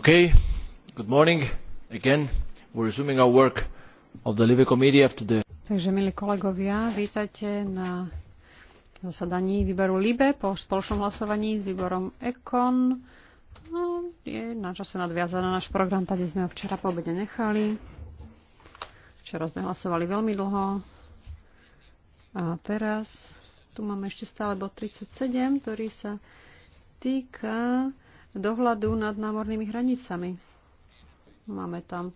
Okay, good morning again. We're resuming our work of the Libe Committee after the... Takže, milí kolegovia, vítajte na zasadaní výboru Libe po spoločnom hlasovaní s výborom ECON. No, je na čase nadviazaná náš program, tady sme ho včera po obede nechali. Včera sme hlasovali veľmi dlho. A teraz tu máme ešte stále bod 37, ktorý sa týka dohľadu nad námornými hranicami. Máme tam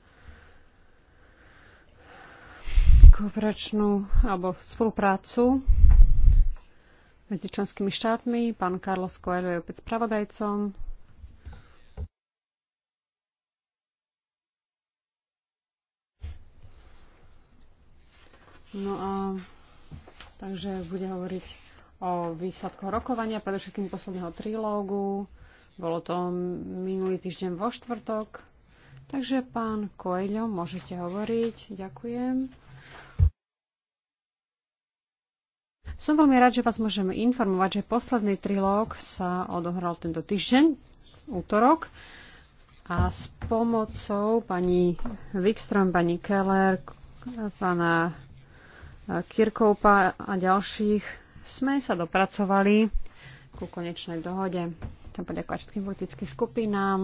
kooperačnú alebo spoluprácu medzi členskými štátmi. Pán Carlos Coelho je opäť spravodajcom. No a takže bude hovoriť o výsledkoch rokovania, predovšetkým posledného trilógu. Bolo to minulý týždeň vo štvrtok. Takže pán Koeľo, môžete hovoriť. Ďakujem. Som veľmi rád, že vás môžeme informovať, že posledný trilóg sa odohral tento týždeň, útorok. A s pomocou pani Wikström, pani Keller, pána Kirkoupa a ďalších sme sa dopracovali ku konečnej dohode. Chcem poďakovať všetkým politickým skupinám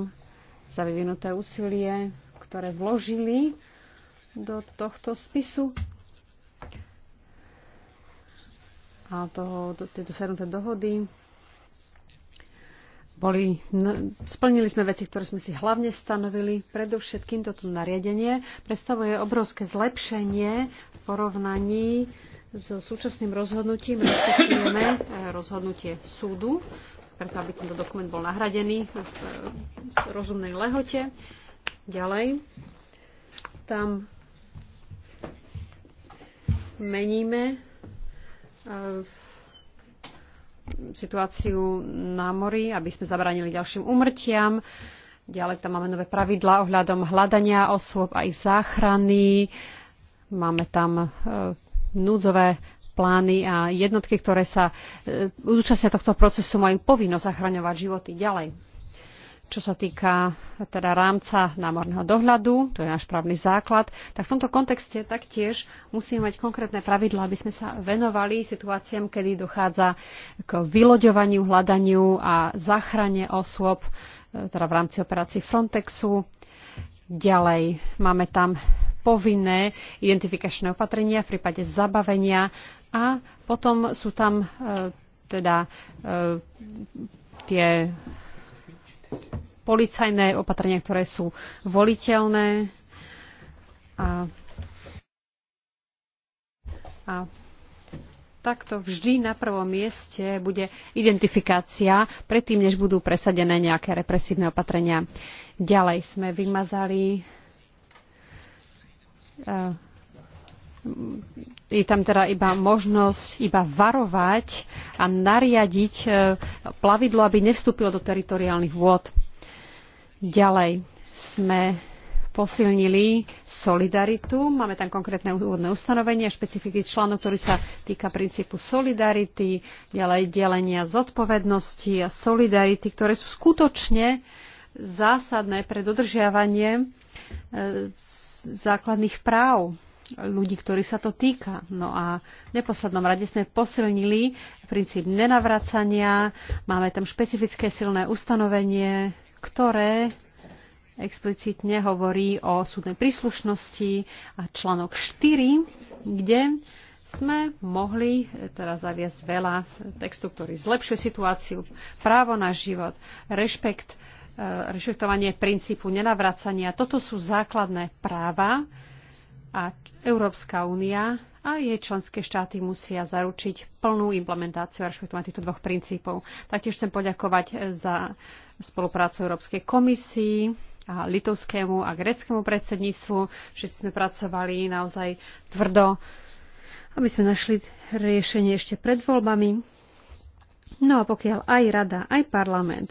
za vyvinuté úsilie, ktoré vložili do tohto spisu a toho, do tejto sednuté dohody. Boli, no, splnili sme veci, ktoré sme si hlavne stanovili. Predovšetkým toto nariadenie predstavuje obrovské zlepšenie v porovnaní so súčasným rozhodnutím, respektujeme rozhodnutie súdu preto aby tento dokument bol nahradený v, e, rozumnej lehote. Ďalej, tam meníme e, situáciu na mori, aby sme zabránili ďalším umrtiam. Ďalej tam máme nové pravidla ohľadom hľadania osôb a ich záchrany. Máme tam e, núdzové plány a jednotky, ktoré sa e, zúčastnia tohto procesu, majú povinnosť zachraňovať životy ďalej. Čo sa týka teda rámca námorného dohľadu, to je náš právny základ, tak v tomto kontexte taktiež musíme mať konkrétne pravidla, aby sme sa venovali situáciám, kedy dochádza k vyloďovaniu, hľadaniu a záchrane osôb e, teda v rámci operácií Frontexu. Ďalej máme tam povinné identifikačné opatrenia v prípade zabavenia a potom sú tam e, teda e, tie policajné opatrenia, ktoré sú voliteľné. A, a takto vždy na prvom mieste bude identifikácia, predtým, než budú presadené nejaké represívne opatrenia. Ďalej sme vymazali e, je tam teda iba možnosť iba varovať a nariadiť e, plavidlo, aby nevstúpilo do teritoriálnych vôd. Ďalej sme posilnili solidaritu. Máme tam konkrétne úvodné ustanovenie, špecifický článok, ktorý sa týka princípu solidarity, ďalej delenia zodpovednosti a solidarity, ktoré sú skutočne zásadné pre dodržiavanie e, základných práv ľudí, ktorí sa to týka. No a v neposlednom rade sme posilnili princíp nenavracania, máme tam špecifické silné ustanovenie, ktoré explicitne hovorí o súdnej príslušnosti a článok 4, kde sme mohli teraz zaviesť veľa textu, ktorý zlepšuje situáciu, právo na život, rešpekt, eh, rešpektovanie princípu nenavracania. Toto sú základné práva, a Európska únia a jej členské štáty musia zaručiť plnú implementáciu a rešpektovanie týchto dvoch princípov. Taktiež chcem poďakovať za spoluprácu Európskej komisii a litovskému a greckému predsedníctvu. Všetci sme pracovali naozaj tvrdo, aby sme našli riešenie ešte pred voľbami. No a pokiaľ aj rada, aj parlament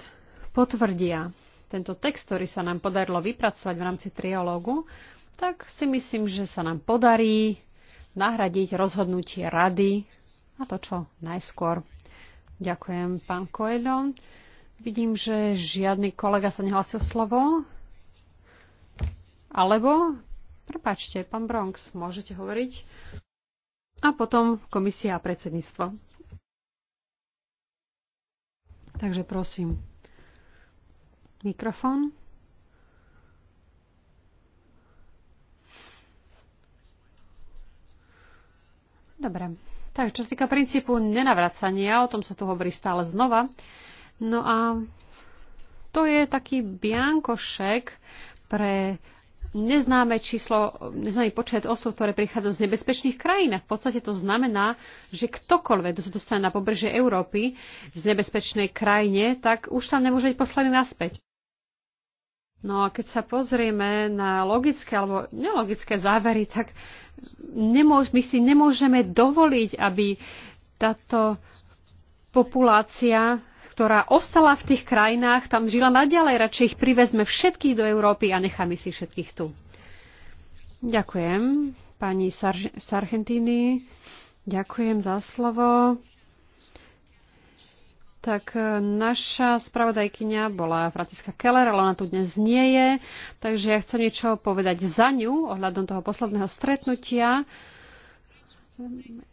potvrdia tento text, ktorý sa nám podarilo vypracovať v rámci trialógu, tak si myslím, že sa nám podarí nahradiť rozhodnutie rady a to čo najskôr. Ďakujem, pán Koelo. Vidím, že žiadny kolega sa nehlasil slovo. Alebo, prepačte, pán Bronx, môžete hovoriť. A potom komisia a predsedníctvo. Takže prosím, mikrofón. Dobre. Tak, čo sa týka princípu nenavracania, o tom sa tu hovorí stále znova. No a to je taký biankošek pre neznáme číslo, neznámy počet osôb, ktoré prichádzajú z nebezpečných krajín. v podstate to znamená, že ktokoľvek, kto sa dostane na pobrežie Európy z nebezpečnej krajine, tak už tam nemôže byť poslaný naspäť. No a keď sa pozrieme na logické alebo nelogické závery, tak nemôž, my si nemôžeme dovoliť, aby táto populácia, ktorá ostala v tých krajinách, tam žila naďalej. Radšej ich privezme všetkých do Európy a necháme si všetkých tu. Ďakujem, pani Sar- Sargentini. Ďakujem za slovo tak e, naša spravodajkyňa bola Franciska Keller, ale ona tu dnes nie je, takže ja chcem niečo povedať za ňu ohľadom toho posledného stretnutia.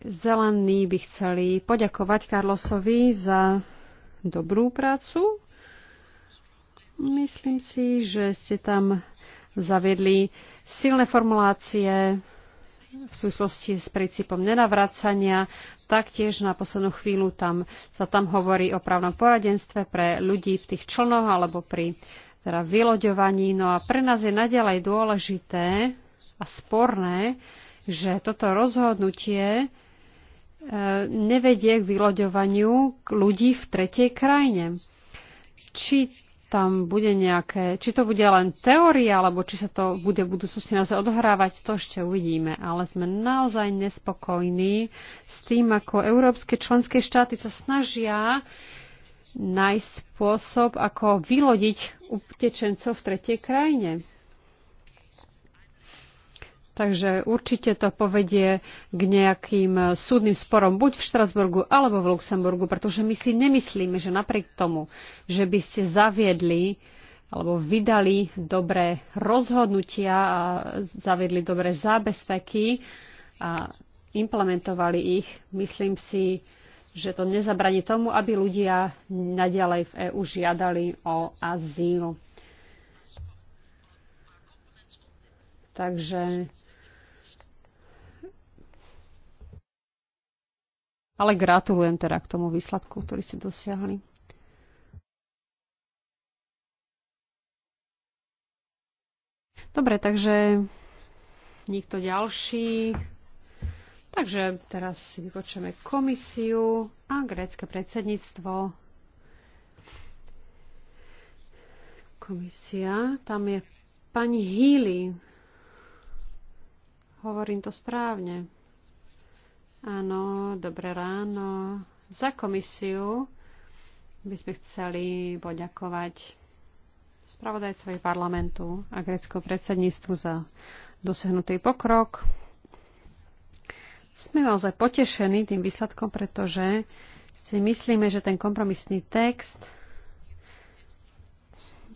Zelení by chceli poďakovať Karlosovi za dobrú prácu. Myslím si, že ste tam zaviedli silné formulácie, v súvislosti s princípom nenavracania. Taktiež na poslednú chvíľu tam, sa tam hovorí o právnom poradenstve pre ľudí v tých člnoch alebo pri teda vyloďovaní. No a pre nás je nadalej dôležité a sporné, že toto rozhodnutie e, nevedie k vyloďovaniu ľudí v tretej krajine. Či tam bude nejaké, či to bude len teória, alebo či sa to bude v budúcnosti naozaj odohrávať, to ešte uvidíme. Ale sme naozaj nespokojní s tým, ako európske členské štáty sa snažia nájsť spôsob, ako vylodiť utečencov v tretej krajine. Takže určite to povedie k nejakým súdnym sporom buď v Štrasburgu alebo v Luxemburgu, pretože my si nemyslíme, že napriek tomu, že by ste zaviedli alebo vydali dobré rozhodnutia a zaviedli dobré zábezpeky a implementovali ich, myslím si, že to nezabraní tomu, aby ľudia naďalej v EÚ žiadali o azyl. Takže ale gratulujem teda k tomu výsledku, ktorý ste dosiahli. Dobre, takže nikto ďalší. Takže teraz si vypočujeme komisiu a grécke predsedníctvo. Komisia, tam je pani Healy. Hovorím to správne. Áno, dobré ráno. Za komisiu by sme chceli poďakovať spravodajcovi parlamentu a greckého predsedníctvu za dosiahnutý pokrok. Sme naozaj potešení tým výsledkom, pretože si myslíme, že ten kompromisný text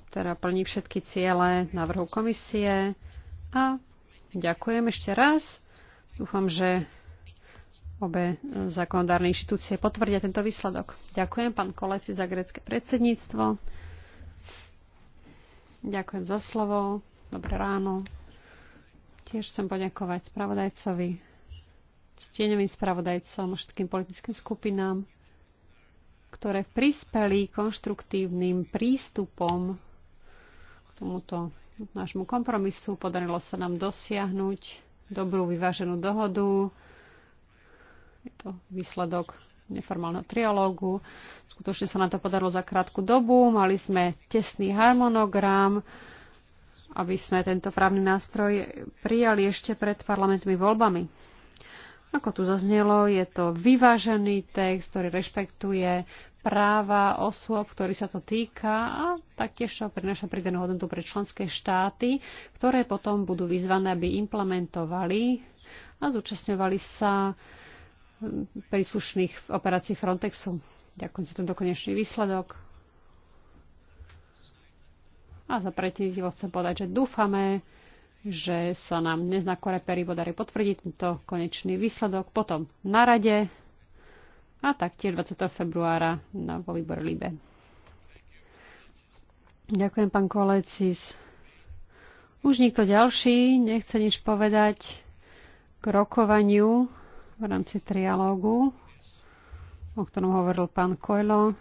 ktorá plní všetky ciele návrhu komisie a Ďakujem ešte raz. Dúfam, že obe zákonodárne inštitúcie potvrdia tento výsledok. Ďakujem pán Koleci za grecké predsedníctvo. Ďakujem za slovo. Dobré ráno. Tiež chcem poďakovať spravodajcovi, stieňovým spravodajcom a všetkým politickým skupinám, ktoré prispeli konštruktívnym prístupom k tomuto nášmu kompromisu. Podarilo sa nám dosiahnuť dobrú vyváženú dohodu. Je to výsledok neformálneho trialógu. Skutočne sa nám to podarilo za krátku dobu. Mali sme tesný harmonogram, aby sme tento právny nástroj prijali ešte pred parlamentnými voľbami. Ako tu zaznelo, je to vyvážený text, ktorý rešpektuje práva osôb, ktorý sa to týka a taktiež to prináša pridanú hodnotu pre členské štáty, ktoré potom budú vyzvané, aby implementovali a zúčastňovali sa príslušných operácií Frontexu. Ďakujem za tento konečný výsledok. A za predtým chcem povedať, že dúfame, že sa nám dnes na pery podarí potvrdiť tento konečný výsledok, potom na rade a taktiež 20. februára na vo výbor Libe. Ďakujem, pán Kolecis. Už nikto ďalší nechce nič povedať k rokovaniu v rámci trialógu, o ktorom hovoril pán Koilo.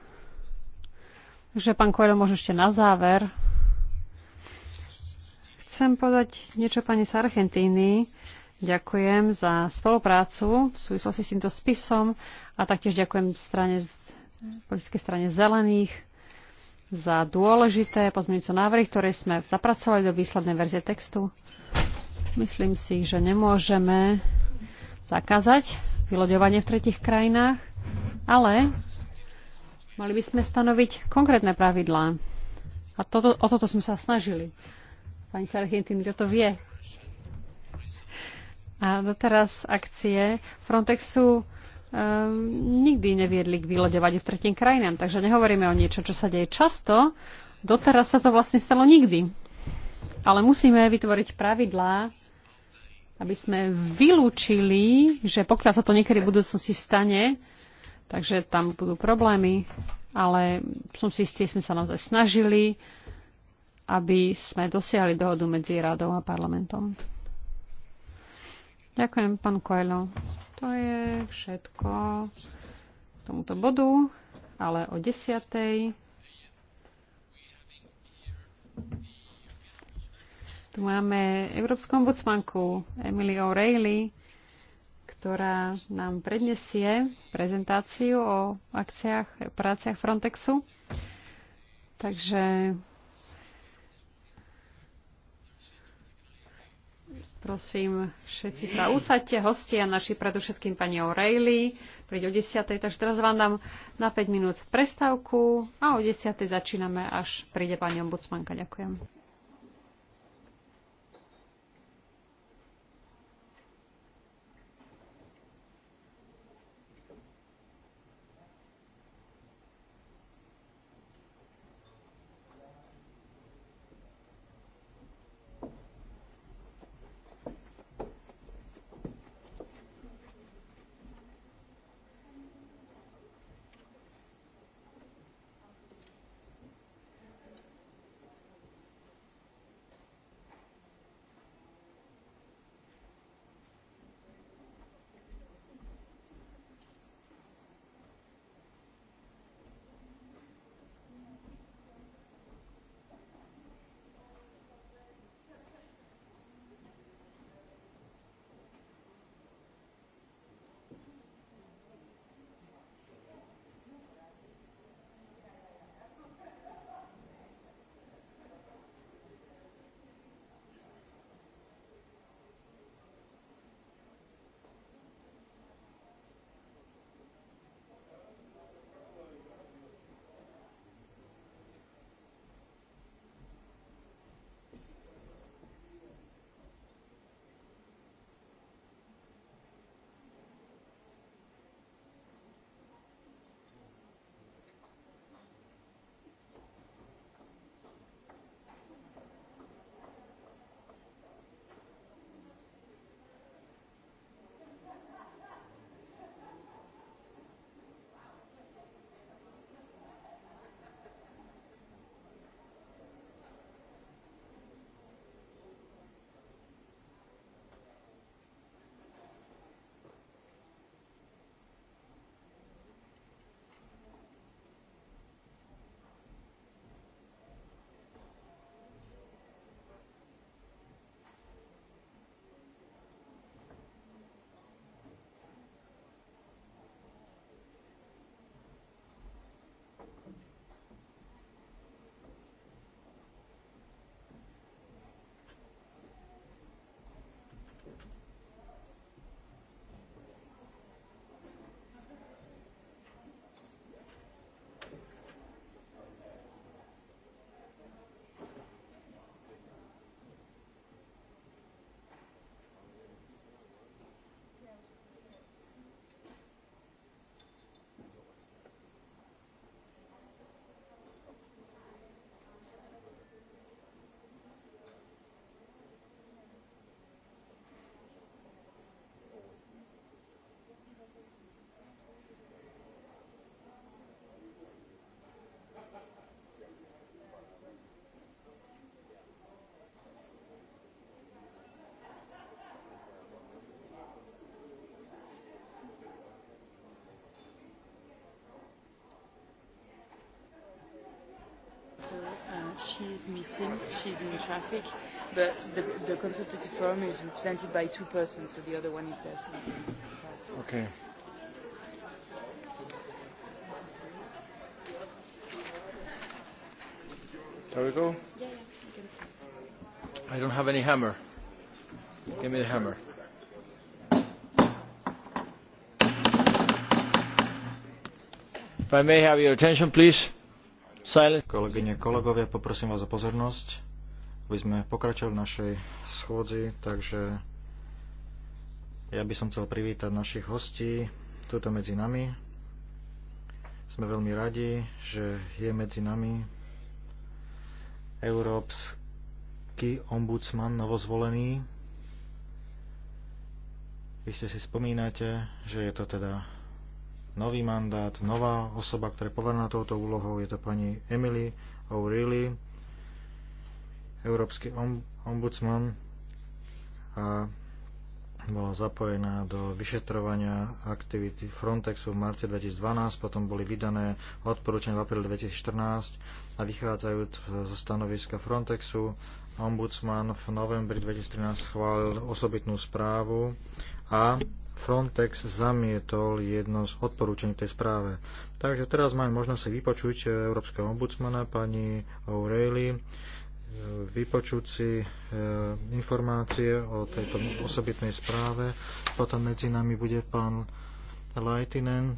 Takže pán Koilo, možno ešte na záver Chcem povedať niečo pani Sargentini, Ďakujem za spoluprácu v súvislosti s týmto spisom a taktiež ďakujem strane, politickej strane zelených za dôležité pozmeňujúce návrhy, ktoré sme zapracovali do výslednej verzie textu. Myslím si, že nemôžeme zakázať vyloďovanie v tretich krajinách, ale mali by sme stanoviť konkrétne pravidlá. A toto, o toto sme sa snažili. Pani Sargentini to vie. A doteraz akcie Frontexu um, nikdy neviedli k vyloďovaniu v tretím krajinám. Takže nehovoríme o niečo, čo sa deje často. Doteraz sa to vlastne stalo nikdy. Ale musíme vytvoriť pravidlá, aby sme vylúčili, že pokiaľ sa to niekedy v budúcnosti stane, takže tam budú problémy. Ale som si istý, sme sa naozaj snažili aby sme dosiahli dohodu medzi radou a parlamentom. Ďakujem, pán Koelo. To je všetko k tomuto bodu, ale o desiatej. Tu máme Európsku ombudsmanku Emily O'Reilly, ktorá nám prednesie prezentáciu o akciách, práciach Frontexu. Takže Prosím, všetci sa usadte, hostia naši, predovšetkým pani O'Reilly, príde o 10. Takže teraz vám dám na 5 minút prestávku a o 10. začíname, až príde pani ombudsmanka. Ďakujem. she is missing. She's in traffic. But the, the consultative forum is represented by two persons, so the other one is there. So okay. Shall we go? Yeah, yeah, I don't have any hammer. Give me the hammer. If I may have your attention, please. Kolegyne, kolegovia, poprosím vás o pozornosť, aby sme pokračovali v našej schôdzi, takže ja by som chcel privítať našich hostí tuto medzi nami. Sme veľmi radi, že je medzi nami európsky ombudsman novozvolený. Vy ste si spomínate, že je to teda nový mandát, nová osoba, ktorá je poverená touto úlohou, je to pani Emily O'Reilly, európsky ombudsman a bola zapojená do vyšetrovania aktivity Frontexu v marci 2012, potom boli vydané odporúčania v apríli 2014 a vychádzajúc zo stanoviska Frontexu, ombudsman v novembri 2013 schválil osobitnú správu a Frontex zamietol jedno z odporúčaní tej správe. Takže teraz máme možnosť si vypočuť Európskeho ombudsmana pani O'Reilly, e, vypočuť si e, informácie o tejto osobitnej správe. Potom medzi nami bude pán Leitinen, e,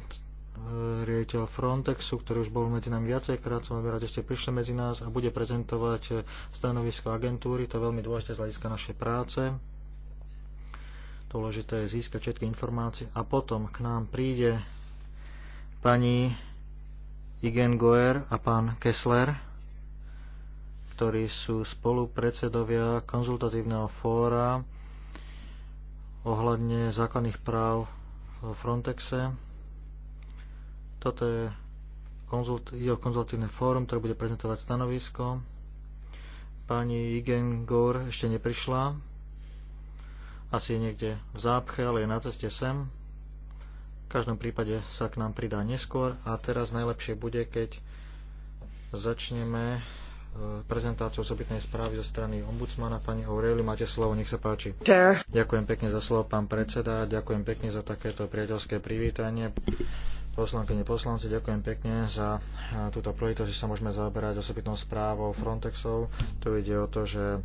riaditeľ Frontexu, ktorý už bol medzi nami viacejkrát, som veľmi rád, že ste prišli medzi nás a bude prezentovať stanovisko agentúry, to je veľmi dôležité z hľadiska našej práce. Dôležité je získať všetky informácie a potom k nám príde pani Igen Goer a pán Kessler, ktorí sú spolupredsedovia konzultatívneho fóra ohľadne základných práv vo Frontexe. Toto je konzult, jeho konzultatívne fórum, ktoré bude prezentovať stanovisko. Pani Igen Gore ešte neprišla asi niekde v zápche, ale je na ceste sem. V každom prípade sa k nám pridá neskôr a teraz najlepšie bude, keď začneme e, prezentáciu osobitnej správy zo strany ombudsmana. Pani Aureli, máte slovo, nech sa páči. Sure. Ďakujem pekne za slovo, pán predseda, ďakujem pekne za takéto priateľské privítanie. Poslankyne, poslanci, ďakujem pekne za e, túto projekto, že sa môžeme zaoberať osobitnou správou Frontexov. Tu ide o to, že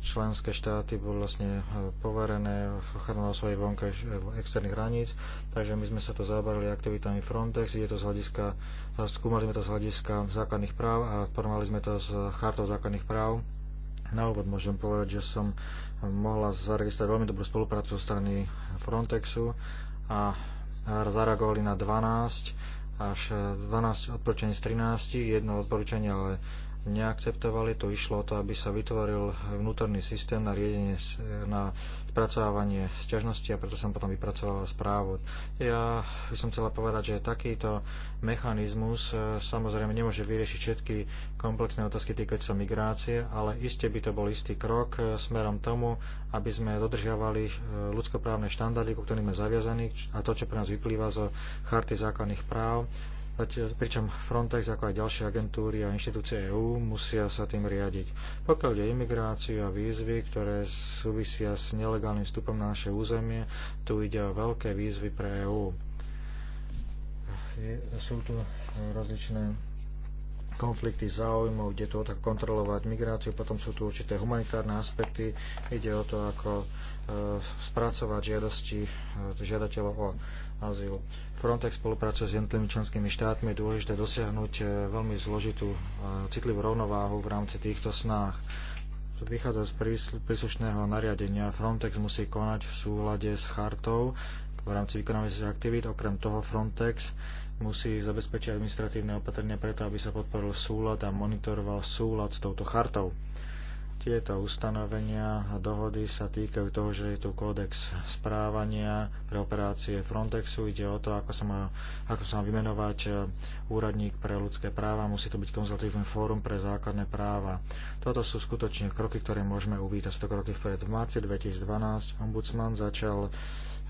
členské štáty boli vlastne e, poverené ochranou svojich vonkajších e, externých hraníc, takže my sme sa to zabarili aktivitami Frontex, je to z hľadiska, e, skúmali sme to z hľadiska základných práv a porovnali sme to s chartou základných práv. Na úvod môžem povedať, že som mohla zaregistrovať veľmi dobrú spoluprácu zo strany Frontexu a zareagovali na 12 až 12 odporúčaní z 13, jedno odporúčanie ale neakceptovali. Tu išlo o to, aby sa vytvoril vnútorný systém na riedenie, na spracovávanie sťažnosti a preto som potom vypracovala správu. Ja by som chcela povedať, že takýto mechanizmus e, samozrejme nemôže vyriešiť všetky komplexné otázky týkajúce sa migrácie, ale iste by to bol istý krok e, smerom tomu, aby sme dodržiavali e, ľudskoprávne štandardy, ku ktorým sme zaviazaní a to, čo pre nás vyplýva zo charty základných práv E, pričom Frontex ako aj ďalšie agentúry a inštitúcie EÚ musia sa tým riadiť. Pokiaľ ide imigráciu a výzvy, ktoré súvisia s nelegálnym vstupom na naše územie, tu ide o veľké výzvy pre EÚ. Sú tu rozličné konflikty záujmov, kde to tak kontrolovať migráciu, potom sú tu určité humanitárne aspekty, ide o to, ako e, spracovať žiadosti e, žiadateľov o azyl. Frontex spolupracuje s jednotlivými členskými štátmi, je dôležité dosiahnuť e, veľmi zložitú citlivú rovnováhu v rámci týchto snách. Vychádza z príslušného nariadenia. Frontex musí konať v súlade s chartou v rámci vykonávania aktivít. Okrem toho Frontex musí zabezpečiť administratívne opatrenia preto, aby sa podporil súlad a monitoroval súlad s touto chartou. Tieto ustanovenia a dohody sa týkajú toho, že je tu kódex správania pre operácie Frontexu. Ide o to, ako sa má, ako sa má vymenovať e, úradník pre ľudské práva. Musí to byť konzultatívny fórum pre základné práva. Toto sú skutočne kroky, ktoré môžeme uvítať. Sú to kroky vpred. V marci 2012 ombudsman začal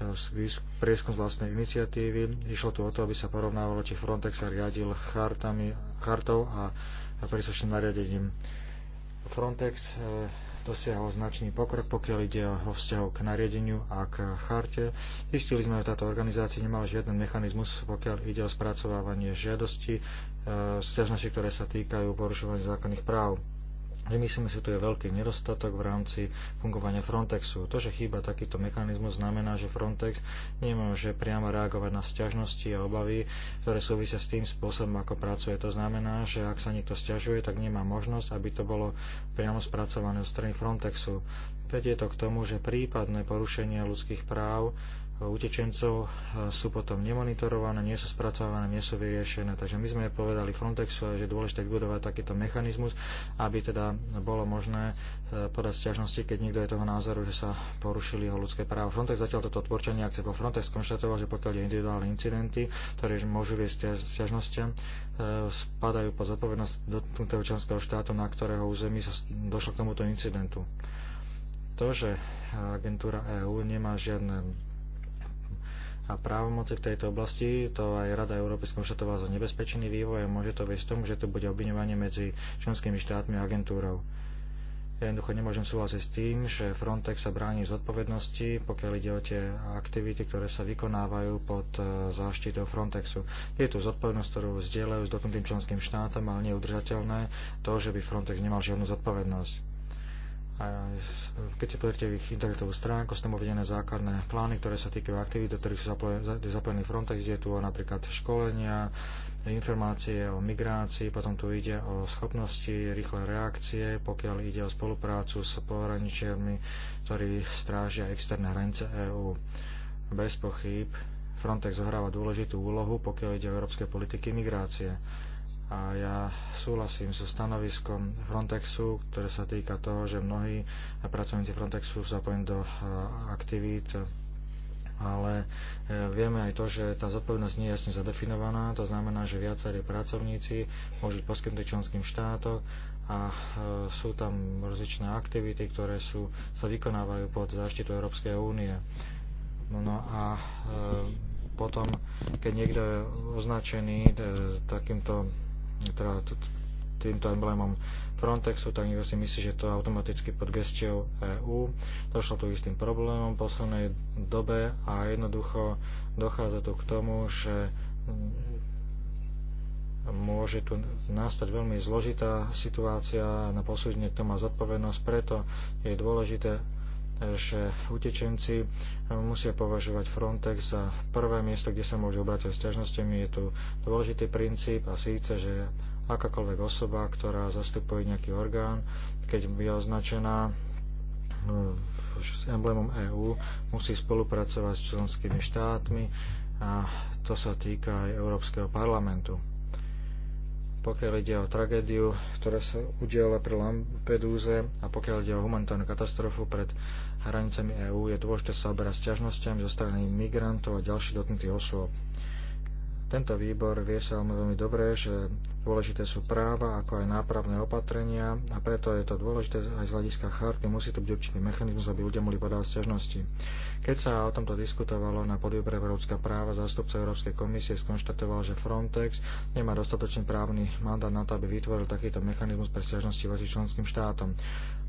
e, prieskum z vlastnej iniciatívy. Išlo tu o to, aby sa porovnávalo, či Frontex sa riadil chartami, chartou a príslušným nariadením. Frontex eh, dosiahol značný pokrok, pokiaľ ide o vzťahu k nariadeniu a k charte. Zistili sme, že táto organizácia nemala žiaden mechanizmus, pokiaľ ide o spracovávanie žiadosti, e, eh, stiažnosti, ktoré sa týkajú porušovania zákonných práv že myslíme si, že tu je veľký nedostatok v rámci fungovania Frontexu. To, že chýba takýto mechanizmus, znamená, že Frontex nemôže priamo reagovať na sťažnosti a obavy, ktoré súvisia s tým spôsobom, ako pracuje. To znamená, že ak sa niekto sťažuje, tak nemá možnosť, aby to bolo priamo spracované zo strany Frontexu. Vedie to k tomu, že prípadné porušenie ľudských práv utečencov e, sú potom nemonitorované, nie sú spracované, nie sú vyriešené. Takže my sme povedali Frontexu, že je dôležité vybudovať takýto mechanizmus, aby teda bolo možné e, podať sťažnosti, keď niekto je toho názoru, že sa porušili jeho ľudské práva. Frontex zatiaľ toto akce po Frontex konštatoval, že pokiaľ je individuálne incidenty, ktoré môžu viesť stiažnostiam, e, spadajú pod zodpovednosť dotknutého členského štátu, na ktorého území sa došlo k tomuto incidentu. To, že agentúra EÚ nemá žiadne a právomoci v tejto oblasti. To aj Rada Európy skonštatovala za nebezpečný vývoj a môže to viesť tomu, že tu bude obviňovanie medzi členskými štátmi a agentúrou. Ja jednoducho nemôžem súhlasiť s tým, že Frontex sa bráni zodpovednosti, pokiaľ ide o tie aktivity, ktoré sa vykonávajú pod e, záštitou Frontexu. Je tu zodpovednosť, ktorú vzdielajú s dotknutým členským štátom, ale nie je udržateľné to, že by Frontex nemal žiadnu zodpovednosť keď si pozrite ich internetovú stránku, sú tam uvedené základné plány, ktoré sa týkajú aktivít, do ktorých sú zapojení Frontex, ide tu o napríklad školenia, informácie o migrácii, potom tu ide o schopnosti rýchle reakcie, pokiaľ ide o spoluprácu s pohraničiami, ktorí strážia externé hranice EÚ. Bez pochyb Frontex zohráva dôležitú úlohu, pokiaľ ide o európske politiky migrácie a ja súhlasím so stanoviskom Frontexu, ktoré sa týka toho, že mnohí pracovníci Frontexu sú zapojení do eh, aktivít, ale eh, vieme aj to, že tá zodpovednosť nie je jasne zadefinovaná, to znamená, že viacerí pracovníci môžu byť poskytnutí členským štátom a eh, sú tam rozličné aktivity, ktoré sú, sa vykonávajú pod záštitu Európskej únie. No a potom, keď niekto je označený takýmto teda týmto emblémom Frontexu, tak niekto si myslí, že to je automaticky pod gestiou EÚ. Došlo tu istým problémom v poslednej dobe a jednoducho dochádza tu k tomu, že mm, môže tu nastať veľmi zložitá situácia na posúdenie, kto má zodpovednosť, preto je dôležité, že utečenci eh, musia považovať Frontex za prvé miesto, kde sa môžu obrať s ťažnosťami. Je tu dôležitý princíp a síce, že akákoľvek osoba, ktorá zastupuje nejaký orgán, keď je označená eh, s emblemom EÚ, musí spolupracovať s členskými štátmi a to sa týka aj Európskeho parlamentu pokiaľ ide o tragédiu, ktorá sa udiala pri Lampedúze a pokiaľ ide o humanitárnu katastrofu pred hranicami EÚ, je dôležité sa oberať sťažnosťami zo strany migrantov a ďalších dotknutých osôb. Tento výbor vie sa veľmi dobre, že dôležité sú práva, ako aj nápravné opatrenia a preto je to dôležité aj z hľadiska charty. Musí to byť určitý mechanizmus, aby ľudia mohli podávať stiažnosti. Keď sa o tomto diskutovalo na podvýbore Európska práva, zástupca Európskej komisie skonštatoval, že Frontex nemá dostatočný právny mandát na to, aby vytvoril takýto mechanizmus pre stiažnosti voči členským štátom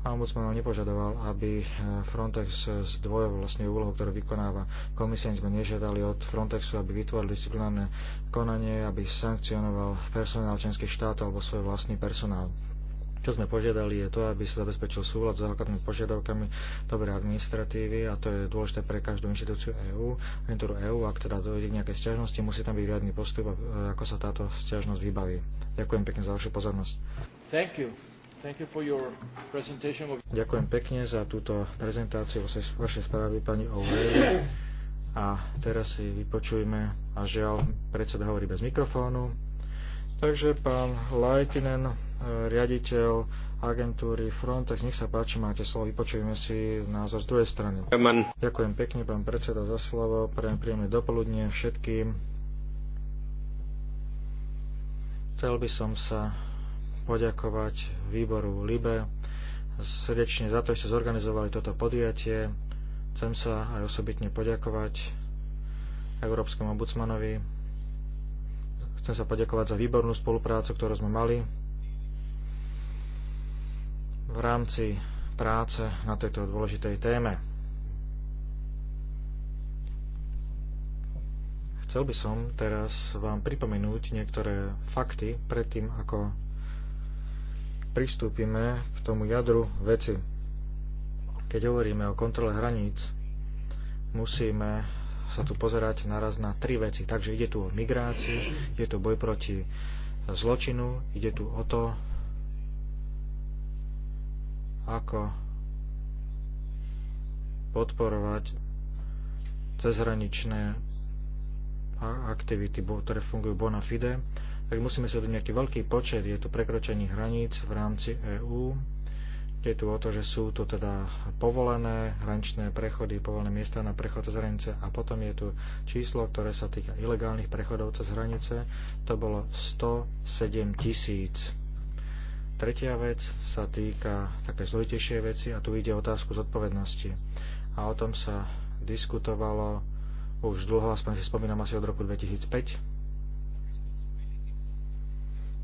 a ombudsmanov nepožadoval, aby eh, Frontex eh, zdvojoval vlastne úlohu, ktorú vykonáva. Komisia sme nežiadali od Frontexu, aby vytvoril disciplinárne konanie, aby sankcionoval personál členských štátov alebo svoj vlastný personál. Čo sme požiadali je to, aby sa zabezpečil súlad s základnými požiadavkami dobrej administratívy a to je dôležité pre každú inštitúciu EÚ, agentúru EÚ, ak teda dojde k nejakej stiažnosti, musí tam byť riadny postup, eh, ako sa táto stiažnosť vybaví. Ďakujem pekne za vašu pozornosť. Thank you. Ďakujem pekne za túto prezentáciu vašej správy, pani O'Reilly. A teraz si vypočujeme, a žiaľ, predseda hovorí bez mikrofónu. Takže pán Lajtinen, eh, riaditeľ agentúry Frontex, nech sa páči, máte slovo, vypočujeme si názor z druhej strany. Ďakujem pekne, pán predseda, za slovo, prejem príjemné dopoludne všetkým. Chcel by som sa poďakovať výboru LIBE srdečne za to, že ste zorganizovali toto podujatie. Chcem sa aj osobitne poďakovať Európskemu ombudsmanovi. Chcem sa poďakovať za výbornú spoluprácu, ktorú sme mali v rámci práce na tejto dôležitej téme. Chcel by som teraz vám pripomenúť niektoré fakty predtým, ako pristúpime k tomu jadru veci. Keď hovoríme o kontrole hraníc, musíme sa tu pozerať naraz na tri veci. Takže ide tu o migráciu, ide tu boj proti zločinu, ide tu o to, ako podporovať cezhraničné aktivity, ktoré fungujú bona fide tak musíme si uvedomiť, nejaký veľký počet je tu prekročenie hraníc v rámci EÚ. Je tu o to, že sú tu teda povolené hraničné prechody, povolené miesta na prechod cez hranice a potom je tu číslo, ktoré sa týka ilegálnych prechodov cez hranice. To bolo 107 tisíc. Tretia vec sa týka také zložitejšie veci a tu ide otázku zodpovednosti. A o tom sa diskutovalo už dlho, aspoň si spomínam asi od roku 2005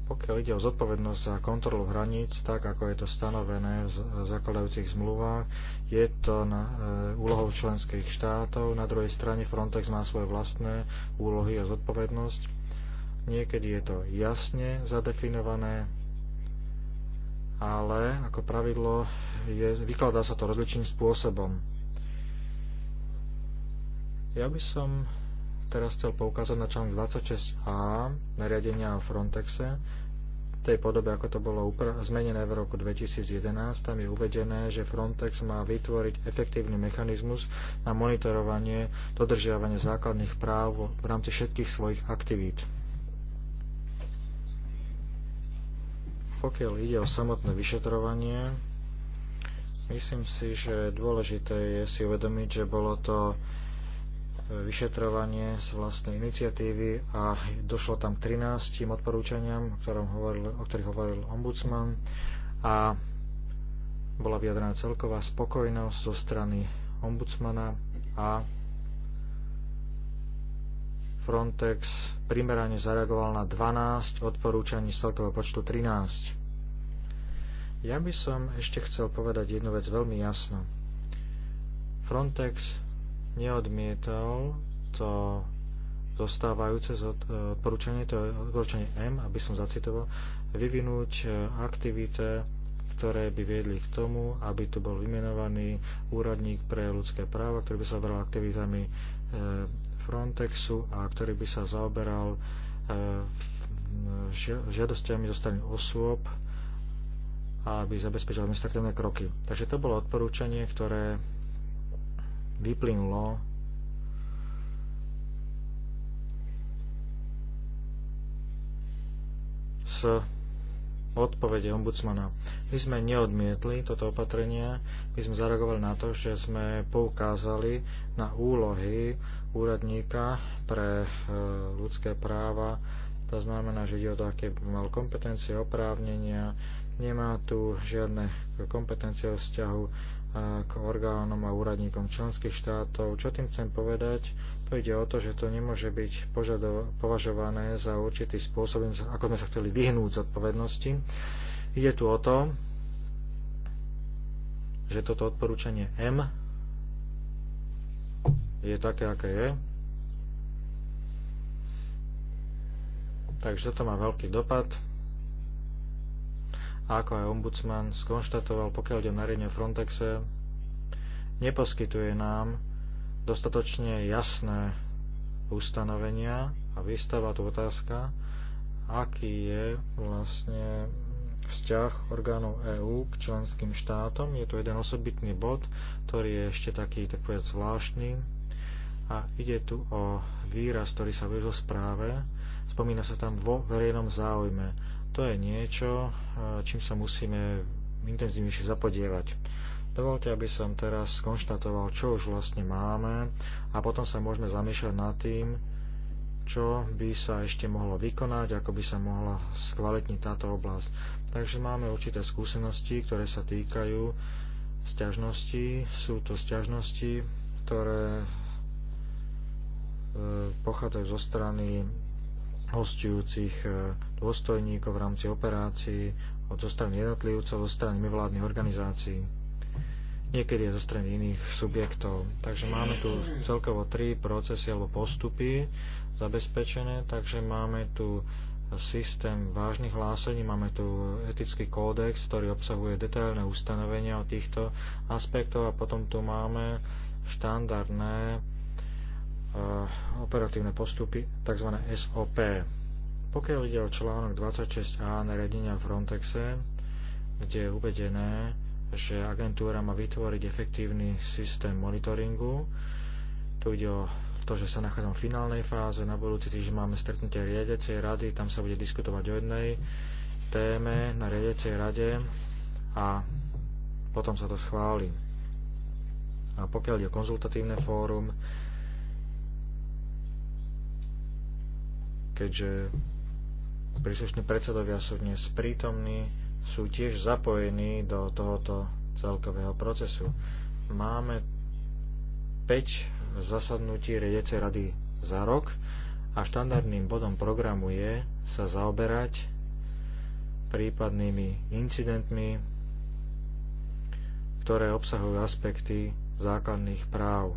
pokiaľ ide o zodpovednosť za kontrolu hraníc, tak ako je to stanovené v zakladajúcich zmluvách, je to na, e, úlohou členských štátov. Na druhej strane Frontex má svoje vlastné úlohy a zodpovednosť. Niekedy je to jasne zadefinované, ale ako pravidlo je, vykladá sa to rozličným spôsobom. Ja by som teraz chcel poukázať na článok 26a nariadenia o Frontexe, v tej podobe, ako to bolo zmenené v roku 2011, tam je uvedené, že Frontex má vytvoriť efektívny mechanizmus na monitorovanie dodržiavanie základných práv v rámci všetkých svojich aktivít. Pokiaľ ide o samotné vyšetrovanie, myslím si, že dôležité je si uvedomiť, že bolo to vyšetrovanie z vlastnej iniciatívy a došlo tam k 13 odporúčaniam, o, hovoril, o ktorých hovoril ombudsman a bola vyjadrená celková spokojnosť zo strany ombudsmana a Frontex primerane zareagoval na 12 odporúčaní z celkového počtu 13. Ja by som ešte chcel povedať jednu vec veľmi jasno. Frontex neodmietal to zostávajúce e, odporúčanie, to je odporúčanie M, aby som zacitoval, vyvinúť e, aktivite, ktoré by viedli k tomu, aby tu bol vymenovaný úradník pre ľudské práva, ktorý by sa zaoberal aktivitami e, Frontexu a ktorý by sa zaoberal žiadosťami zo strany osôb, aby zabezpečil administratívne kroky. Takže to bolo odporúčanie, ktoré vyplynulo z odpovede ombudsmana. My sme neodmietli toto opatrenie, my sme zareagovali na to, že sme poukázali na úlohy úradníka pre e, ľudské práva. To znamená, že ide o to, aké mal kompetencie, oprávnenia, nemá tu žiadne kompetencie o vzťahu k orgánom a úradníkom členských štátov. Čo tým chcem povedať? To ide o to, že to nemôže byť považované za určitý spôsob, ako sme sa chceli vyhnúť z odpovednosti. Ide tu o to, že toto odporúčanie M je také, aké je. Takže toto má veľký dopad a ako aj ombudsman skonštatoval, pokiaľ ide o nariadenie Frontexe, neposkytuje nám dostatočne jasné ustanovenia a vystáva tu otázka, aký je vlastne vzťah orgánov EÚ k členským štátom. Je tu jeden osobitný bod, ktorý je ešte taký, tak povedať, zvláštny. A ide tu o výraz, ktorý sa vyžil v správe. Spomína sa tam vo verejnom záujme to je niečo, e, čím sa musíme intenzívnejšie zapodievať. Dovolte, aby som teraz skonštatoval, čo už vlastne máme a potom sa môžeme zamýšľať nad tým, čo by sa ešte mohlo vykonať, ako by sa mohla skvalitniť táto oblasť. Takže máme určité skúsenosti, ktoré sa týkajú sťažností. Sú to sťažnosti, ktoré e, pochádzajú zo strany hostujúcich e, dôstojníkov v rámci operácií, od zo strany jednotlivcov, zo strany mimovládnych organizácií, niekedy aj zo strany iných subjektov. Takže máme tu celkovo tri procesy alebo postupy zabezpečené, takže máme tu systém vážnych hlásení, máme tu etický kódex, ktorý obsahuje detailné ustanovenia o týchto aspektoch a potom tu máme štandardné Eh, operatívne postupy, tzv. SOP. Pokiaľ ide o článok 26a nariadenia Frontexe, kde je uvedené, že agentúra má vytvoriť efektívny systém monitoringu, tu ide o to, že sa nachádzam v finálnej fáze, na budúci týždeň máme stretnutie riadiacej rady, tam sa bude diskutovať o jednej téme na riadiacej rade a potom sa to schváli. A pokiaľ je konzultatívne fórum, keďže príslušní predsedovia sú dnes prítomní, sú tiež zapojení do tohoto celkového procesu. Máme 5 zasadnutí riadiacej rady za rok a štandardným bodom programu je sa zaoberať prípadnými incidentmi, ktoré obsahujú aspekty základných práv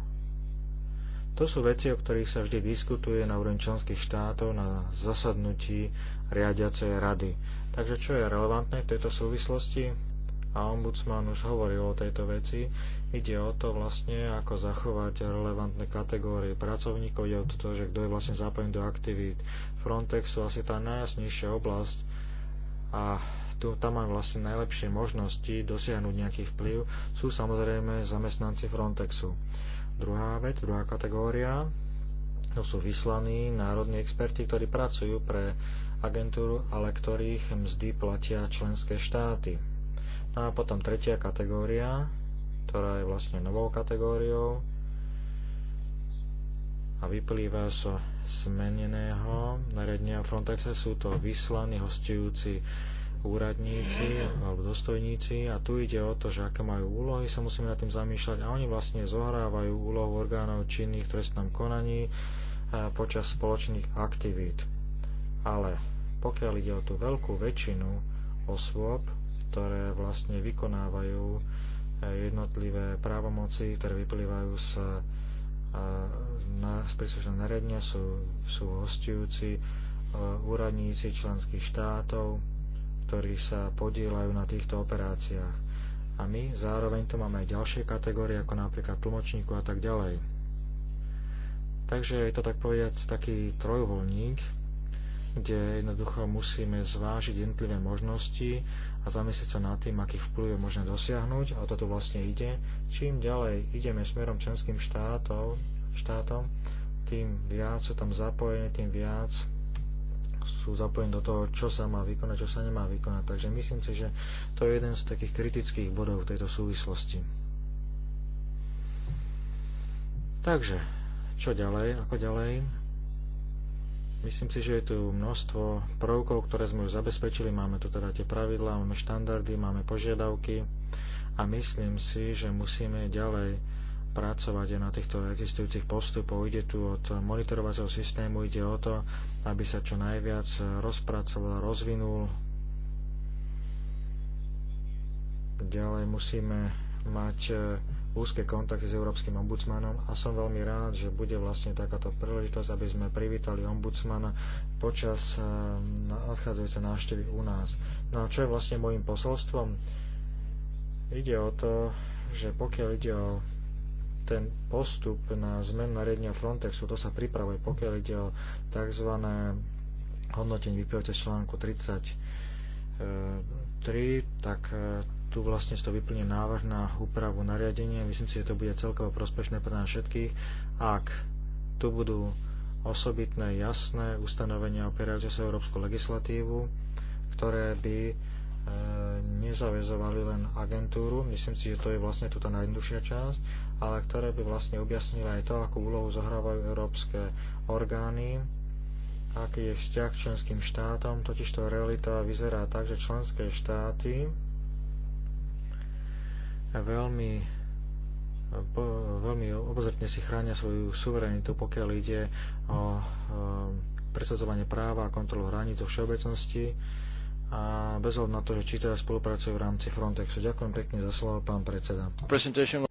to sú veci, o ktorých sa vždy diskutuje na úrovni členských štátov na zasadnutí riadiacej rady. Takže čo je relevantné v tejto súvislosti? A ombudsman už hovoril o tejto veci. Ide o to vlastne, ako zachovať relevantné kategórie pracovníkov, ide o to, že kto je vlastne zapojený do aktivít Frontexu, asi tá najjasnejšia oblasť a tu, tam majú vlastne najlepšie možnosti dosiahnuť nejaký vplyv, sú samozrejme zamestnanci Frontexu. Druhá vec, druhá kategória, to sú vyslaní národní experti, ktorí pracujú pre agentúru, ale ktorých mzdy platia členské štáty. No a potom tretia kategória, ktorá je vlastne novou kategóriou a vyplýva z so zmeneného nariadenia Frontexe, sú to vyslaní hostujúci úradníci alebo dostojníci a tu ide o to, že aké majú úlohy, sa musíme nad tým zamýšľať a oni vlastne zohrávajú úlohu orgánov činných v trestnom konaní e, počas spoločných aktivít. Ale pokiaľ ide o tú veľkú väčšinu osôb, ktoré vlastne vykonávajú e, jednotlivé právomoci, ktoré vyplývajú z, e, z príslušného nariadenia, sú, sú hostujúci úradníci členských štátov, ktorí sa podielajú na týchto operáciách. A my zároveň tu máme aj ďalšie kategórie, ako napríklad tlmočníku a tak ďalej. Takže je to tak povediac taký trojuholník, kde jednoducho musíme zvážiť jednotlivé možnosti a zamyslieť sa nad tým, aký vplyv je možné dosiahnuť, a to tu vlastne ide. Čím ďalej ideme smerom členským štátom, štátom, tým viac sú tam zapojení, tým viac sú zapojení do toho, čo sa má vykonať, čo sa nemá vykonať. Takže myslím si, že to je jeden z takých kritických bodov v tejto súvislosti. Takže, čo ďalej, ako ďalej? Myslím si, že je tu množstvo prvkov, ktoré sme už zabezpečili. Máme tu teda tie pravidlá, máme štandardy, máme požiadavky a myslím si, že musíme ďalej pracovať aj na týchto existujúcich postupov. Ide tu od monitorovacieho systému, ide o to, aby sa čo najviac rozpracoval, rozvinul. Ďalej musíme mať e, úzke kontakty s Európskym ombudsmanom a som veľmi rád, že bude vlastne takáto príležitosť, aby sme privítali ombudsmana počas e, nadchádzajúcej návštevy u nás. No a čo je vlastne môjim posolstvom? Ide o to, že pokiaľ ide o ten postup na zmenu nariadenia Frontexu, to sa pripravuje, pokiaľ ide o tzv. hodnotenie vyplývajúce z článku 33, tak e, tu vlastne to vyplne návrh na úpravu nariadenia. Myslím si, že to bude celkovo prospešné pre nás všetkých, ak tu budú osobitné, jasné ustanovenia opierajúce sa európsku legislatívu, ktoré by nezavezovali len agentúru, myslím si, že to je vlastne tu tá najjednoduchšia časť, ale ktoré by vlastne objasnila aj to, akú úlohu zohrávajú európske orgány, aký je vzťah k členským štátom, totiž to realita vyzerá tak, že členské štáty veľmi veľmi obozretne si chránia svoju suverenitu, pokiaľ ide o presadzovanie práva a kontrolu hraníc vo všeobecnosti a bez hľadu na to, že či teda spolupracujú v rámci Frontexu. Ďakujem pekne za slovo, pán predseda.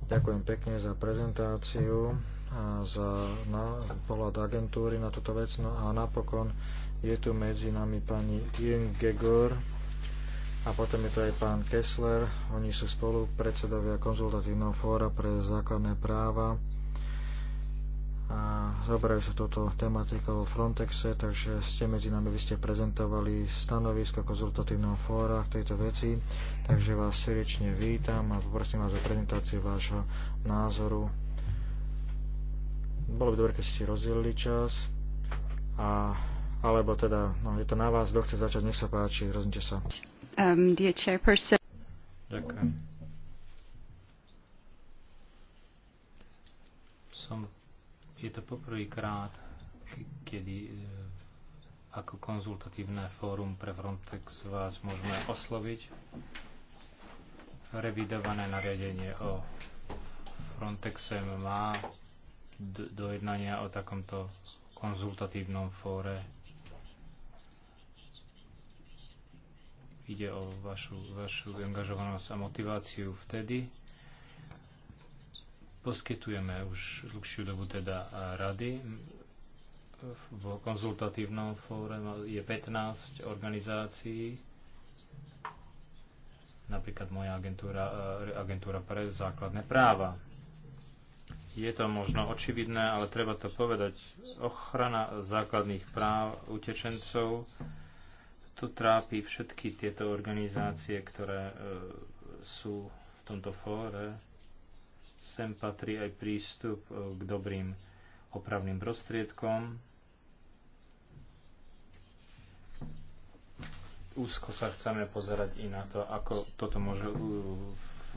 Ďakujem pekne za prezentáciu a za na, pohľad agentúry na túto vec. No a napokon je tu medzi nami pani Ian Gegor a potom je to aj pán Kessler. Oni sú spolu predsedovia konzultatívneho fóra pre základné práva a zaoberajú sa touto tematikou Frontexe, takže ste medzi nami, vy ste prezentovali stanovisko konzultatívneho fóra k tejto veci, takže vás srdečne vítam a poprosím vás o prezentáciu vášho názoru. Bolo by dobre, keď ste si rozdelili čas, a, alebo teda, no, je to na vás, kto chce začať, nech sa páči, rozhodnite sa. Um, dear chairperson. Ďakujem. Som je to poprvýkrát, kedy e, ako konzultatívne fórum pre Frontex vás môžeme osloviť. Revidované nariadenie o Frontexe má dojednania o takomto konzultatívnom fóre. Ide o vašu, vašu angažovanosť a motiváciu vtedy, Poskytujeme už dlhšiu dobu teda rady. V konzultatívnom fóre je 15 organizácií, napríklad moja agentúra, eh, agentúra pre základné práva. Je to možno očividné, ale treba to povedať. Ochrana základných práv utečencov to trápi všetky tieto organizácie, ktoré eh, sú v tomto fóre. Sem patrí aj prístup e, k dobrým opravným prostriedkom. Úzko sa chceme pozerať i na to, ako toto môže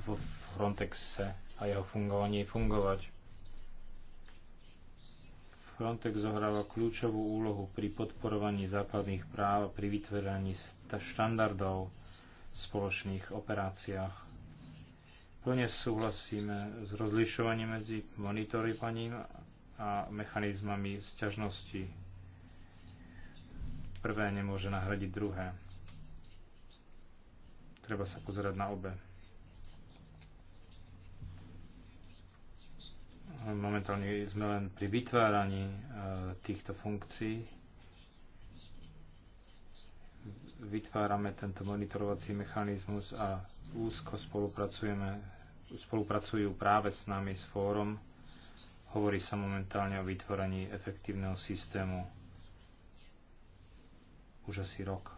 vo Frontexe a jeho fungovaní fungovať. Frontex zohráva kľúčovú úlohu pri podporovaní západných práv a pri vytváraní štandardov v spoločných operáciách Plne súhlasíme s rozlišovaním medzi monitorovaním a mechanizmami sťažnosti. Prvé nemôže nahradiť druhé. Treba sa pozerať na obe. Momentálne sme len pri vytváraní e, týchto funkcií vytvárame tento monitorovací mechanizmus a úzko spolupracujeme, spolupracujú práve s nami s fórom. Hovorí sa momentálne o vytvorení efektívneho systému už asi rok.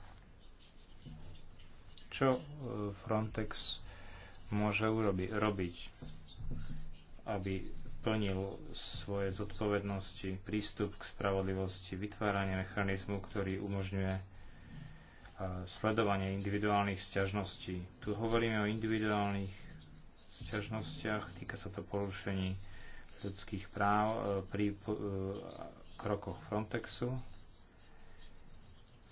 Čo e, Frontex môže urobi, robiť, aby plnil svoje zodpovednosti, prístup k spravodlivosti, vytváranie mechanizmu, ktorý umožňuje sledovanie individuálnych sťažností. Tu hovoríme o individuálnych sťažnostiach, týka sa to porušení ľudských práv e, pri e, krokoch Frontexu.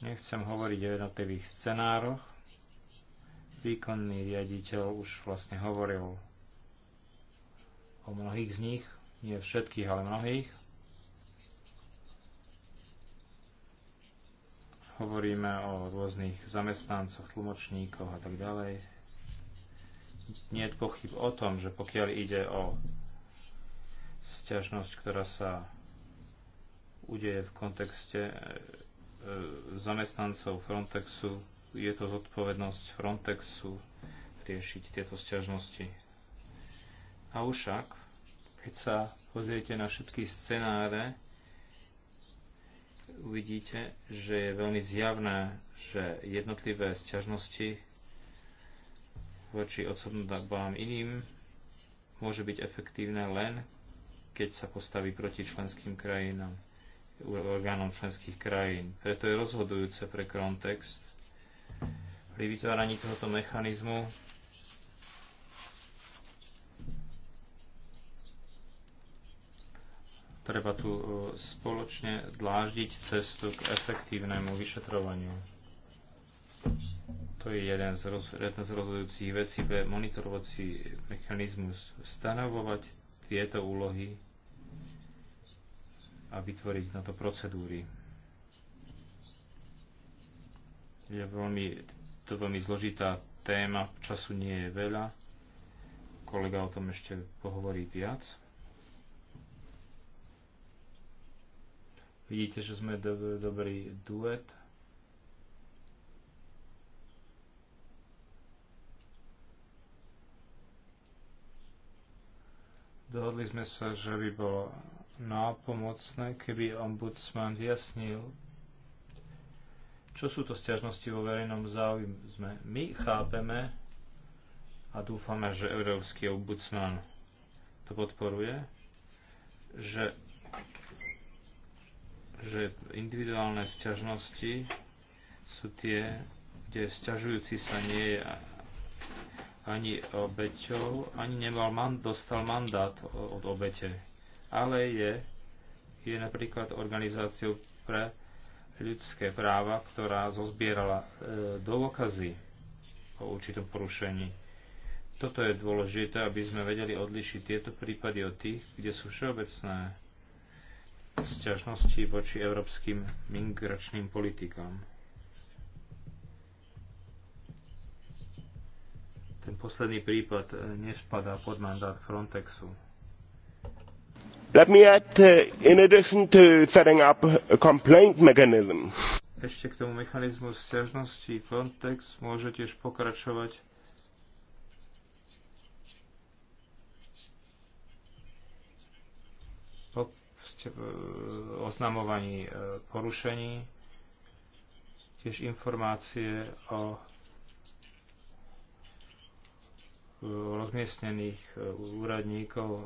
Nechcem hovoriť o jednotlivých scenároch. Výkonný riaditeľ už vlastne hovoril o mnohých z nich, nie všetkých, ale mnohých. Hovoríme o rôznych zamestnancoch, tlmočníkoch a tak ďalej. Nie je pochyb o tom, že pokiaľ ide o sťažnosť, ktorá sa udeje v kontexte e, zamestnancov Frontexu, je to zodpovednosť Frontexu riešiť tieto sťažnosti. A ušak, keď sa pozriete na všetky scenáre, uvidíte, že je veľmi zjavné, že jednotlivé sťažnosti voči osobnodobám iným môže byť efektívne len, keď sa postaví proti členským krajinám, orgánom členských krajín. Preto je rozhodujúce pre Frontex pri vytváraní tohoto mechanizmu Treba tu e, spoločne dláždiť cestu k efektívnemu vyšetrovaniu. To je jeden z, roz, jedna z rozhodujúcich vecí pre monitorovací mechanizmus. Stanovovať tieto úlohy a vytvoriť na to procedúry. Je veľmi, to veľmi zložitá téma, času nie je veľa. Kolega o tom ešte pohovorí viac. Vidíte, že sme do, dobrý duet. Dohodli sme sa, že by bolo nápomocné, keby ombudsman vyjasnil, čo sú to stiažnosti vo verejnom záujme. My chápeme a dúfame, že Európsky ombudsman to podporuje, že že individuálne sťažnosti sú tie, kde sťažujúci sa nie je ani obeťou, ani nemal man, dostal mandát od obete, ale je, je napríklad organizáciou pre ľudské práva, ktorá zozbierala e, dôkazy o určitom porušení. Toto je dôležité, aby sme vedeli odlišiť tieto prípady od tých, kde sú všeobecné sťažnosti voči európskym migračným politikám. Ten posledný prípad eh, nespadá pod mandát Frontexu. Let me add, eh, in addition to setting up a complaint mechanism. Ešte k tomu mechanizmu sťažnosti Frontex môže tiež pokračovať oznamovaní e, porušení, tiež informácie o rozmiestnených e, úradníkov.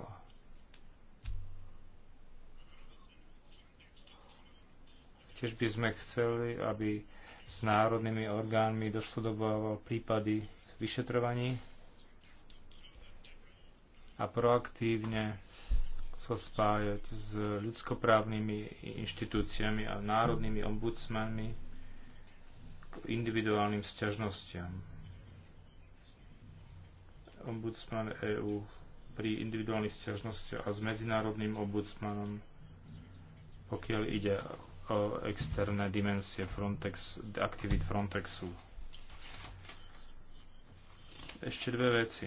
Tiež by sme chceli, aby s národnými orgánmi do prípady vyšetrovaní a proaktívne sa spájať s ľudskoprávnymi inštitúciami a národnými ombudsmanmi k individuálnym sťažnostiam. Ombudsman EÚ pri individuálnych sťažnostiach a s medzinárodným ombudsmanom, pokiaľ ide o externé dimenzie Frontex, aktivít Frontexu. Ešte dve veci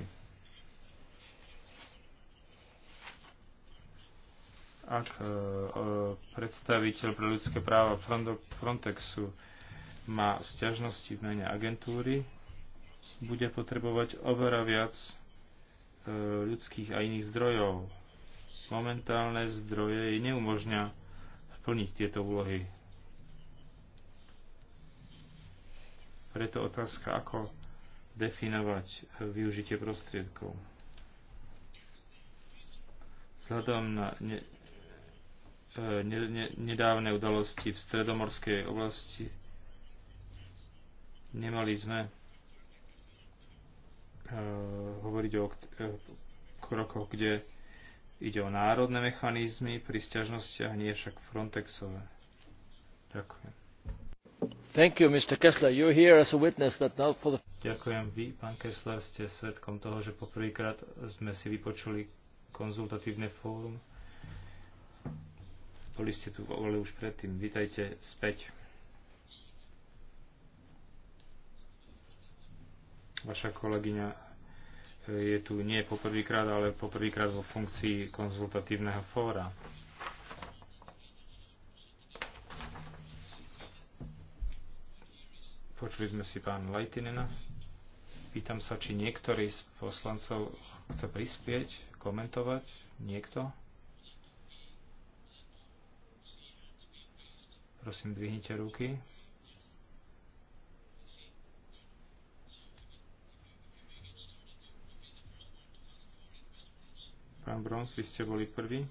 ak e, predstaviteľ pre ľudské práva Frontexu má sťažnosti v mene agentúry, bude potrebovať oveľa viac e, ľudských a iných zdrojov. Momentálne zdroje jej neumožňa splniť tieto úlohy. Preto otázka, ako definovať e, využitie prostriedkov. Vzhľadom na ne- E, nedávne udalosti v stredomorskej oblasti. Nemali sme e, hovoriť o e, krokoch, kde ide o národné mechanizmy pri stiažnostiach, nie však Frontexové. Ďakujem. Thank you, Mr. Kessler. You're here as a witness that for the... Ďakujem. Vy, pán Kessler, ste svetkom toho, že poprvýkrát sme si vypočuli konzultatívne fórum boli ste tu boli už predtým. Vítajte späť. Vaša kolegyňa e, je tu nie poprvýkrát, ale poprvýkrát vo funkcii konzultatívneho fóra. Počuli sme si pán Lajtinena. Pýtam sa, či niektorý z poslancov chce prispieť, komentovať. Niekto? Prosím, dvihnite ruky. Pán Brons, vy ste boli prvý.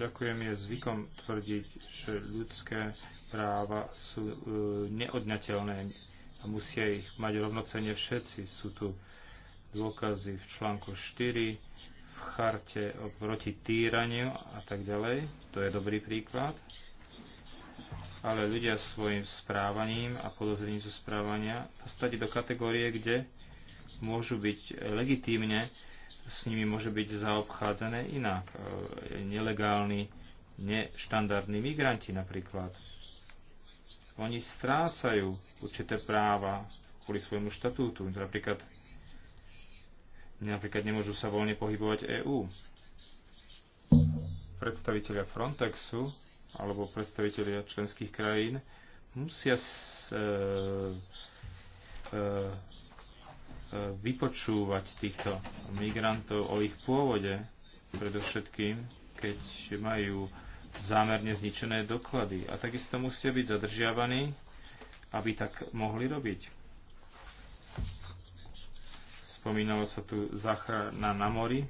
Ďakujem, je zvykom tvrdiť, že ľudské práva sú e, neodňateľné a musia ich mať rovnocene všetci. Sú tu dôkazy v článku 4, v charte proti týraniu a tak ďalej. To je dobrý príklad. Ale ľudia svojim správaním a podozrením zo správania dostať do kategórie, kde môžu byť legitímne, s nimi môže byť zaobchádzané inak. E, nelegálni, neštandardní migranti napríklad. Oni strácajú určité práva kvôli svojmu štatútu. Napríklad Napríklad nemôžu sa voľne pohybovať EÚ. Predstavitelia Frontexu alebo predstavitelia členských krajín musia s, e, e, e, vypočúvať týchto migrantov o ich pôvode, predovšetkým, keď majú zámerne zničené doklady. A takisto musia byť zadržiavaní, aby tak mohli robiť. Spomínalo sa tu záchrana na mori.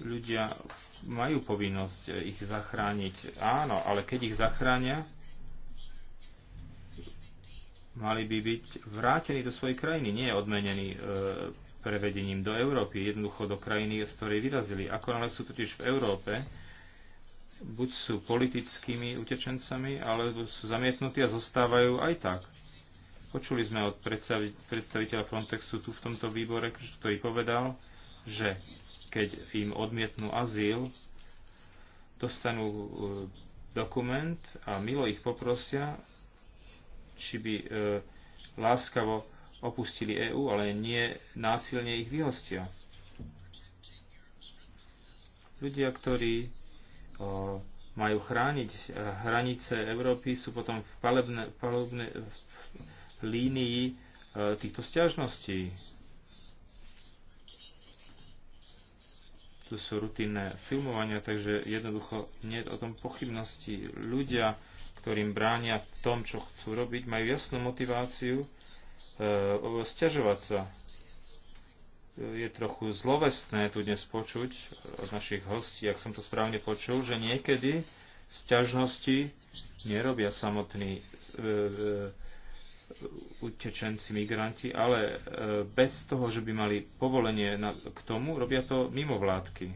Ľudia majú povinnosť ich zachrániť. Áno, ale keď ich zachránia, mali by byť vrátení do svojej krajiny, nie odmenení e, prevedením do Európy, jednoducho do krajiny, z ktorej vyrazili. Ako ale sú totiž v Európe, buď sú politickými utečencami, alebo sú zamietnutí a zostávajú aj tak. Počuli sme od predstaviteľa Frontexu tu v tomto výbore, ktorý povedal, že keď im odmietnú azyl, dostanú e, dokument a milo ich poprosia, či by e, láskavo opustili EÚ, ale nie násilne ich vyhostia. Ľudia, ktorí majú chrániť e, hranice Európy, sú potom v palebne, palebne, v línii e, týchto stiažností. Tu sú rutinné filmovania, takže jednoducho nie je o tom pochybnosti. Ľudia, ktorým bránia v tom, čo chcú robiť, majú jasnú motiváciu e, stiažovať sa. Je trochu zlovestné tu dnes počuť od našich hostí, ak som to správne počul, že niekedy sťažnosti nerobia samotní e, e, utečenci, migranti, ale e, bez toho, že by mali povolenie na, k tomu, robia to mimo vládky.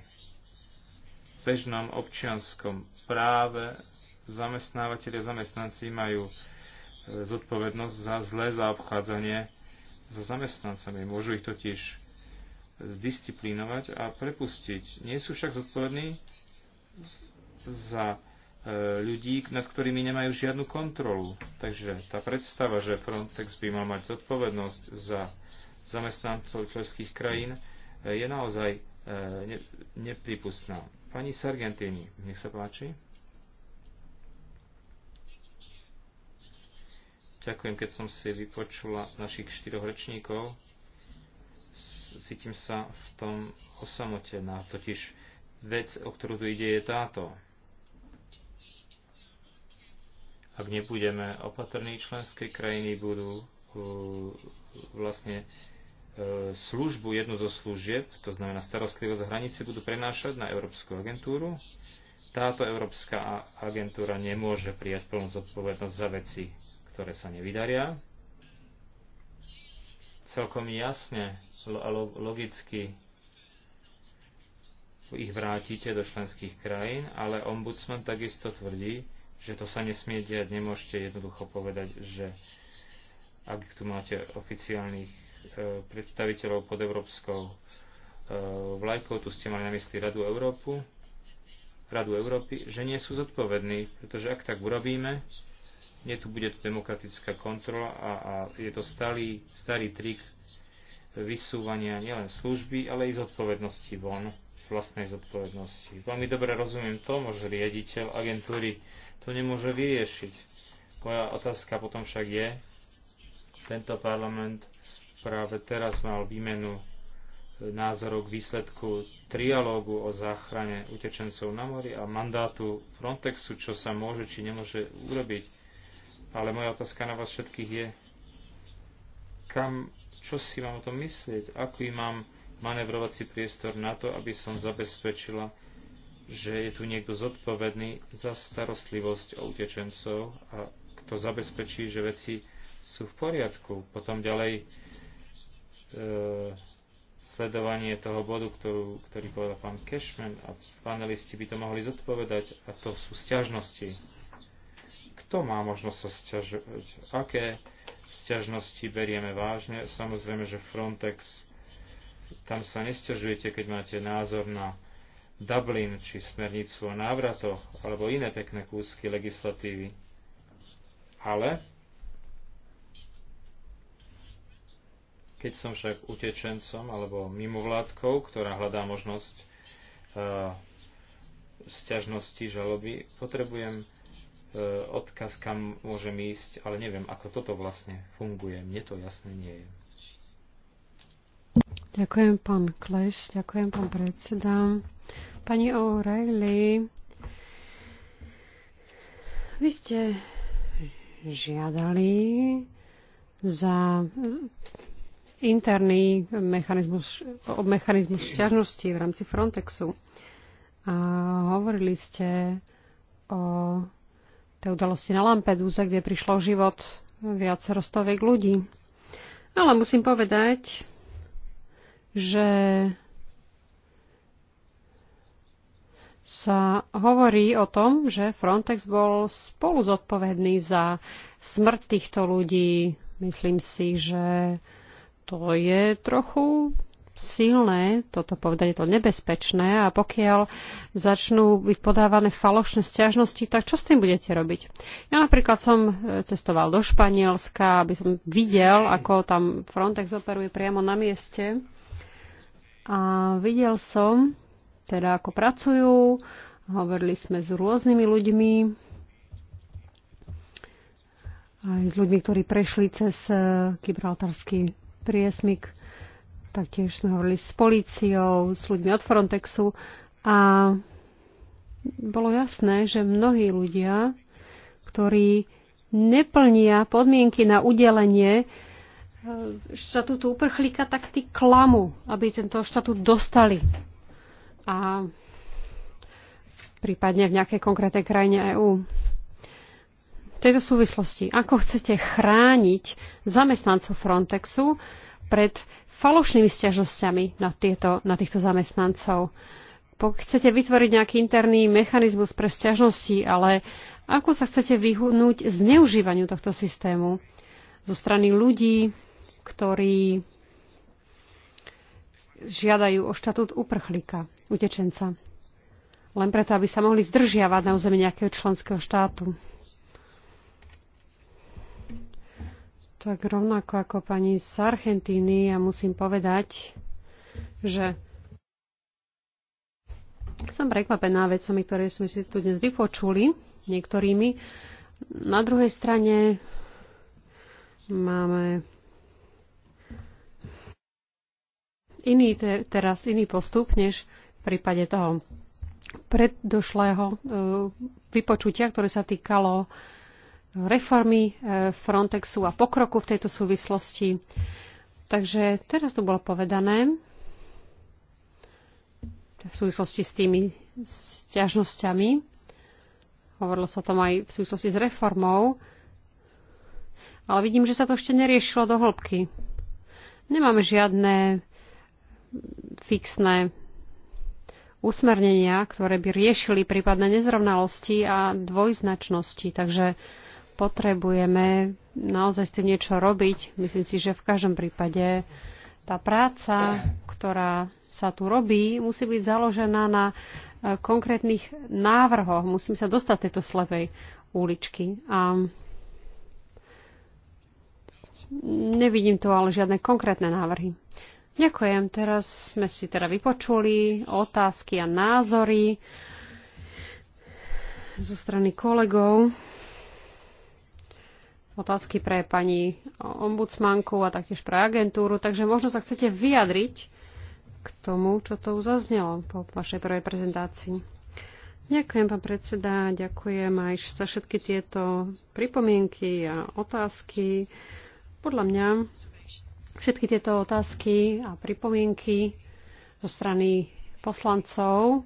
V bežnom občianskom práve zamestnávateľi a zamestnanci majú e, zodpovednosť za zlé zaobchádzanie so zamestnancami. Môžu ich totiž disciplinovať a prepustiť. Nie sú však zodpovední za E, ľudí, nad ktorými nemajú žiadnu kontrolu. Takže tá predstava, že Frontex by mal mať zodpovednosť za zamestnancov členských krajín, e, je naozaj e, ne, nepripustná. Pani Sargentini, nech sa páči. Ďakujem, keď som si vypočula našich štyroch rečníkov. Cítim sa v tom osamotená, totiž vec, o ktorú tu ide, je táto. Ak nebudeme opatrní, členské krajiny budú uh, vlastne uh, službu, jednu zo služieb, to znamená starostlivosť hranice, budú prenášať na Európsku agentúru. Táto Európska agentúra nemôže prijať plnú zodpovednosť za veci, ktoré sa nevydaria. Celkom jasne a logicky ich vrátite do členských krajín, ale ombudsman takisto tvrdí, že to sa nesmie diať. Nemôžete jednoducho povedať, že ak tu máte oficiálnych e, predstaviteľov pod európskou e, vlajkou, tu ste mali na mysli Radu Európu, Radu Európy, že nie sú zodpovední, pretože ak tak urobíme, nie tu bude to demokratická kontrola a, a je to starý, starý trik vysúvania nielen služby, ale i zodpovednosti von vlastnej zodpovednosti. Veľmi dobre rozumiem tomu, že riaditeľ agentúry to nemôže vyriešiť. Moja otázka potom však je, tento parlament práve teraz mal výmenu názorov k výsledku trialógu o záchrane utečencov na mori a mandátu Frontexu, čo sa môže či nemôže urobiť. Ale moja otázka na vás všetkých je, kam, čo si mám o tom myslieť, aký mám manevrovací priestor na to, aby som zabezpečila, že je tu niekto zodpovedný za starostlivosť o utečencov a kto zabezpečí, že veci sú v poriadku. Potom ďalej e, sledovanie toho bodu, ktorú, ktorý povedal pán Cashman a panelisti by to mohli zodpovedať a to sú sťažnosti. Kto má možnosť sa sťažovať? Aké sťažnosti berieme vážne? Samozrejme, že Frontex tam sa nestiažujete, keď máte názor na Dublin či smernicu o návratoch alebo iné pekné kúsky legislatívy. Ale keď som však utečencom alebo mimovládkou, ktorá hľadá možnosť uh, sťažnosti, žaloby, potrebujem uh, odkaz, kam môžem ísť, ale neviem, ako toto vlastne funguje. Mne to jasne nie je. Ďakujem, pán Kleš, ďakujem, pán predseda. Pani O'Reilly, vy ste žiadali za interný mechanizmus, mechanizmus šťažnosti v rámci Frontexu. A hovorili ste o tej udalosti na lampedúze, kde prišlo život viacero stovek ľudí. Ale musím povedať, že sa hovorí o tom, že Frontex bol spolu zodpovedný za smrť týchto ľudí. Myslím si, že to je trochu silné, toto povedanie to nebezpečné a pokiaľ začnú byť podávané falošné stiažnosti, tak čo s tým budete robiť? Ja napríklad som e, cestoval do Španielska, aby som videl, ako tam Frontex operuje priamo na mieste a videl som, teda ako pracujú, hovorili sme s rôznymi ľuďmi, aj s ľuďmi, ktorí prešli cez eh, gibraltarský priesmik, taktiež sme hovorili s políciou, s ľuďmi od Frontexu a bolo jasné, že mnohí ľudia, ktorí neplnia podmienky na udelenie štatútu uprchlíka, tak tí klamu, aby tento štatút dostali. A prípadne v nejakej konkrétnej krajine EÚ. V tejto súvislosti, ako chcete chrániť zamestnancov Frontexu pred falošnými stiažosťami na, tieto, na týchto zamestnancov? Pok chcete vytvoriť nejaký interný mechanizmus pre stiažnosti, ale ako sa chcete vyhnúť zneužívaniu tohto systému zo strany ľudí, ktorí žiadajú o štatút uprchlíka, utečenca. Len preto, aby sa mohli zdržiavať na území nejakého členského štátu. Tak rovnako ako pani z Argentíny, ja musím povedať, že som prekvapená vecami, ktoré sme si tu dnes vypočuli, niektorými. Na druhej strane máme iný te, teraz iný postup, než v prípade toho predošlého e, vypočutia, ktoré sa týkalo e, reformy e, Frontexu a pokroku v tejto súvislosti. Takže teraz to bolo povedané v súvislosti s tými sťažnosťami. Hovorilo sa o tom aj v súvislosti s reformou, ale vidím, že sa to ešte neriešilo do hĺbky. Nemáme žiadne fixné usmernenia, ktoré by riešili prípadné nezrovnalosti a dvojznačnosti. Takže potrebujeme naozaj s tým niečo robiť. Myslím si, že v každom prípade tá práca, ktorá sa tu robí, musí byť založená na e, konkrétnych návrhoch. Musím sa dostať tejto slepej uličky. A nevidím tu ale žiadne konkrétne návrhy. Ďakujem. Teraz sme si teda vypočuli otázky a názory zo strany kolegov. Otázky pre pani ombudsmanku a taktiež pre agentúru. Takže možno sa chcete vyjadriť k tomu, čo to zaznelo po vašej prvej prezentácii. Ďakujem, pán predseda. Ďakujem aj za všetky tieto pripomienky a otázky. Podľa mňa Všetky tieto otázky a pripomienky zo strany poslancov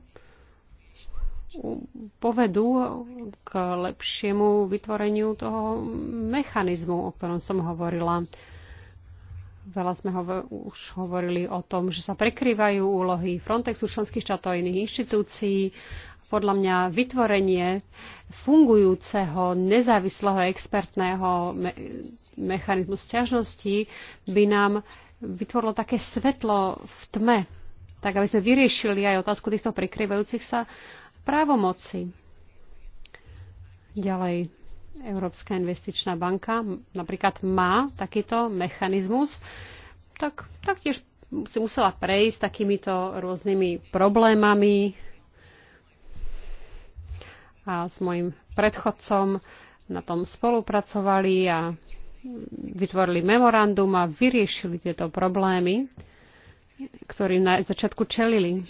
povedú k lepšiemu vytvoreniu toho mechanizmu, o ktorom som hovorila. Veľa sme hovo- už hovorili o tom, že sa prekrývajú úlohy Frontexu, členských štátov a iných inštitúcií podľa mňa vytvorenie fungujúceho, nezávislého, expertného me- mechanizmu sťažnosti by nám vytvorilo také svetlo v tme, tak aby sme vyriešili aj otázku týchto prikrývajúcich sa právomoci. Ďalej, Európska investičná banka napríklad má takýto mechanizmus, tak taktiež si musela prejsť takýmito rôznymi problémami, a s mojim predchodcom na tom spolupracovali a vytvorili memorandum a vyriešili tieto problémy, ktorým na začiatku čelili.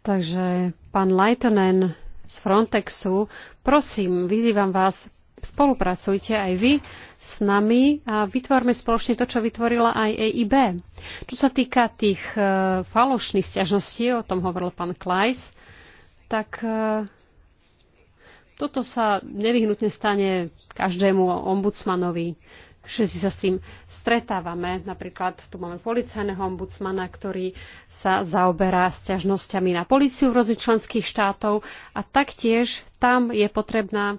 Takže pán Leitonen z Frontexu, prosím, vyzývam vás, spolupracujte aj vy s nami a vytvorme spoločne to, čo vytvorila aj EIB. Čo sa týka tých e, falošných stiažností, o tom hovoril pán Klajs, tak e, toto sa nevyhnutne stane každému ombudsmanovi. Všetci sa s tým stretávame. Napríklad tu máme policajného ombudsmana, ktorý sa zaoberá sťažnosťami na policiu v rôznych členských štátov a taktiež tam je potrebná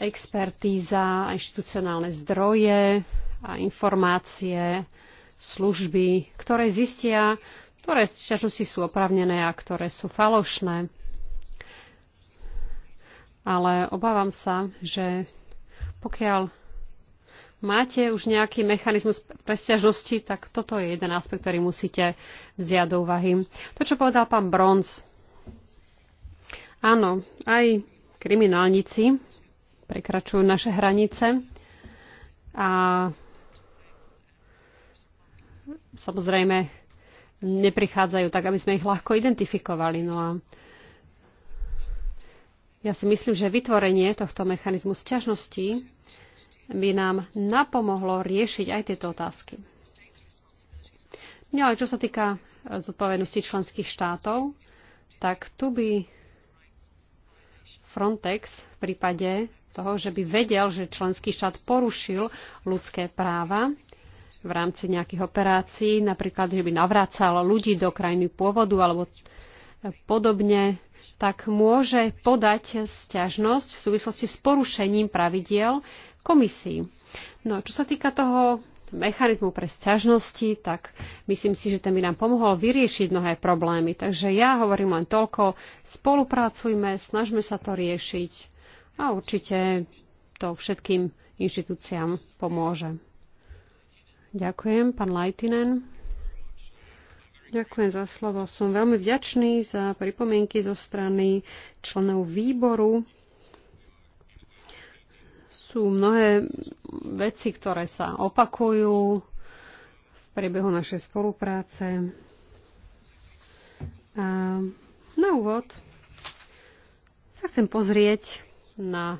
expertíza, inštitucionálne zdroje a informácie, služby, ktoré zistia, ktoré sťažnosti sú opravnené a ktoré sú falošné ale obávam sa, že pokiaľ máte už nejaký mechanizmus presťažnosti, tak toto je jeden aspekt, ktorý musíte vziať do úvahy. To, čo povedal pán Bronz. Áno, aj kriminálnici prekračujú naše hranice a samozrejme neprichádzajú tak, aby sme ich ľahko identifikovali. No a ja si myslím, že vytvorenie tohto mechanizmu sťažností by nám napomohlo riešiť aj tieto otázky. No ale čo sa týka zodpovednosti členských štátov, tak tu by Frontex v prípade toho, že by vedel, že členský štát porušil ľudské práva v rámci nejakých operácií, napríklad, že by navracal ľudí do krajiny pôvodu alebo podobne, tak môže podať sťažnosť v súvislosti s porušením pravidiel komisii. No, čo sa týka toho mechanizmu pre sťažnosti, tak myslím si, že ten by nám pomohol vyriešiť mnohé problémy. Takže ja hovorím len toľko, spolupracujme, snažme sa to riešiť a určite to všetkým inštitúciám pomôže. Ďakujem, pán Lajtinen. Ďakujem za slovo. Som veľmi vďačný za pripomienky zo strany členov výboru. Sú mnohé veci, ktoré sa opakujú v priebehu našej spolupráce. A na úvod sa chcem pozrieť na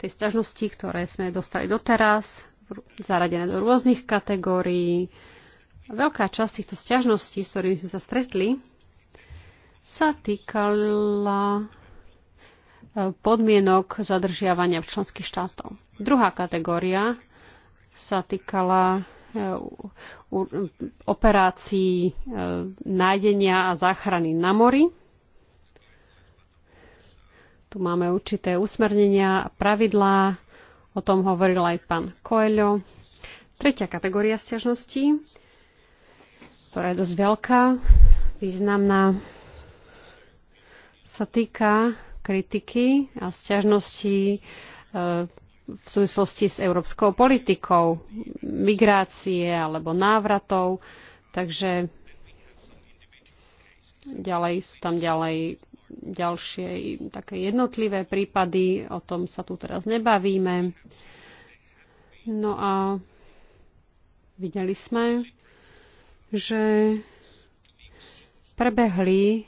tie stiažnosti, ktoré sme dostali doteraz, zaradené do rôznych kategórií, Veľká časť týchto sťažností, s ktorými sme sa stretli, sa týkala e, podmienok zadržiavania v členských štátov. Druhá kategória sa týkala e, operácií e, nájdenia a záchrany na mori. Tu máme určité usmernenia a pravidlá, o tom hovoril aj pán Coelho. Tretia kategória stiažností ktorá je dosť veľká, významná, sa týka kritiky a sťažností e, v súvislosti s európskou politikou, migrácie alebo návratov. Takže ďalej sú tam ďalej ďalšie také jednotlivé prípady, o tom sa tu teraz nebavíme. No a videli sme, že prebehli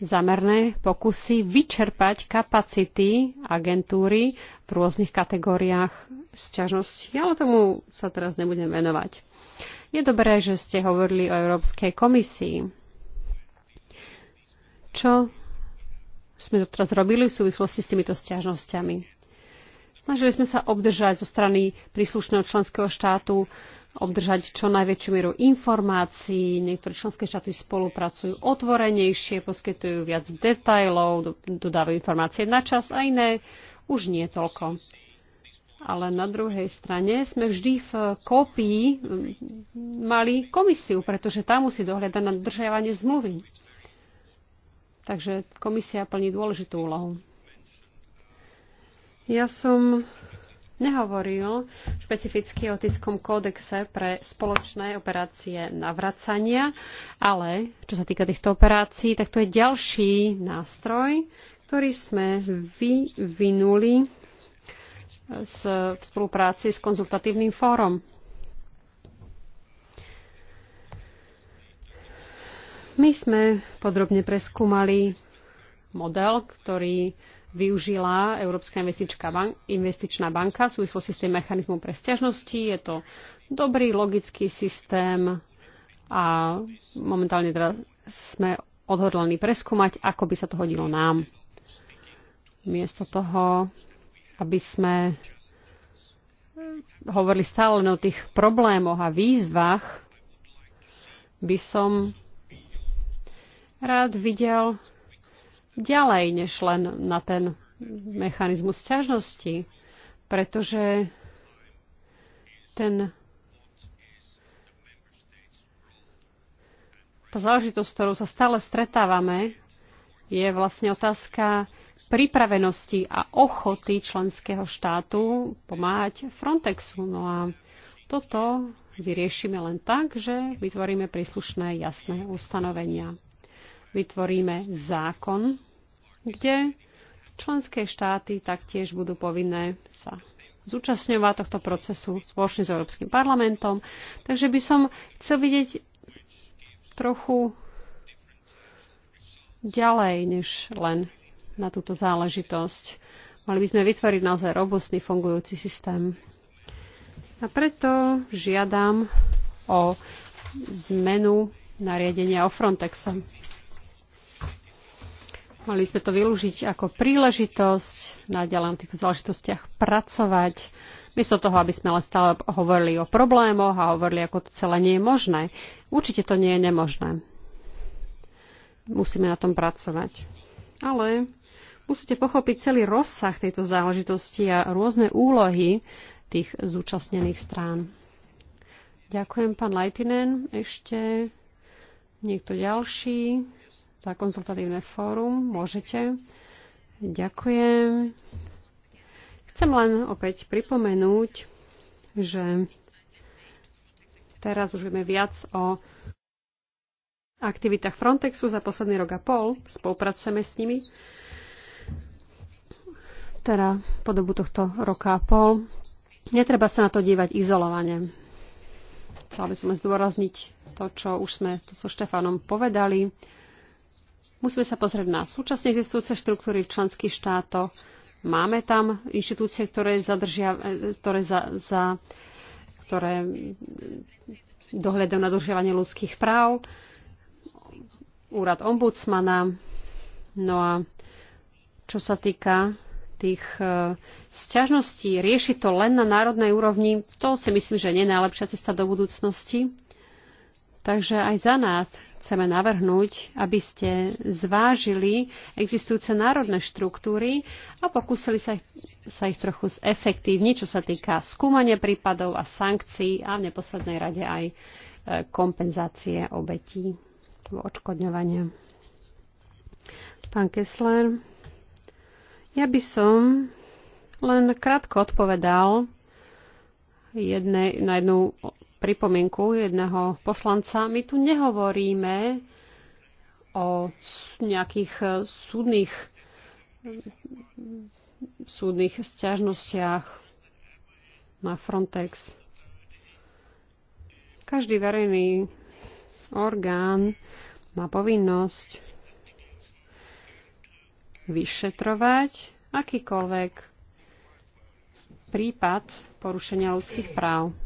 zamerné pokusy vyčerpať kapacity agentúry v rôznych kategóriách sťažnosti. ale tomu sa teraz nebudem venovať. Je dobré, že ste hovorili o Európskej komisii. Čo sme teraz robili v súvislosti s týmito sťažnosťami? Snažili sme sa obdržať zo strany príslušného členského štátu obdržať čo najväčšiu mieru informácií. Niektoré členské štáty spolupracujú otvorenejšie, poskytujú viac detajlov, dodávajú informácie na čas a iné už nie toľko. Ale na druhej strane sme vždy v kópii mali komisiu, pretože tá musí dohľadať na dodržiavanie zmluvy. Takže komisia plní dôležitú úlohu. Ja som nehovoril špecificky o etickom kódexe pre spoločné operácie navracania, ale čo sa týka týchto operácií, tak to je ďalší nástroj, ktorý sme vyvinuli s, v spolupráci s konzultatívnym fórom. My sme podrobne preskúmali model, ktorý využila Európska investičná banka v súvislosti s tým mechanizmom pre stiažnosti. Je to dobrý logický systém a momentálne teda sme odhodlaní preskúmať, ako by sa to hodilo nám. Miesto toho, aby sme hovorili stále o tých problémoch a výzvach, by som rád videl ďalej než len na ten mechanizmus ťažnosti, pretože ten tá záležitosť, s ktorou sa stále stretávame, je vlastne otázka pripravenosti a ochoty členského štátu pomáhať Frontexu. No a toto vyriešime len tak, že vytvoríme príslušné jasné ustanovenia vytvoríme zákon, kde členské štáty taktiež budú povinné sa zúčastňovať tohto procesu spoločne s Európskym parlamentom. Takže by som chcel vidieť trochu ďalej, než len na túto záležitosť. Mali by sme vytvoriť naozaj robustný fungujúci systém. A preto žiadam o zmenu nariadenia o Frontexe. Mali sme to využiť ako príležitosť, naďalej na týchto záležitostiach pracovať, miesto toho, aby sme ale stále hovorili o problémoch a hovorili, ako to celé nie je možné. Určite to nie je nemožné. Musíme na tom pracovať. Ale musíte pochopiť celý rozsah tejto záležitosti a rôzne úlohy tých zúčastnených strán. Ďakujem, pán Lajtinen. Ešte niekto ďalší? za konzultatívne fórum. Môžete. Ďakujem. Chcem len opäť pripomenúť, že teraz už vieme viac o aktivitách Frontexu za posledný rok a pol. Spolupracujeme s nimi. Teda po dobu tohto roka a pol. Netreba sa na to dívať izolovane. Chcela by som zdôrazniť to, čo už sme tu so Štefanom povedali. Musíme sa pozrieť na súčasne existujúce štruktúry v členských štátoch. Máme tam inštitúcie, ktoré, zadržia, e, ktoré, za, za, ktoré dohľadajú na dodržiavanie ľudských práv, úrad ombudsmana. No a čo sa týka tých e, sťažností, rieši to len na národnej úrovni, to si myslím, že nie je najlepšia cesta do budúcnosti. Takže aj za nás chceme navrhnúť, aby ste zvážili existujúce národné štruktúry a pokúsili sa, sa ich trochu zefektívniť, čo sa týka skúmania prípadov a sankcií a v neposlednej rade aj e, kompenzácie obetí odškodňovania. Pán Kessler, ja by som len krátko odpovedal jednej, na jednu pripomienku jedného poslanca. My tu nehovoríme o nejakých e, súdnych, súdnych stiažnostiach na Frontex. Každý verejný orgán má povinnosť vyšetrovať akýkoľvek prípad porušenia ľudských práv.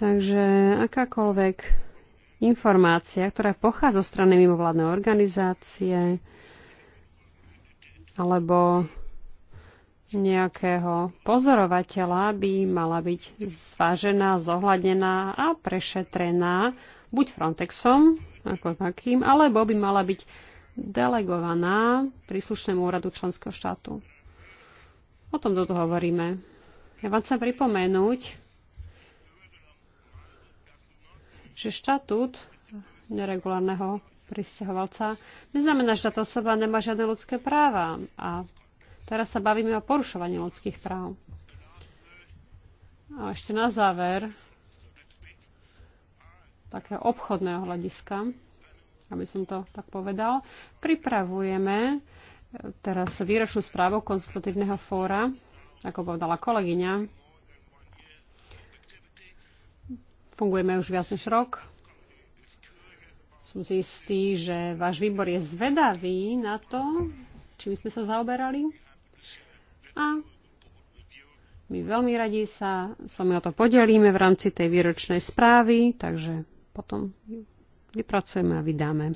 Takže akákoľvek informácia, ktorá pochádza zo strany mimovládnej organizácie alebo nejakého pozorovateľa by mala byť zvážená, zohľadnená a prešetrená buď Frontexom ako takým, alebo by mala byť delegovaná príslušnému úradu členského štátu. O tom toto hovoríme. Ja vám chcem pripomenúť, že štatút neregulárneho pristahovalca neznamená, že táto osoba nemá žiadne ľudské práva. A teraz sa bavíme o porušovaní ľudských práv. A ešte na záver, také obchodného hľadiska, aby som to tak povedal, pripravujeme teraz výročnú správu konzultatívneho fóra, ako povedala kolegyňa, Fungujeme už viac než rok. Som si istý, že váš výbor je zvedavý na to, čím sme sa zaoberali. A my veľmi radi sa s vami o to podelíme v rámci tej výročnej správy, takže potom vypracujeme a vydáme.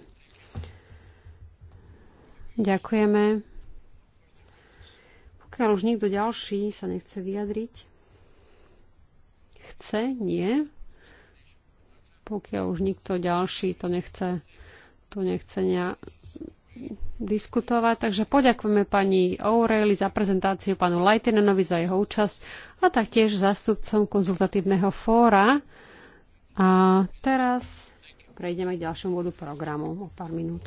Ďakujeme. Pokiaľ už nikto ďalší sa nechce vyjadriť. Chce? Nie? pokiaľ už nikto ďalší to nechce, to nechce nea- diskutovať. Takže poďakujeme pani O'Reilly za prezentáciu, pánu Lajtenenovi za jeho účasť a taktiež zástupcom konzultatívneho fóra. A teraz prejdeme k ďalšiemu bodu programu o pár minút.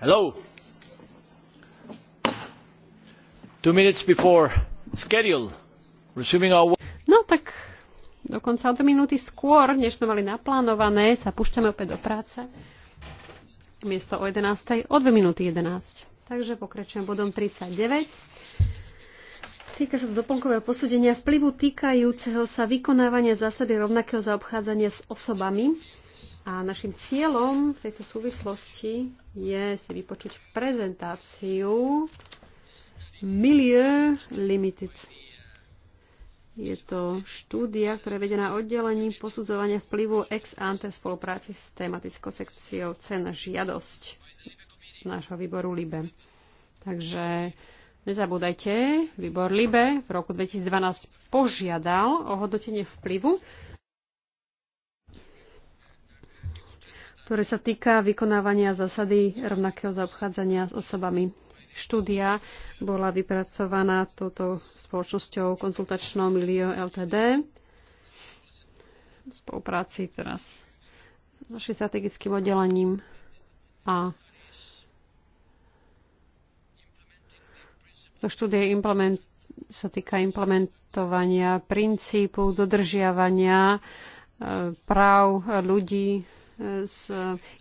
No tak dokonca o dve minúty skôr, než sme mali naplánované, sa púšťame opäť do práce. Miesto o 11. o 2 minúty 11. Takže pokračujem bodom 39. Týka sa doplnkového posúdenia vplyvu týkajúceho sa vykonávania zásady rovnakého zaobchádzania s osobami a našim cieľom v tejto súvislosti je si vypočuť prezentáciu Milieu Limited. Je to štúdia, ktorá je vedená oddelením posudzovania vplyvu ex ante v spolupráci s tematickou sekciou cen žiadosť nášho výboru LIBE. Takže nezabúdajte, výbor LIBE v roku 2012 požiadal o hodnotenie vplyvu ktoré sa týka vykonávania zásady rovnakého zaobchádzania s osobami. Štúdia bola vypracovaná touto spoločnosťou konzultačnou Milio LTD v spolupráci teraz s našim strategickým oddelením a to štúdie implement, sa týka implementovania princípu dodržiavania eh, práv ľudí s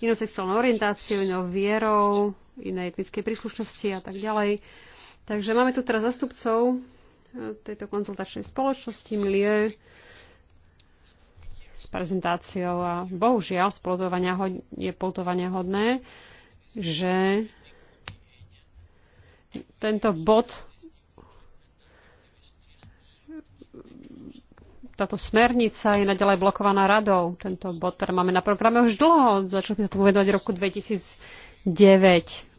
inou sexuálnou orientáciou, inou vierou, inej etnickej príslušnosti a tak ďalej. Takže máme tu teraz zastupcov e, tejto konzultačnej spoločnosti Milie s prezentáciou a bohužiaľ spolutovania je poltovania hodné, že tento bod táto smernica je naďalej blokovaná radou. Tento bod, ktorý máme na programe už dlho, začali sme sa tu uvedovať v roku 2009.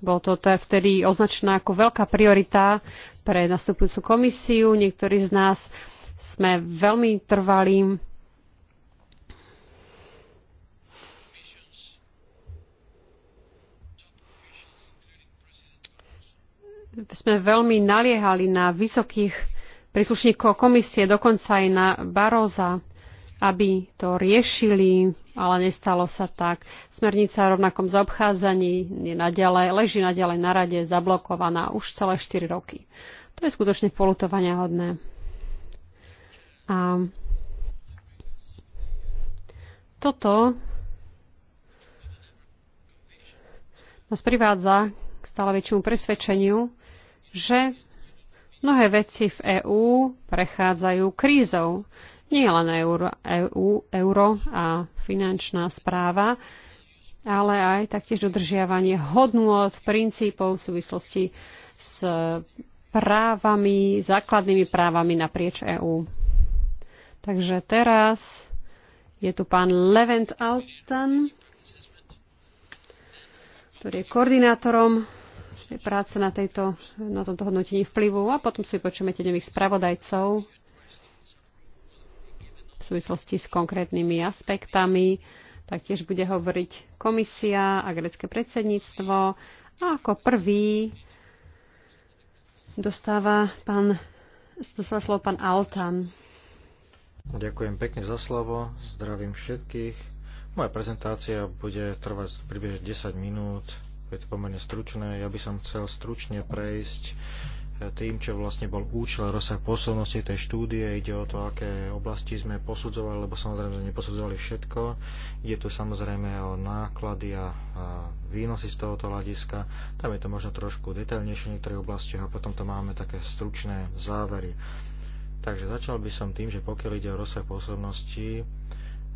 Bolo to teda vtedy označená ako veľká priorita pre nastupujúcu komisiu. Niektorí z nás sme veľmi trvalí sme veľmi naliehali na vysokých príslušníkov komisie, dokonca aj na Baroza, aby to riešili, ale nestalo sa tak. Smernica o rovnakom zaobchádzaní je naďalej, leží naďalej na rade, zablokovaná už celé 4 roky. To je skutočne polutovania hodné. A toto nás privádza k stále väčšiemu presvedčeniu, že Mnohé veci v EÚ prechádzajú krízou. Nie len euro, EU, euro a finančná správa, ale aj taktiež dodržiavanie hodnôt, princípov v súvislosti s právami, základnými právami naprieč EÚ. Takže teraz je tu pán Levent Altan, ktorý je koordinátorom Vlastne práce na, tejto, na tomto hodnotení vplyvu a potom si počujeme tenových spravodajcov v súvislosti s konkrétnymi aspektami. Taktiež bude hovoriť komisia a grecké predsedníctvo. A ako prvý dostáva pán, dostáva slovo pán Altan. Ďakujem pekne za slovo, zdravím všetkých. Moja prezentácia bude trvať približne 10 minút je to pomerne stručné. Ja by som chcel stručne prejsť eh, tým, čo vlastne bol účel, rozsah posobnosti tej štúdie. Ide o to, aké oblasti sme posudzovali, lebo samozrejme sme neposudzovali všetko. Ide tu samozrejme o náklady a, výnosy z tohoto hľadiska. Tam je to možno trošku detailnejšie v niektorých oblastiach a potom to máme také stručné závery. Takže začal by som tým, že pokiaľ ide o rozsah pôsobnosti,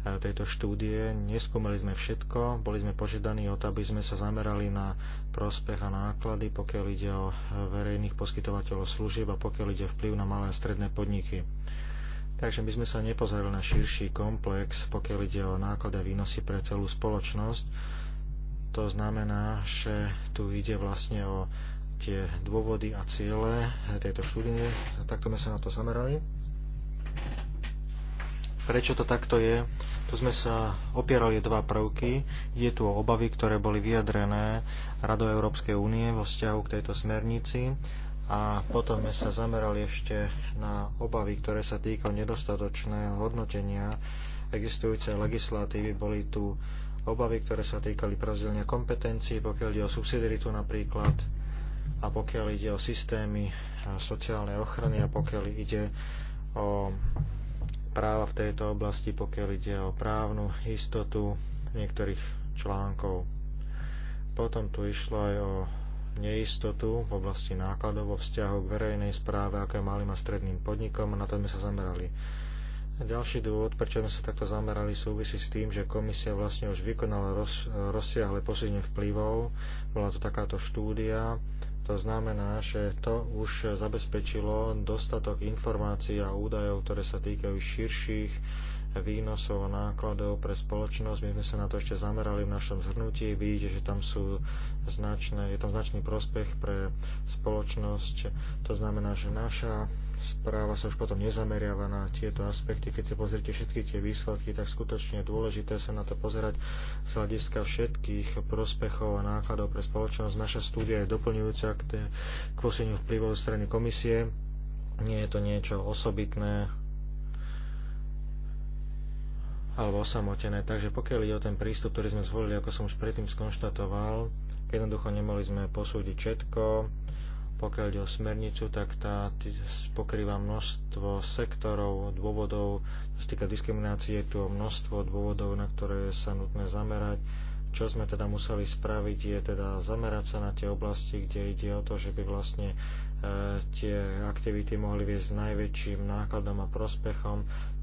tejto štúdie. Neskúmali sme všetko, boli sme požiadaní o to, aby sme sa zamerali na prospech a náklady, pokiaľ ide o verejných poskytovateľov služieb a pokiaľ ide vplyv na malé a stredné podniky. Takže my sme sa nepozerali na širší komplex, pokiaľ ide o náklady a výnosy pre celú spoločnosť. To znamená, že tu ide vlastne o tie dôvody a ciele tejto štúdie. Takto sme sa na to zamerali prečo to takto je, tu sme sa opierali dva prvky. Je tu o obavy, ktoré boli vyjadrené Radou Európskej únie vo vzťahu k tejto smernici a potom sme sa zamerali ešte na obavy, ktoré sa týkali nedostatočného hodnotenia existujúcej legislatívy. Boli tu obavy, ktoré sa týkali pravzdelenia kompetencií, pokiaľ ide o subsidiaritu napríklad a pokiaľ ide o systémy sociálnej ochrany a pokiaľ ide o práva v tejto oblasti, pokiaľ ide o právnu istotu niektorých článkov. Potom tu išlo aj o neistotu v oblasti nákladov vo vzťahu k verejnej správe, aké malým a stredným podnikom a na to sme sa zamerali. A ďalší dôvod, prečo sme sa takto zamerali, súvisí s tým, že komisia vlastne už vykonala roz, rozsiahle posúdenie vplyvov. Bola to takáto štúdia, to znamená, že to už zabezpečilo dostatok informácií a údajov, ktoré sa týkajú širších výnosov a nákladov pre spoločnosť. My sme sa na to ešte zamerali v našom zhrnutí. Vidíte, že tam sú značné, je tam značný prospech pre spoločnosť. To znamená, že naša správa sa už potom nezameriava na tieto aspekty. Keď si pozrite všetky tie výsledky, tak skutočne je dôležité sa na to pozerať z hľadiska všetkých prospechov a nákladov pre spoločnosť. Naša štúdia je doplňujúca k, té, k posilneniu vplyvov strany komisie. Nie je to niečo osobitné alebo osamotené. Takže pokiaľ ide o ten prístup, ktorý sme zvolili, ako som už predtým skonštatoval, jednoducho nemohli sme posúdiť všetko, pokiaľ ide o smernicu, tak tá pokrýva množstvo sektorov, dôvodov. Čo sa týka diskriminácie, je tu množstvo dôvodov, na ktoré sa nutné zamerať. Čo sme teda museli spraviť, je teda zamerať sa na tie oblasti, kde ide o to, že by vlastne E, tie aktivity mohli viesť s najväčším nákladom a prospechom.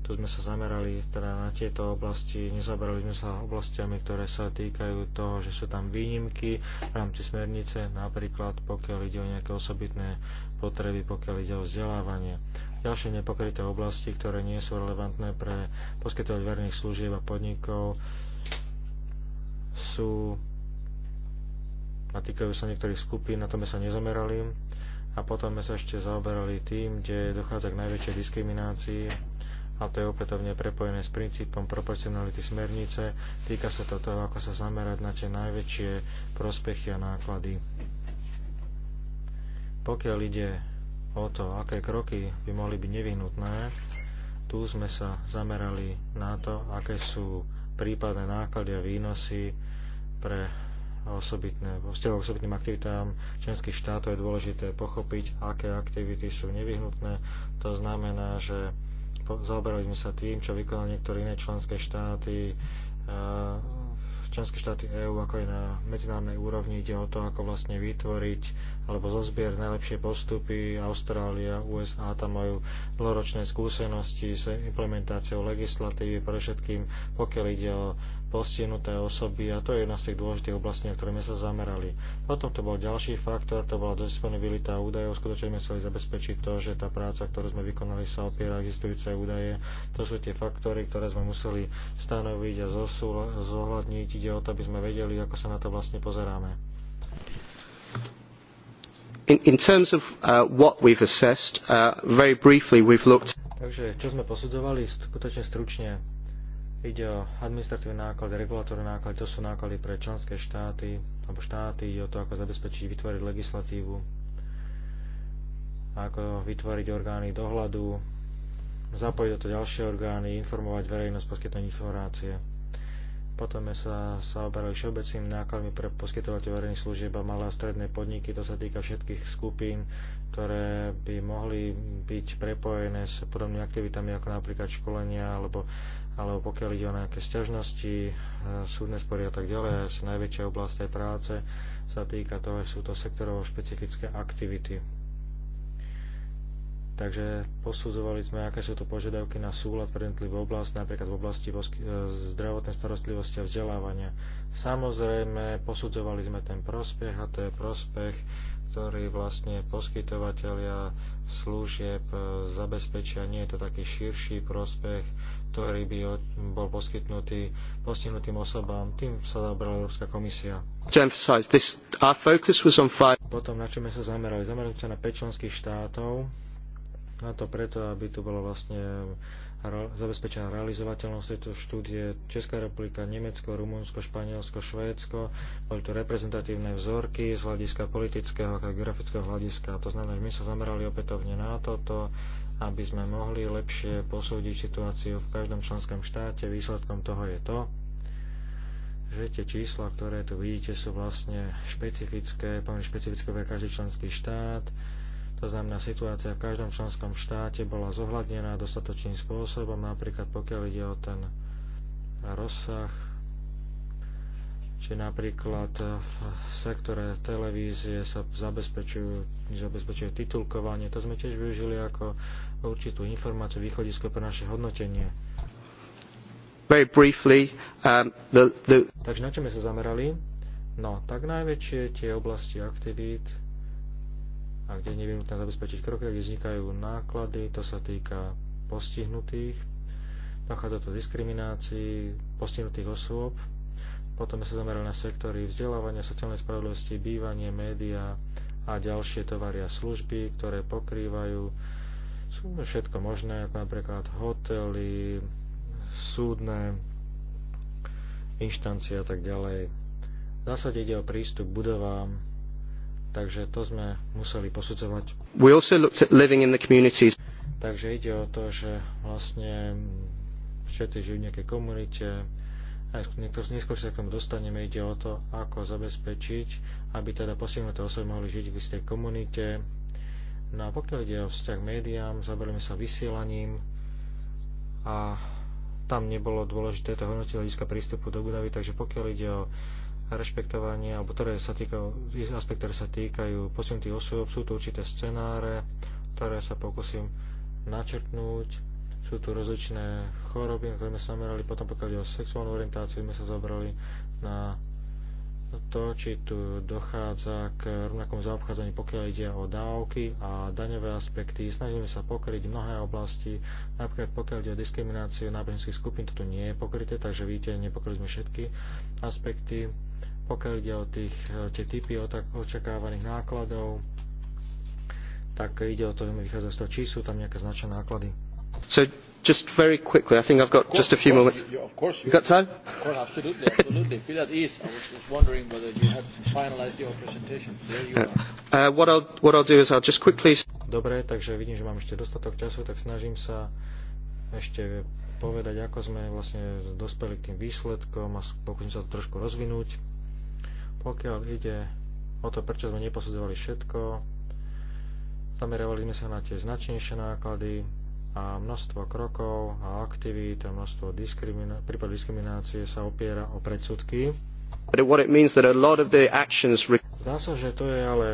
Tu sme sa zamerali teda na tieto oblasti, nezabrali sme sa oblastiami, ktoré sa týkajú toho, že sú tam výnimky v rámci smernice, napríklad pokiaľ ide o nejaké osobitné potreby, pokiaľ ide o vzdelávanie. Ďalšie nepokryté oblasti, ktoré nie sú relevantné pre poskytovať verných služieb a podnikov, sú a týkajú sa niektorých skupín, na to sme sa nezamerali a potom sme sa ešte zaoberali tým, kde dochádza k najväčšej diskriminácii a to je opätovne prepojené s princípom proporcionality smernice. Týka sa to toho, ako sa zamerať na tie najväčšie prospechy a náklady. Pokiaľ ide o to, aké kroky by mohli byť nevyhnutné, tu sme sa zamerali na to, aké sú prípadné náklady a výnosy pre osobitné, vo vzťahu osobitným aktivitám členských štátov je dôležité pochopiť, aké aktivity sú nevyhnutné. To znamená, že zaoberali sme sa tým, čo vykonali niektoré iné členské štáty, e, členské štáty EÚ, ako aj na medzinárodnej úrovni ide o to, ako vlastne vytvoriť alebo zozbier najlepšie postupy. Austrália, USA tam majú dlhoročné skúsenosti s implementáciou legislatívy, pre všetkým pokiaľ ide o postihnuté osoby a to je jedna z tých dôležitých oblastí, na ktoré sme sa zamerali. Potom to bol ďalší faktor, to bola disponibilita údajov. Skutočne sme chceli zabezpečiť to, že tá práca, ktorú sme vykonali, sa opiera existujúce údaje. To sú tie faktory, ktoré sme museli stanoviť a zohľadniť. Ide o to, aby sme vedeli, ako sa na to vlastne pozeráme. In, terms of uh, what we've assessed, uh, very briefly we've looked... Takže čo sme posudzovali, skutočne stručne, ide o administratívne náklady, regulatórne náklady, to sú náklady pre členské štáty, alebo štáty, ide o to, ako zabezpečiť, vytvoriť legislatívu, ako vytvoriť orgány dohľadu, zapojiť do to ďalšie orgány, informovať verejnosť, poskytnúť informácie. Potom sme sa, zaoberali všeobecnými nákladmi pre poskytovateľov verejných služieb a malé a stredné podniky. To sa týka všetkých skupín, ktoré by mohli byť prepojené s podobnými aktivitami ako napríklad školenia alebo, alebo pokiaľ ide o nejaké sťažnosti, e, súdne spory a tak ďalej. Asi najväčšia oblasť tej práce sa týka toho, že sú to sektorovo špecifické aktivity. Takže posudzovali sme, aké sú to požiadavky na súlad pre jednotlivú oblasť, napríklad v oblasti e, zdravotnej starostlivosti a vzdelávania. Samozrejme, posudzovali sme ten prospech a to je prospech, ktorý vlastne poskytovateľia služieb e, zabezpečia. Nie je to taký širší prospech, ktorý by bol poskytnutý postihnutým osobám. Tým sa zabrala Európska komisia. Potom na čo sme sa zamerali? Zamerali sa na 5 členských štátov, na to preto, aby tu bola vlastne zabezpečená realizovateľnosť tejto štúdie. Česká republika, Nemecko, Rumunsko, Španielsko, Švédsko. Boli tu reprezentatívne vzorky z hľadiska politického a geografického hľadiska. To znamená, že my sa zamerali opätovne na toto, aby sme mohli lepšie posúdiť situáciu v každom členskom štáte. Výsledkom toho je to, že tie čísla, ktoré tu vidíte, sú vlastne špecifické, pomerne špecifické pre každý členský štát to znamená, situácia v každom členskom štáte bola zohľadnená dostatočným spôsobom, napríklad pokiaľ ide o ten rozsah, či napríklad v sektore televízie sa zabezpečujú, zabezpečujú titulkovanie. To sme tiež využili ako určitú informáciu, východisko pre naše hodnotenie. Very briefly, um, the, the... Takže na čo sme sa zamerali? No, tak najväčšie tie oblasti aktivít, a kde je nevyhnutné zabezpečiť kroky, kde vznikajú náklady, to sa týka postihnutých, dochádza to diskriminácii postihnutých osôb, potom sme sa zamerali na sektory vzdelávania, sociálnej spravodlivosti, bývanie, média a ďalšie tovary a služby, ktoré pokrývajú sú všetko možné, ako napríklad hotely, súdne inštancie a tak ďalej. V zásade ide o prístup k budovám, Takže to sme museli posudzovať. We also looked at living in the communities. Takže ide o to, že vlastne všetci žijú v nejakej komunite, aj neskôr sa k tomu dostaneme, ide o to, ako zabezpečiť, aby teda postihnuté osoby mohli žiť v istej komunite. No a pokiaľ ide o vzťah k médiám, zabereme sa vysielaním a tam nebolo dôležité to hodnotiť hľadiska prístupu do budovy, takže pokiaľ ide o rešpektovanie, alebo ktoré sa týkajú, aspekt, ktoré sa týkajú posunutých osôb, sú tu určité scenáre, ktoré sa pokúsim načrtnúť. Sú tu rozličné choroby, na ktoré sme sa zamerali, potom pokiaľ ide o sexuálnu orientáciu, sme sa zabrali na to, či tu dochádza k rovnakom zaobchádzaniu, pokiaľ ide o dávky a daňové aspekty. Snažíme sa pokryť mnohé oblasti, napríklad pokiaľ ide o diskrimináciu náboženských skupín, toto nie je pokryté, takže vidíte, nepokryli sme všetky aspekty. Pokiaľ ide o tých, e, tie typy očakávaných nákladov, tak ide o to, že mi vychádza z toho, číslu, tam nejaké značné náklady. So just very quickly, I think I've got course, just a few moments. You, of course, you, you got time? Of course, absolutely, absolutely. Feel at ease. I was just wondering whether you had finalized your presentation. There you yeah. are. Uh, uh, what, I'll, what I'll do is I'll just quickly... Dobre, takže vidím, že mám ešte dostatok času, tak snažím sa ešte povedať, ako sme vlastne dospeli k tým výsledkom a pokúsim sa to trošku rozvinúť. Pokiaľ ide o to, prečo sme neposudzovali všetko, Zamerovali sme sa na tie značnejšie náklady a množstvo krokov a aktivít a množstvo diskriminá- prípad diskriminácie sa opiera o predsudky. Zdá sa, že to je ale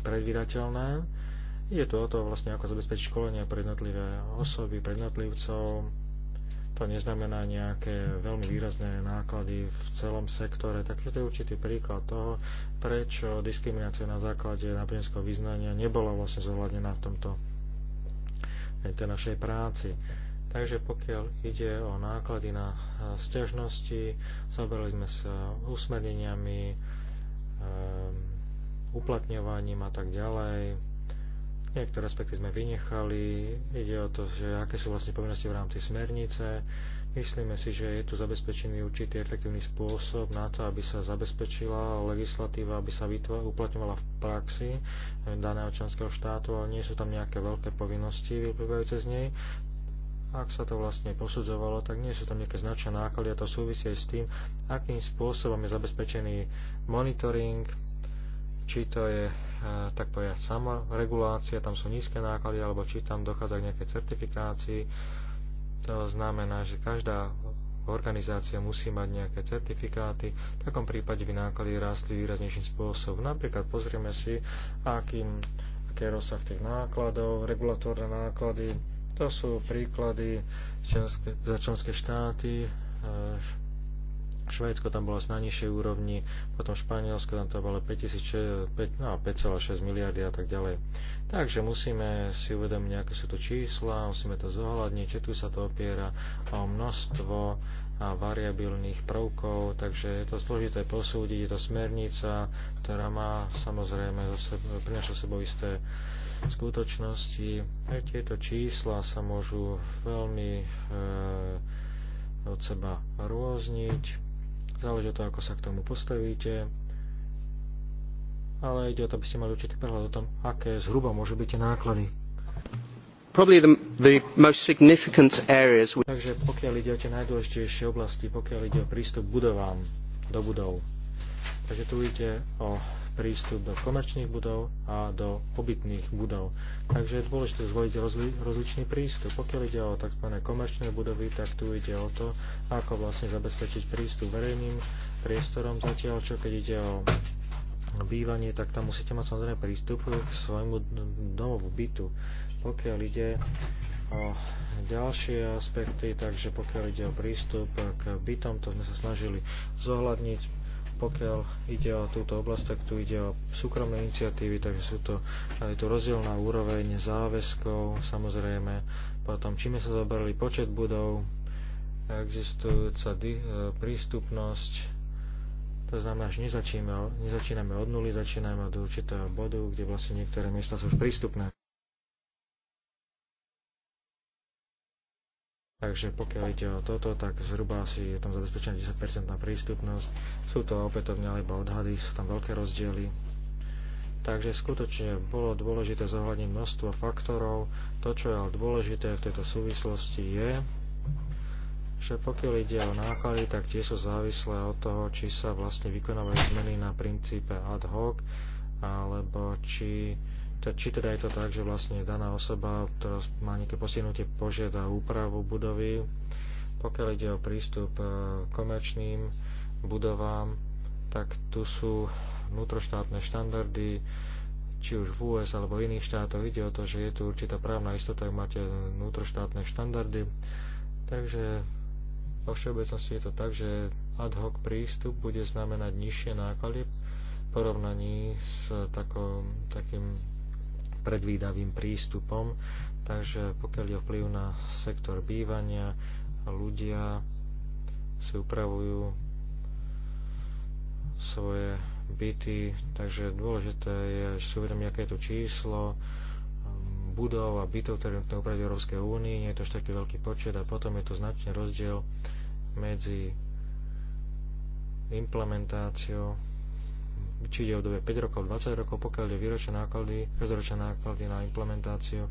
predvydateľné. Je to o to vlastne, ako zabezpečiť školenia pre jednotlivé osoby, pre jednotlivcov, to neznamená nejaké veľmi výrazné náklady v celom sektore. Takže to je určitý príklad toho, prečo diskriminácia na základe náboženského vyznania nebola vlastne zohľadnená v tomto v tej našej práci. Takže pokiaľ ide o náklady na eh, stiažnosti, zaberali sme sa usmerneniami, eh, uplatňovaním a tak ďalej. Niektoré aspekty sme vynechali, ide o to, že aké sú vlastne povinnosti v rámci smernice. Myslíme si, že je tu zabezpečený určitý efektívny spôsob na to, aby sa zabezpečila legislatíva, aby sa vytvor, uplatňovala v praxi daného členského štátu, ale nie sú tam nejaké veľké povinnosti vyplývajúce z nej. Ak sa to vlastne posudzovalo, tak nie sú tam nejaké značné náklady a to súvisí aj s tým, akým spôsobom je zabezpečený monitoring, či to je tak povedať, samoregulácia, tam sú nízke náklady, alebo či tam dochádza k nejakej certifikácii. To znamená, že každá organizácia musí mať nejaké certifikáty, v takom prípade by náklady rástli výraznejším spôsobom. Napríklad pozrieme si, akým, aký je rozsah tých nákladov, regulatórne náklady, to sú príklady za členské štáty, e, Švédsko tam bolo na nižšej úrovni, potom Španielsko tam to bolo 5,6 no, miliardy a tak ďalej. Takže musíme si uvedomiť, aké sú to čísla, musíme to zohľadniť, či tu sa to opiera o množstvo a variabilných prvkov, takže je to zložité posúdiť, je to smernica, ktorá má samozrejme prinaša sebou isté skutočnosti. A tieto čísla sa môžu veľmi e, od seba rôzniť záleží to, ako sa k tomu postavíte, ale ide o to, aby ste mali určitý prehľad o tom, aké zhruba môžu byť tie náklady. The, the areas... Takže pokiaľ ide o tie najdôležitejšie oblasti, pokiaľ ide o prístup budovám do budov, takže tu ide o prístup do komerčných budov a do pobytných budov. Takže je dôležité zvoliť rozli, rozličný prístup. Pokiaľ ide o tzv. komerčné budovy, tak tu ide o to, ako vlastne zabezpečiť prístup verejným priestorom, zatiaľ čo keď ide o bývanie, tak tam musíte mať samozrejme prístup k svojmu domovu, bytu. Pokiaľ ide o ďalšie aspekty, takže pokiaľ ide o prístup k bytom, to sme sa snažili zohľadniť pokiaľ ide o túto oblasť, tak tu ide o súkromné iniciatívy, takže sú to aj tu rozdielná úroveň záväzkov, samozrejme, potom čím sa zabrali počet budov, existujúca e, prístupnosť, to znamená, že nezačíname, nezačíname od nuly, začíname od určitého bodu, kde vlastne niektoré miesta sú už prístupné. Takže pokiaľ ide o toto, tak zhruba asi je tam zabezpečená 10% na prístupnosť. Sú to opätovne alebo odhady, sú tam veľké rozdiely. Takže skutočne bolo dôležité zohľadniť množstvo faktorov. To, čo je ale dôležité v tejto súvislosti je, že pokiaľ ide o náklady, tak tie sú závislé od toho, či sa vlastne vykonávajú zmeny na princípe ad hoc, alebo či či teda je to tak, že vlastne daná osoba, ktorá má nejaké posiednutie, požiada úpravu budovy, pokiaľ ide o prístup e, komerčným budovám, tak tu sú vnútroštátne štandardy, či už v US alebo v iných štátoch. Ide o to, že je tu určitá právna istota, ak máte vnútroštátne štandardy. Takže vo všeobecnosti je to tak, že ad hoc prístup bude znamenať nižšie náklady v porovnaní s takou, takým predvídavým prístupom. Takže pokiaľ je vplyv na sektor bývania, ľudia si upravujú svoje byty, takže dôležité je, že si uvedomí, aké je to číslo um, budov a bytov, ktoré nutné upraviť v Európskej únii, nie je to až taký veľký počet a potom je to značný rozdiel medzi implementáciou či ide o dobe 5 rokov, 20 rokov, pokiaľ je výročné náklady, každoročné náklady na implementáciu,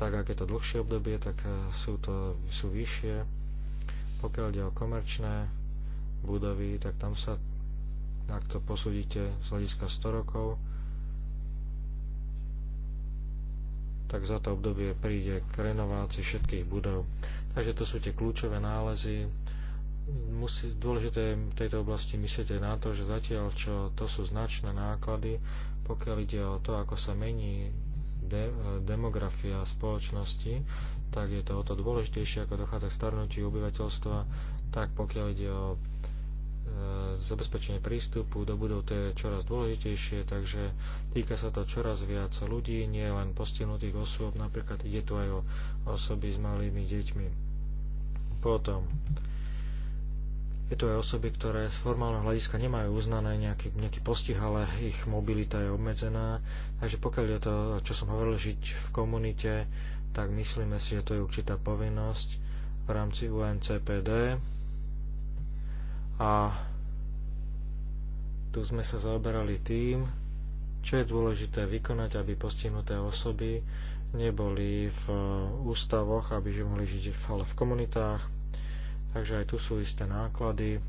tak ak je to dlhšie obdobie, tak e, sú to sú vyššie. Pokiaľ ide o komerčné budovy, tak tam sa, ak to posúdite z hľadiska 100 rokov, tak za to obdobie príde k renovácii všetkých budov. Takže to sú tie kľúčové nálezy, musí, dôležité v tejto oblasti myslíte na to, že zatiaľ čo to sú značné náklady, pokiaľ ide o to, ako sa mení de, e, demografia spoločnosti, tak je to o to dôležitejšie, ako dochádza k starnutiu obyvateľstva, tak pokiaľ ide o e, zabezpečenie prístupu do budov, to je čoraz dôležitejšie, takže týka sa to čoraz viac ľudí, nie len postihnutých osôb, napríklad ide tu aj o osoby s malými deťmi. Potom, je to aj osoby, ktoré z formálneho hľadiska nemajú uznané nejaký, nejaký postih, ale ich mobilita je obmedzená. Takže pokiaľ je to, čo som hovoril, žiť v komunite, tak myslíme si, že to je určitá povinnosť v rámci UNCPD. A tu sme sa zaoberali tým, čo je dôležité vykonať, aby postihnuté osoby neboli v uh, ústavoch, aby mohli žiť ale v komunitách, takže aj tu sú isté náklady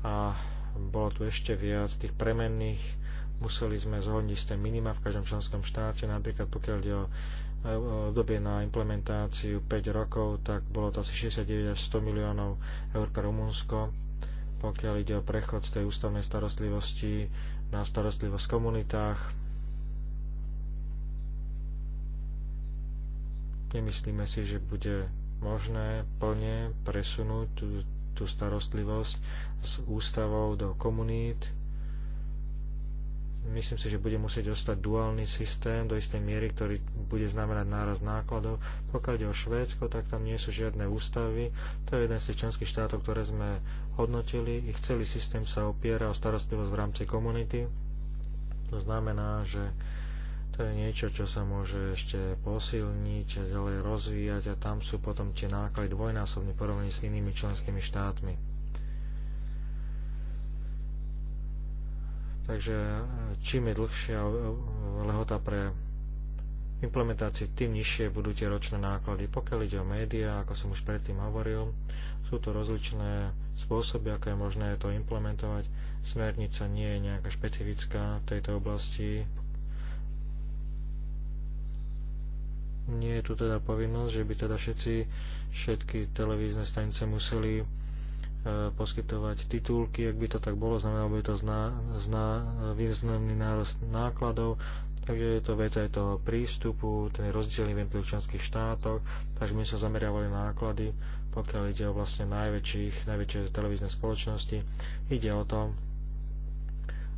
a bolo tu ešte viac tých premenných, museli sme zhodniť isté minima v každom členskom štáte, napríklad pokiaľ ide o e, obdobie na implementáciu 5 rokov, tak bolo to asi 69 až 100 miliónov eur pre Rumunsko, pokiaľ ide o prechod z tej ústavnej starostlivosti na starostlivosť v komunitách. Nemyslíme si, že bude možné plne presunúť tú, tú starostlivosť s ústavou do komunít. Myslím si, že bude musieť ostať duálny systém do istej miery, ktorý bude znamenať náraz nákladov. Pokiaľ ide o Švédsko, tak tam nie sú žiadne ústavy. To je jeden z tých členských štátov, ktoré sme hodnotili. Ich celý systém sa opiera o starostlivosť v rámci komunity. To znamená, že to je niečo, čo sa môže ešte posilniť a ďalej rozvíjať a tam sú potom tie náklady dvojnásobne porovnaní s inými členskými štátmi. Takže e, čím je dlhšia e, lehota pre implementáciu, tým nižšie budú tie ročné náklady. Pokiaľ ide o médiá, ako som už predtým hovoril, sú to rozličné spôsoby, ako je možné to implementovať. Smernica nie je nejaká špecifická v tejto oblasti, nie je tu teda povinnosť, že by teda všetci, všetky televízne stanice museli e, poskytovať titulky, ak by to tak bolo, znamená, by to zná, zná, významný nárast nákladov, takže je to vec aj toho prístupu, ten je rozdielný v členských štátoch, takže my sa zameriavali na náklady, pokiaľ ide o vlastne najväčších, najväčšie televízne spoločnosti, ide o to,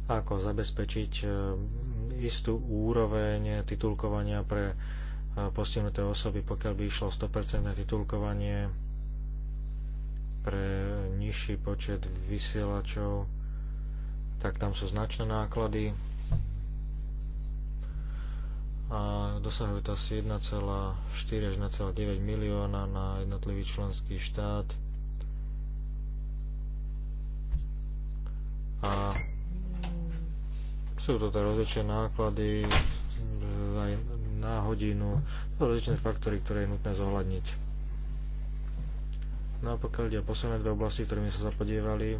ako zabezpečiť e, istú úroveň titulkovania pre postihnuté osoby, pokiaľ by išlo 100% titulkovanie pre nižší počet vysielačov, tak tam sú značné náklady a dosahujú to asi 1,4 až 1,9 milióna na jednotlivý členský štát. A sú to teda rozličné náklady, na hodinu. To sú rozličné faktory, ktoré je nutné zohľadniť. No a pokiaľ ide o posledné dve oblasti, ktorými sa zapodievali,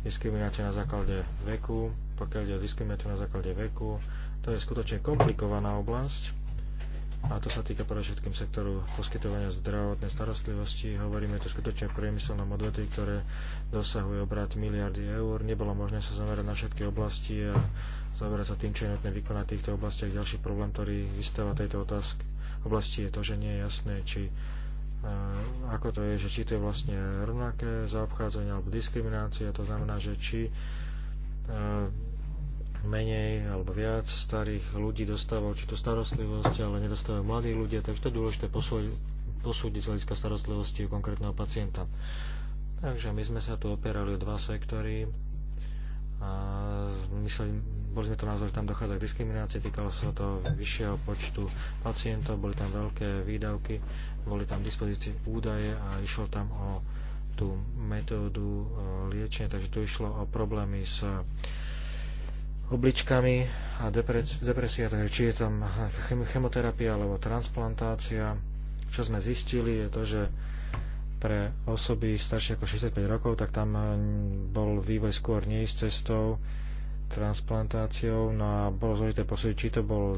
diskriminácia na základe veku, pokiaľ ide o diskrimináciu na základe veku, to je skutočne komplikovaná oblasť a to sa týka pre všetkým sektoru poskytovania zdravotnej starostlivosti. Hovoríme tu skutočne o priemyselnom odvetvi, ktoré dosahuje obrat miliardy eur. Nebolo možné sa zamerať na všetky oblasti a zamerať sa tým, čo je nutné vykonať v týchto oblastiach. Ďalší problém, ktorý vystáva tejto otázky, oblasti je to, že nie je jasné, či eh, ako to je, že či to je vlastne rovnaké zaobchádzanie alebo diskriminácia, to znamená, že či eh, menej alebo viac starých ľudí dostáva určitú starostlivosť, ale nedostávajú mladí ľudia, takže to je dôležité posúdiť z hľadiska starostlivosti u konkrétneho pacienta. Takže my sme sa tu operali o dva sektory a mysleli, boli sme to názor, že tam dochádza k diskriminácii, týkalo sa to vyššieho počtu pacientov, boli tam veľké výdavky, boli tam dispozície údaje a išlo tam o tú metódu liečenia, takže tu išlo o problémy s obličkami a depresia, takže či je tam chemoterapia alebo transplantácia. Čo sme zistili je to, že pre osoby staršie ako 65 rokov, tak tam eh, bol vývoj skôr neísť cestou, transplantáciou, no a bolo zložité posúdiť, či to bola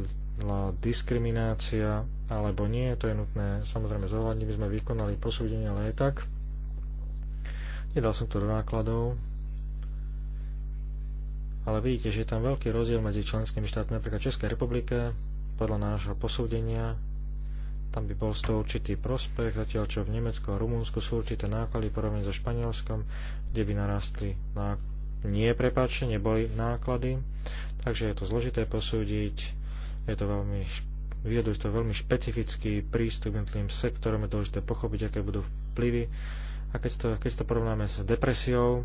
diskriminácia alebo nie, to je nutné samozrejme zohľadniť, by sme vykonali posúdenie, ale aj tak. Nedal som to do nákladov, ale vidíte, že je tam veľký rozdiel medzi členskými štátmi, napríklad Českej republike, podľa nášho posúdenia, tam by bol z toho určitý prospech, zatiaľ čo v Nemecku a Rumunsku sú určité náklady porovnané so Španielskom, kde by narastli na nie, prepáčte, neboli náklady, takže je to zložité posúdiť, je to veľmi, vyžaduje to veľmi špecifický prístup jednotlivým sektorom, je dôležité pochopiť, aké budú vplyvy a keď to, keď to porovnáme s depresiou,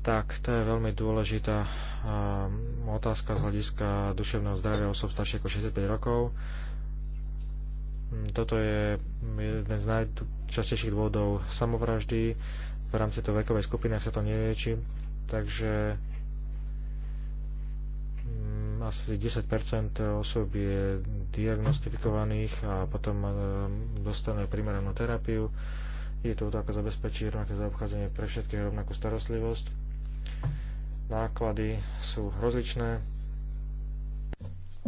tak to je veľmi dôležitá ehm, otázka z hľadiska duševného zdravia osob staršie ako 65 rokov. Hm, toto je jeden z najčastejších dôvodov samovraždy. V rámci tej vekovej skupiny sa to nelieči, takže hm, asi 10% osob je diagnostifikovaných a potom ehm, dostane primeranú terapiu. Je to tak zabezpečiť rovnaké zaobchádzanie pre všetkých rovnakú starostlivosť náklady sú rozličné.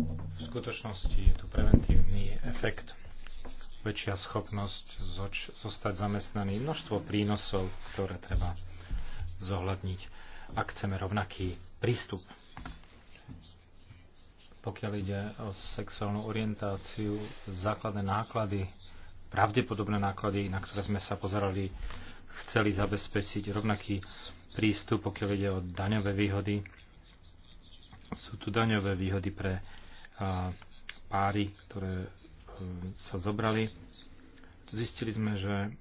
V skutočnosti je tu preventívny efekt, väčšia schopnosť zostať zamestnaný, množstvo prínosov, ktoré treba zohľadniť, ak chceme rovnaký prístup. Pokiaľ ide o sexuálnu orientáciu, základné náklady, pravdepodobné náklady, na ktoré sme sa pozerali, chceli zabezpečiť rovnaký prístup, pokiaľ ide o daňové výhody. Sú tu daňové výhody pre páry, ktoré e, sa zobrali. Zistili sme, že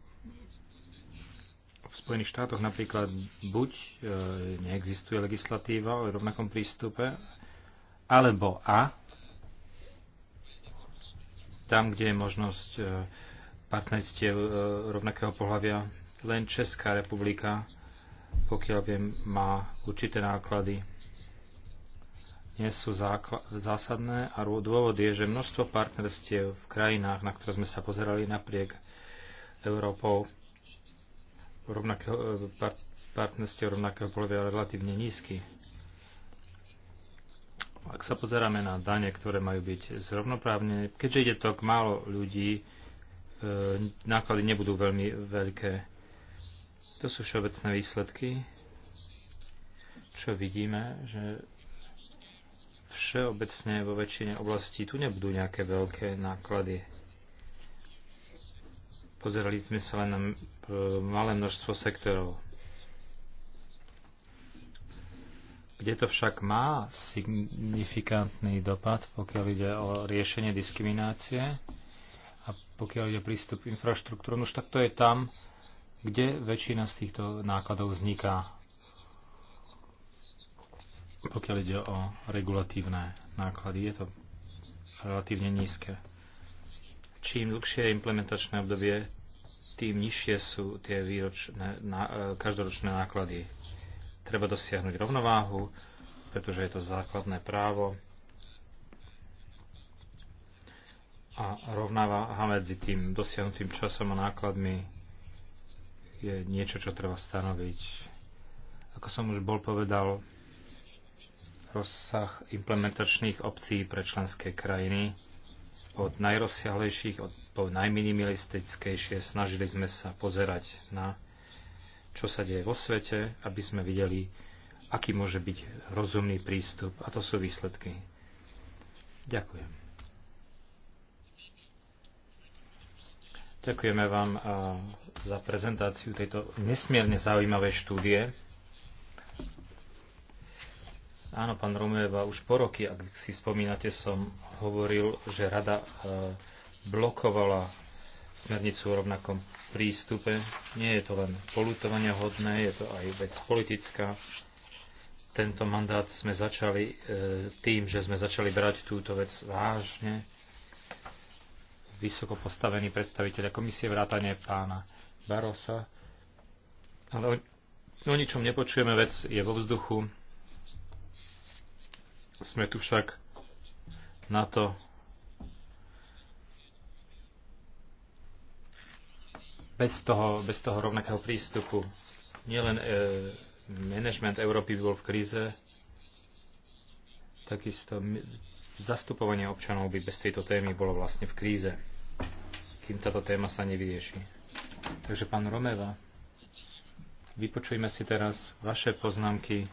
v Spojených štátoch napríklad buď e, neexistuje legislatíva o rovnakom prístupe, alebo a tam, kde je možnosť e, partnerstiev rovnakého pohľavia, len Česká republika pokiaľ viem, má určité náklady. Nie sú zásadné a dôvod je, že množstvo partnerstiev v krajinách, na ktoré sme sa pozerali napriek Európou, rovnakého, e, par, partnerstiev rovnakého polovia relatívne nízky. Ak sa pozeráme na dane, ktoré majú byť zrovnoprávne, keďže ide to k málo ľudí, e, náklady nebudú veľmi veľké to sú všeobecné výsledky, čo vidíme, že všeobecne vo väčšine oblastí tu nebudú nejaké veľké náklady. Pozerali sme sa len na malé množstvo sektorov. Kde to však má signifikantný dopad, pokiaľ ide o riešenie diskriminácie a pokiaľ ide o prístup k infraštruktúru, už tak to je tam, kde väčšina z týchto nákladov vzniká, pokiaľ ide o regulatívne náklady. Je to relatívne nízke. Čím dlhšie je implementačné obdobie, tým nižšie sú tie výročné, na, e, každoročné náklady. Treba dosiahnuť rovnováhu, pretože je to základné právo a rovnováha medzi tým dosiahnutým časom a nákladmi je niečo, čo treba stanoviť. Ako som už bol povedal, rozsah implementačných obcí pre členské krajiny od najrozsiahlejších od, po najminimalistickejšie snažili sme sa pozerať na čo sa deje vo svete, aby sme videli, aký môže byť rozumný prístup a to sú výsledky. Ďakujem. Ďakujeme vám eh, za prezentáciu tejto nesmierne zaujímavej štúdie. Áno, pán Romeva, už po roky, ak si spomínate, som hovoril, že rada eh, blokovala smernicu o rovnakom prístupe. Nie je to len polutovania hodné, je to aj vec politická. Tento mandát sme začali eh, tým, že sme začali brať túto vec vážne vysoko postavení predstaviteľa komisie vrátane pána Barosa. Ale o, o ničom nepočujeme, vec je vo vzduchu. Sme tu však na to, bez toho, bez toho rovnakého prístupu. Nielen e, management Európy by bol v kríze, takisto zastupovanie občanov by bez tejto témy bolo vlastne v kríze kým táto téma sa nevyrieši. Takže pán Romeva, vypočujme si teraz vaše poznámky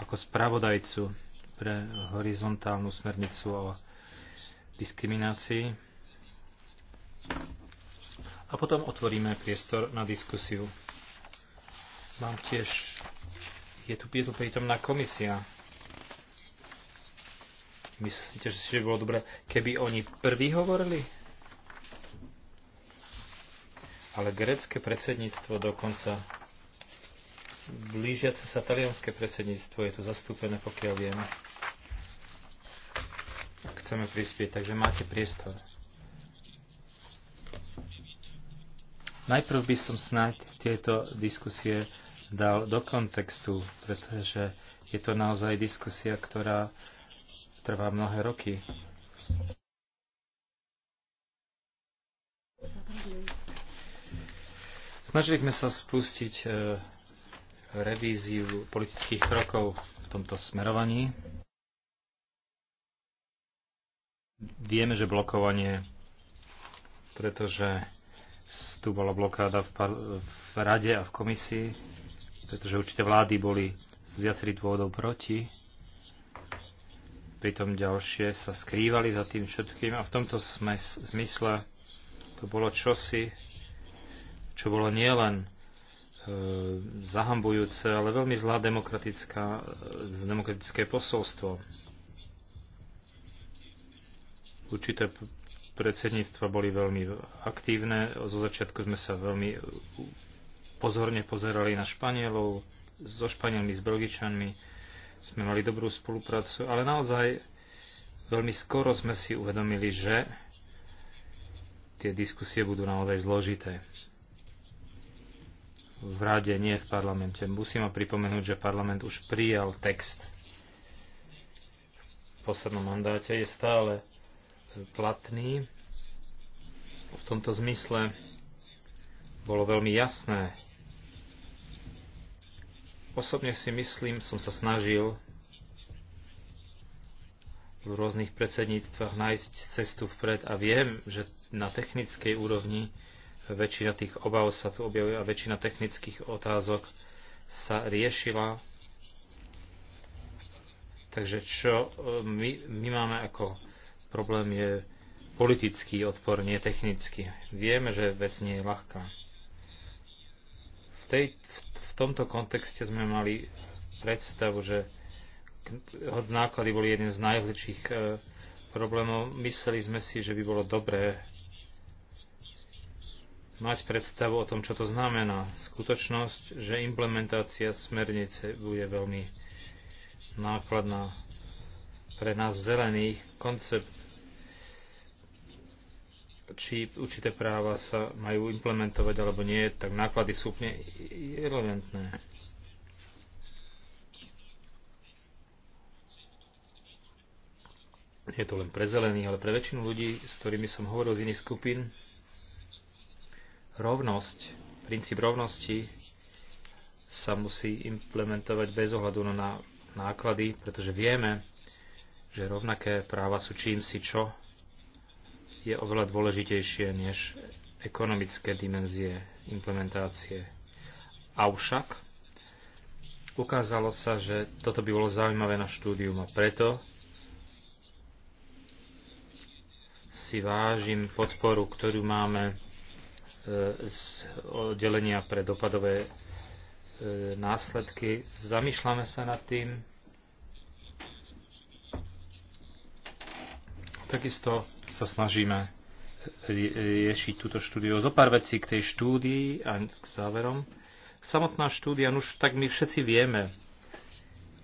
ako spravodajcu pre horizontálnu smernicu o diskriminácii. A potom otvoríme priestor na diskusiu. Mám tiež, je tu, je tu prítomná komisia. Myslíte, že by bolo dobré, keby oni prví hovorili? Ale grecké predsedníctvo dokonca blížiace sa talianské predsedníctvo je tu zastúpené, pokiaľ viem. Chceme prispieť, takže máte priestor. Najprv by som snáď tieto diskusie dal do kontextu, pretože je to naozaj diskusia, ktorá trvá mnohé roky. Snažili sme sa spustiť e, revíziu politických krokov v tomto smerovaní. Vieme, že blokovanie, pretože tu bola blokáda v, v rade a v komisii, pretože určite vlády boli z viacerých dôvodov proti pritom ďalšie sa skrývali za tým všetkým a v tomto zmysle to bolo čosi, čo bolo nielen e, zahambujúce, ale veľmi zlá demokratická, e, demokratické posolstvo. Určité predsedníctva boli veľmi aktívne. Zo začiatku sme sa veľmi pozorne pozerali na Španielov, so Španielmi, s Belgičanmi, sme mali dobrú spoluprácu, ale naozaj veľmi skoro sme si uvedomili, že tie diskusie budú naozaj zložité. V rade, nie v parlamente. Musím vám pripomenúť, že parlament už prijal text v poslednom mandáte, je stále platný. V tomto zmysle bolo veľmi jasné, Osobne si myslím, som sa snažil v rôznych predsedníctvách nájsť cestu vpred a viem, že na technickej úrovni väčšina tých obav sa tu objavuje a väčšina technických otázok sa riešila. Takže čo e, my, my máme ako problém je politický odpor, nie technický. Vieme, že vec nie je ľahká. V, tej, v tomto kontexte sme mali predstavu, že náklady boli jeden z najhlbších e, problémov. Mysleli sme si, že by bolo dobré mať predstavu o tom, čo to znamená. Skutočnosť, že implementácia smernice bude veľmi nákladná. Pre nás zelených koncept či určité práva sa majú implementovať alebo nie, tak náklady sú úplne irrelevantné. Nie je to len pre zelených, ale pre väčšinu ľudí, s ktorými som hovoril z iných skupín, rovnosť, princíp rovnosti sa musí implementovať bez ohľadu na náklady, pretože vieme, že rovnaké práva sú čím si čo je oveľa dôležitejšie než ekonomické dimenzie implementácie. Avšak ukázalo sa, že toto by bolo zaujímavé na štúdium a preto si vážim podporu, ktorú máme e, z oddelenia pre dopadové e, následky. Zamýšľame sa nad tým, Takisto sa snažíme riešiť túto štúdiu. Do pár vecí k tej štúdii a k záverom. Samotná štúdia, no už tak my všetci vieme,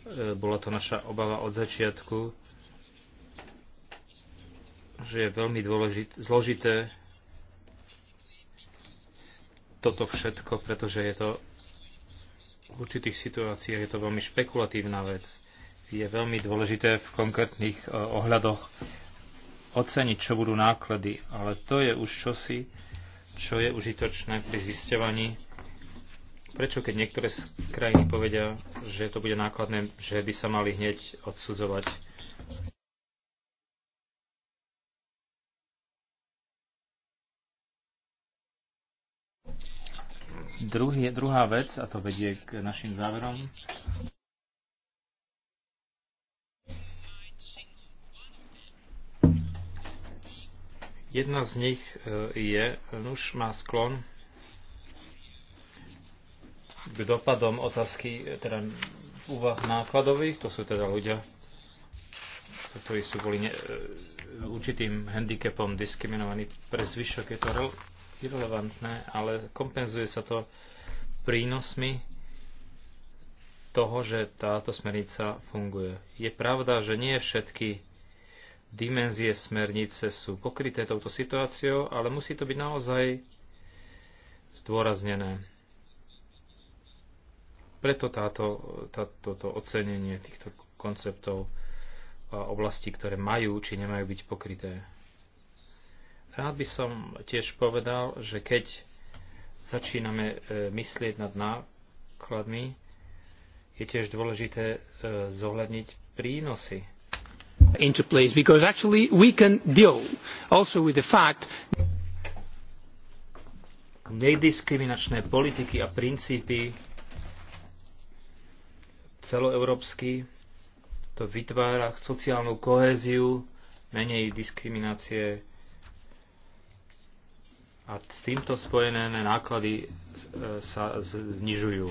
e, bola to naša obava od začiatku, že je veľmi dôležit, zložité toto všetko, pretože je to v určitých situáciách je to veľmi špekulatívna vec. Je veľmi dôležité v konkrétnych e, ohľadoch oceniť, čo budú náklady, ale to je už čosi, čo je užitočné pri zisťovaní. Prečo keď niektoré krajiny povedia, že to bude nákladné, že by sa mali hneď odsudzovať? Druhý, druhá vec, a to vedie k našim záverom, Jedna z nich e, je, nuž má sklon k dopadom otázky, e, teda úvah nákladových, to sú teda ľudia, ktorí sú boli ne, e, určitým handicapom diskriminovaní. Pre zvyšok je to irrelevantné, ale kompenzuje sa to prínosmi toho, že táto smernica funguje. Je pravda, že nie všetky dimenzie smernice sú pokryté touto situáciou, ale musí to byť naozaj zdôraznené. Preto táto, táto to ocenenie týchto konceptov a oblastí, ktoré majú či nemajú byť pokryté. Rád by som tiež povedal, že keď začíname e, myslieť nad nákladmi, je tiež dôležité e, zohľadniť prínosy into place because actually we can deal also with the fact nediskriminačné politiky a princípy celoeurópsky to vytvára sociálnu kohéziu, menej diskriminácie a s týmto spojené náklady e, sa znižujú.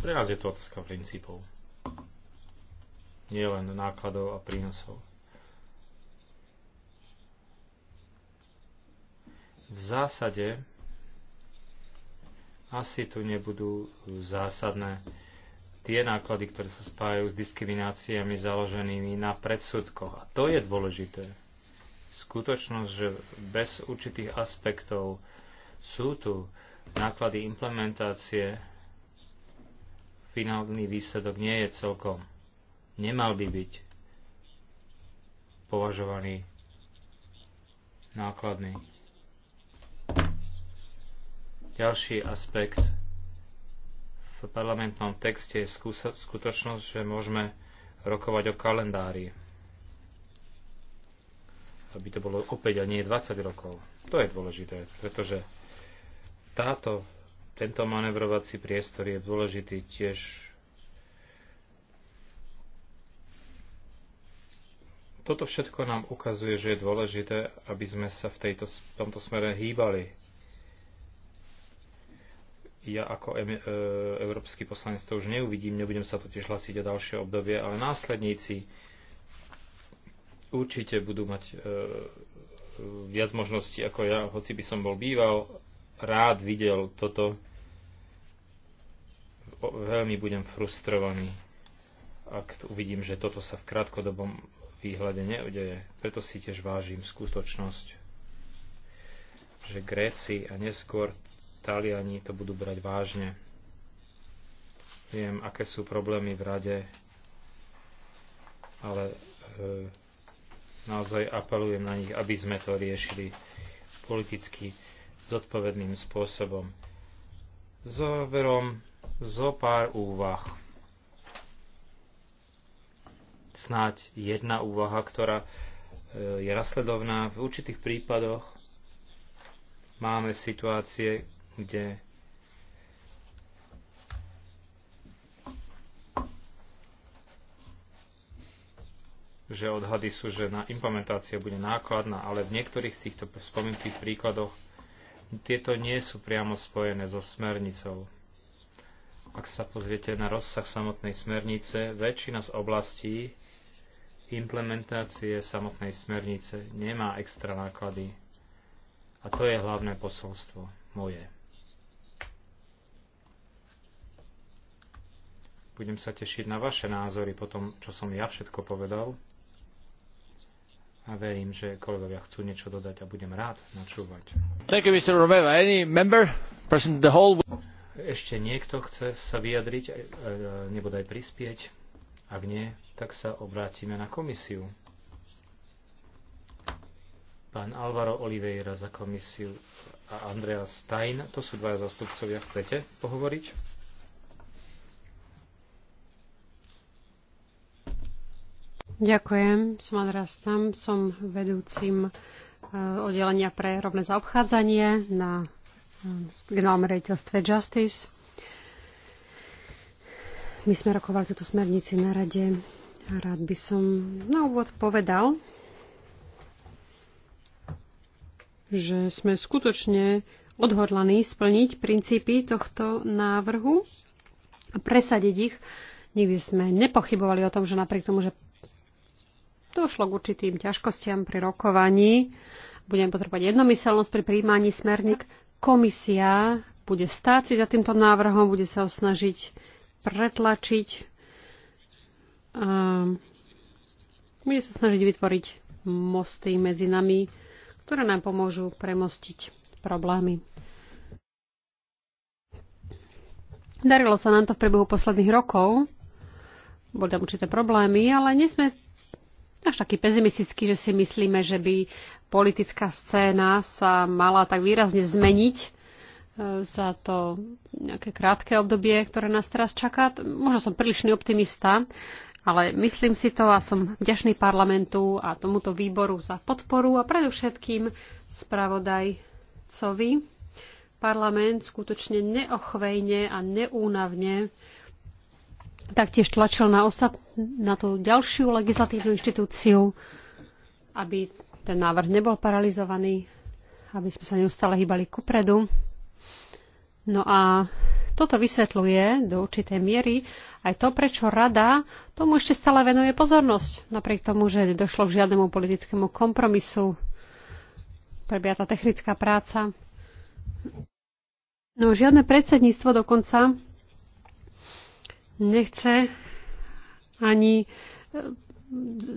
Pre nás je to otázka princípov. Nie len nákladov a prínosov. V zásade asi tu nebudú zásadné tie náklady, ktoré sa spájajú s diskrimináciami založenými na predsudkoch. A to je dôležité. Skutočnosť, že bez určitých aspektov sú tu náklady implementácie finálny výsledok nie je celkom, nemal by byť považovaný nákladný. Ďalší aspekt v parlamentnom texte je skutočnosť, že môžeme rokovať o kalendári. Aby to bolo opäť a nie 20 rokov. To je dôležité, pretože táto tento manevrovací priestor je dôležitý tiež Toto všetko nám ukazuje, že je dôležité, aby sme sa v, tejto, v tomto smere hýbali. Ja ako e, e, európsky poslanec to už neuvidím, nebudem sa totiž hlasiť o ďalšie obdobie, ale následníci určite budú mať e, viac možností ako ja, hoci by som bol býval, rád videl toto veľmi budem frustrovaný, ak uvidím, že toto sa v krátkodobom výhľade neudeje. Preto si tiež vážim skutočnosť, že Gréci a neskôr Taliani to budú brať vážne. Viem, aké sú problémy v rade, ale e, naozaj apelujem na nich, aby sme to riešili politicky zodpovedným spôsobom. Záverom zo pár úvah. Snáď jedna úvaha, ktorá e, je nasledovná. V určitých prípadoch máme situácie, kde že odhady sú, že na implementácia bude nákladná, ale v niektorých z týchto spomínkých príkladoch tieto nie sú priamo spojené so smernicou. Ak sa pozriete na rozsah samotnej smernice, väčšina z oblastí implementácie samotnej smernice nemá extra náklady. A to je hlavné posolstvo moje. Budem sa tešiť na vaše názory po tom, čo som ja všetko povedal. A verím, že kolegovia chcú niečo dodať a budem rád načúvať. Thank you, Mr. Romeva. Any member, present the whole... Ešte niekto chce sa vyjadriť, e, e, nebodaj prispieť? Ak nie, tak sa obrátime na komisiu. Pán Alvaro Oliveira za komisiu a Andrea Stein, to sú dvaja zastupcovia. Chcete pohovoriť? Ďakujem, som Andrea Stein, som vedúcim e, oddelenia pre rovné zaobchádzanie na generálnom rediteľstve Justice. My sme rokovali túto smernici na rade a rád by som na úvod povedal, že sme skutočne odhodlaní splniť princípy tohto návrhu a presadiť ich. Nikdy sme nepochybovali o tom, že napriek tomu, že došlo k určitým ťažkostiam pri rokovaní, budeme potrebovať jednomyselnosť pri príjmaní smerník, komisia bude stáť si za týmto návrhom, bude sa ho snažiť pretlačiť, ehm, bude sa snažiť vytvoriť mosty medzi nami, ktoré nám pomôžu premostiť problémy. Darilo sa nám to v priebehu posledných rokov, boli tam určité problémy, ale nie sme až taký pesimistický, že si myslíme, že by politická scéna sa mala tak výrazne zmeniť e, za to nejaké krátke obdobie, ktoré nás teraz čaká. Možno som prílišný optimista, ale myslím si to a som vďačný parlamentu a tomuto výboru za podporu a predovšetkým spravodajcovi. Parlament skutočne neochvejne a neúnavne taktiež tlačil na, ostat, na tú ďalšiu legislatívnu inštitúciu, aby ten návrh nebol paralizovaný, aby sme sa neustále hýbali kupredu. No a toto vysvetľuje do určitej miery aj to, prečo rada tomu ešte stále venuje pozornosť, napriek tomu, že nedošlo k žiadnemu politickému kompromisu. Prebieha tá technická práca. No žiadne predsedníctvo dokonca nechce ani e,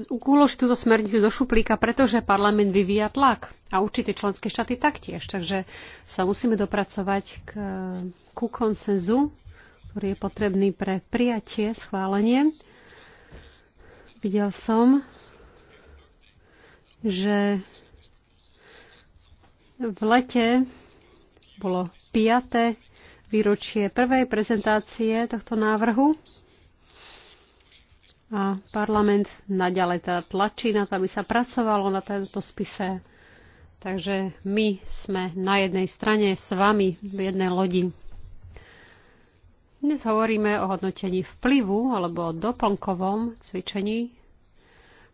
uložiť túto smernicu do šuplíka, pretože parlament vyvíja tlak a určité členské štáty taktiež. Takže sa musíme dopracovať k, ku konsenzu, ktorý je potrebný pre prijatie, schválenie. Videl som, že v lete bolo piaté výročie prvej prezentácie tohto návrhu. A parlament naďalej teda tlačí na to, aby sa pracovalo na tento spise. Takže my sme na jednej strane s vami v jednej lodi. Dnes hovoríme o hodnotení vplyvu alebo o doplnkovom cvičení.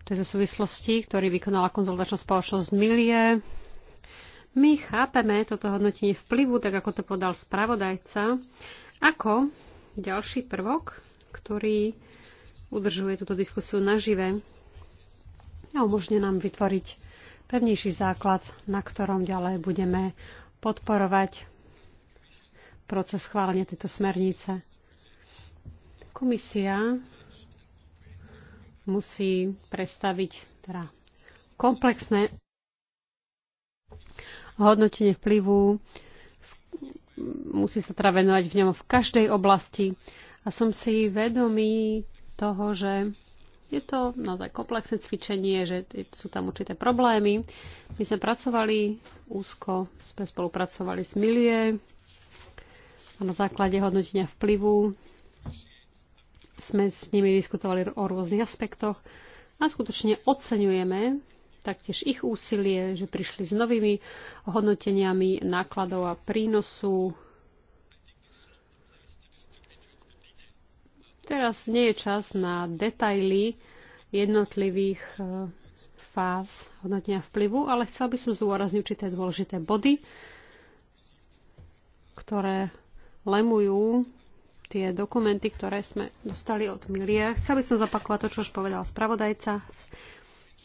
To je zo súvislosti, ktorý vykonala konzultačná spoločnosť Milie my chápeme toto hodnotenie vplyvu, tak ako to podal spravodajca, ako ďalší prvok, ktorý udržuje túto diskusiu nažive a umožňuje nám vytvoriť pevnejší základ, na ktorom ďalej budeme podporovať proces schválenia tejto smernice. Komisia musí predstaviť teda komplexné hodnotenie vplyvu musí sa teda venovať v ňom v každej oblasti. A som si vedomý toho, že je to naozaj komplexné cvičenie, že sú tam určité problémy. My sme pracovali úzko, sme spolupracovali s Milie a na základe hodnotenia vplyvu sme s nimi diskutovali o rôznych aspektoch a skutočne oceňujeme taktiež ich úsilie, že prišli s novými hodnoteniami nákladov a prínosu. Teraz nie je čas na detaily jednotlivých e, fáz hodnotenia vplyvu, ale chcel by som zúrazniť určité dôležité body, ktoré lemujú tie dokumenty, ktoré sme dostali od Milie. Chcel by som zapakovať to, čo už povedal spravodajca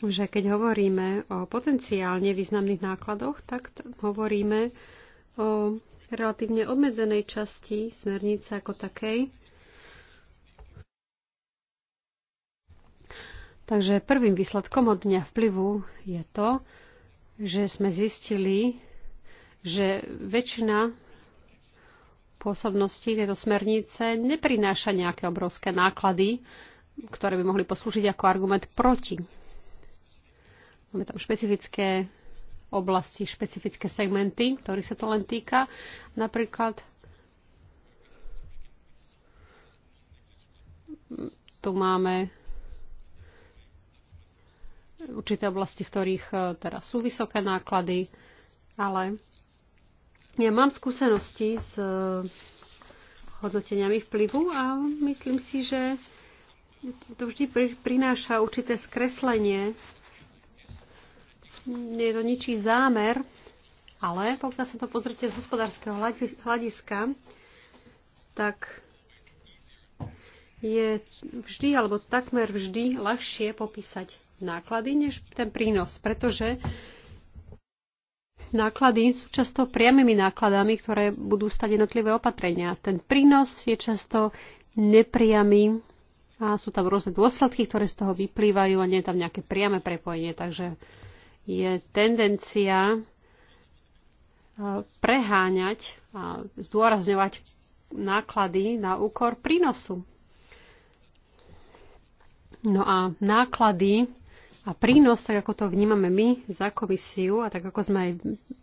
že keď hovoríme o potenciálne významných nákladoch, tak hovoríme o relatívne obmedzenej časti smernice ako takej. Takže prvým výsledkom od dňa vplyvu je to, že sme zistili, že väčšina pôsobností tejto smernice neprináša nejaké obrovské náklady, ktoré by mohli poslúžiť ako argument proti Máme tam špecifické oblasti, špecifické segmenty, ktorých sa to len týka. Napríklad tu máme určité oblasti, v ktorých e, teraz sú vysoké náklady, ale ja mám skúsenosti s e, hodnoteniami vplyvu a myslím si, že to vždy prináša určité skreslenie nie je to ničí zámer, ale pokiaľ sa to pozrite z hospodárskeho hľadiska, tak je vždy alebo takmer vždy ľahšie popísať náklady než ten prínos, pretože náklady sú často priamými nákladami, ktoré budú stať jednotlivé opatrenia. Ten prínos je často nepriamy a sú tam rôzne dôsledky, ktoré z toho vyplývajú a nie je tam nejaké priame prepojenie. Takže je tendencia e, preháňať a zdôrazňovať náklady na úkor prínosu. No a náklady a prínos, tak ako to vnímame my za komisiu a tak ako sme aj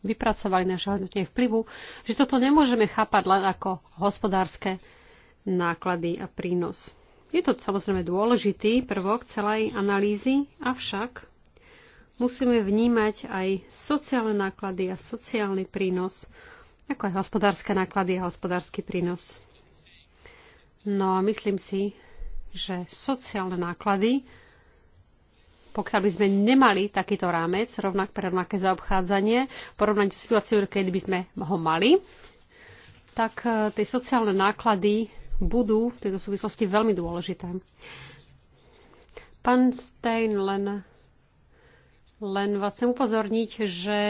vypracovali naše hodnotenie vplyvu, že toto nemôžeme chápať len ako hospodárske náklady a prínos. Je to samozrejme dôležitý prvok celej analýzy, avšak musíme vnímať aj sociálne náklady a sociálny prínos, ako aj hospodárske náklady a hospodársky prínos. No a myslím si, že sociálne náklady, pokiaľ by sme nemali takýto rámec, rovnak pre rovnaké zaobchádzanie, porovnať situáciu, keď by sme ho mali, tak e, tie sociálne náklady budú v tejto súvislosti veľmi dôležité. Pán Stein len len vás chcem upozorniť, že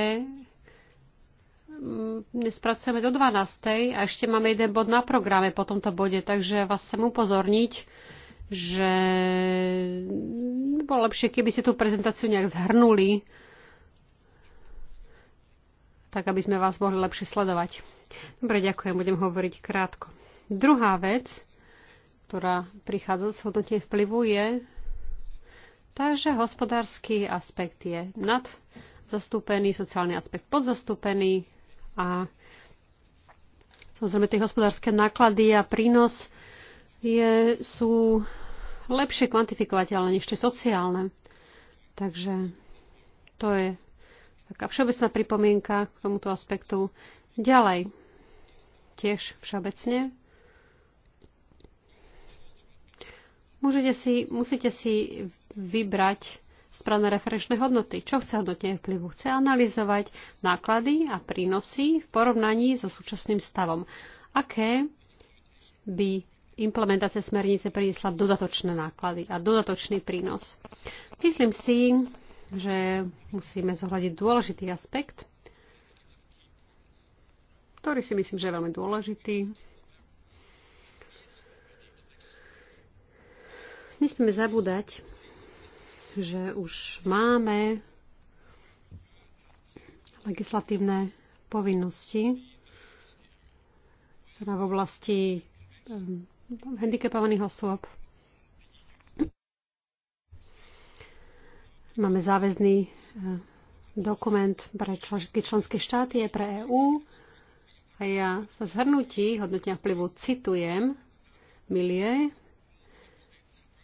mm, pracujeme do 12. a ešte máme jeden bod na programe po tomto bode, takže vás chcem upozorniť, že bolo lepšie, keby ste tú prezentáciu nejak zhrnuli, tak aby sme vás mohli lepšie sledovať. Dobre, ďakujem, budem hovoriť krátko. Druhá vec, ktorá prichádza z hodnotenia vplyvu, je, Takže hospodársky aspekt je nadzastúpený, sociálny aspekt podzastúpený a samozrejme tie hospodárske náklady a prínos je, sú lepšie kvantifikovateľné než tie sociálne. Takže to je taká všeobecná pripomienka k tomuto aspektu. Ďalej, tiež všeobecne, Môžete si, musíte si vybrať správne referenčné hodnoty. Čo chce hodnotne vplyvu? Chce analyzovať náklady a prínosy v porovnaní so súčasným stavom. Aké by implementácia smernice priniesla dodatočné náklady a dodatočný prínos? Myslím si, že musíme zohľadiť dôležitý aspekt, ktorý si myslím, že je veľmi dôležitý. Nesmieme zabúdať, že už máme legislatívne povinnosti, teda v oblasti ehm, handicapovaných osôb. Máme záväzný ehm, dokument pre všetky členské štáty, je pre EÚ. A ja v zhrnutí hodnotenia vplyvu citujem Milie,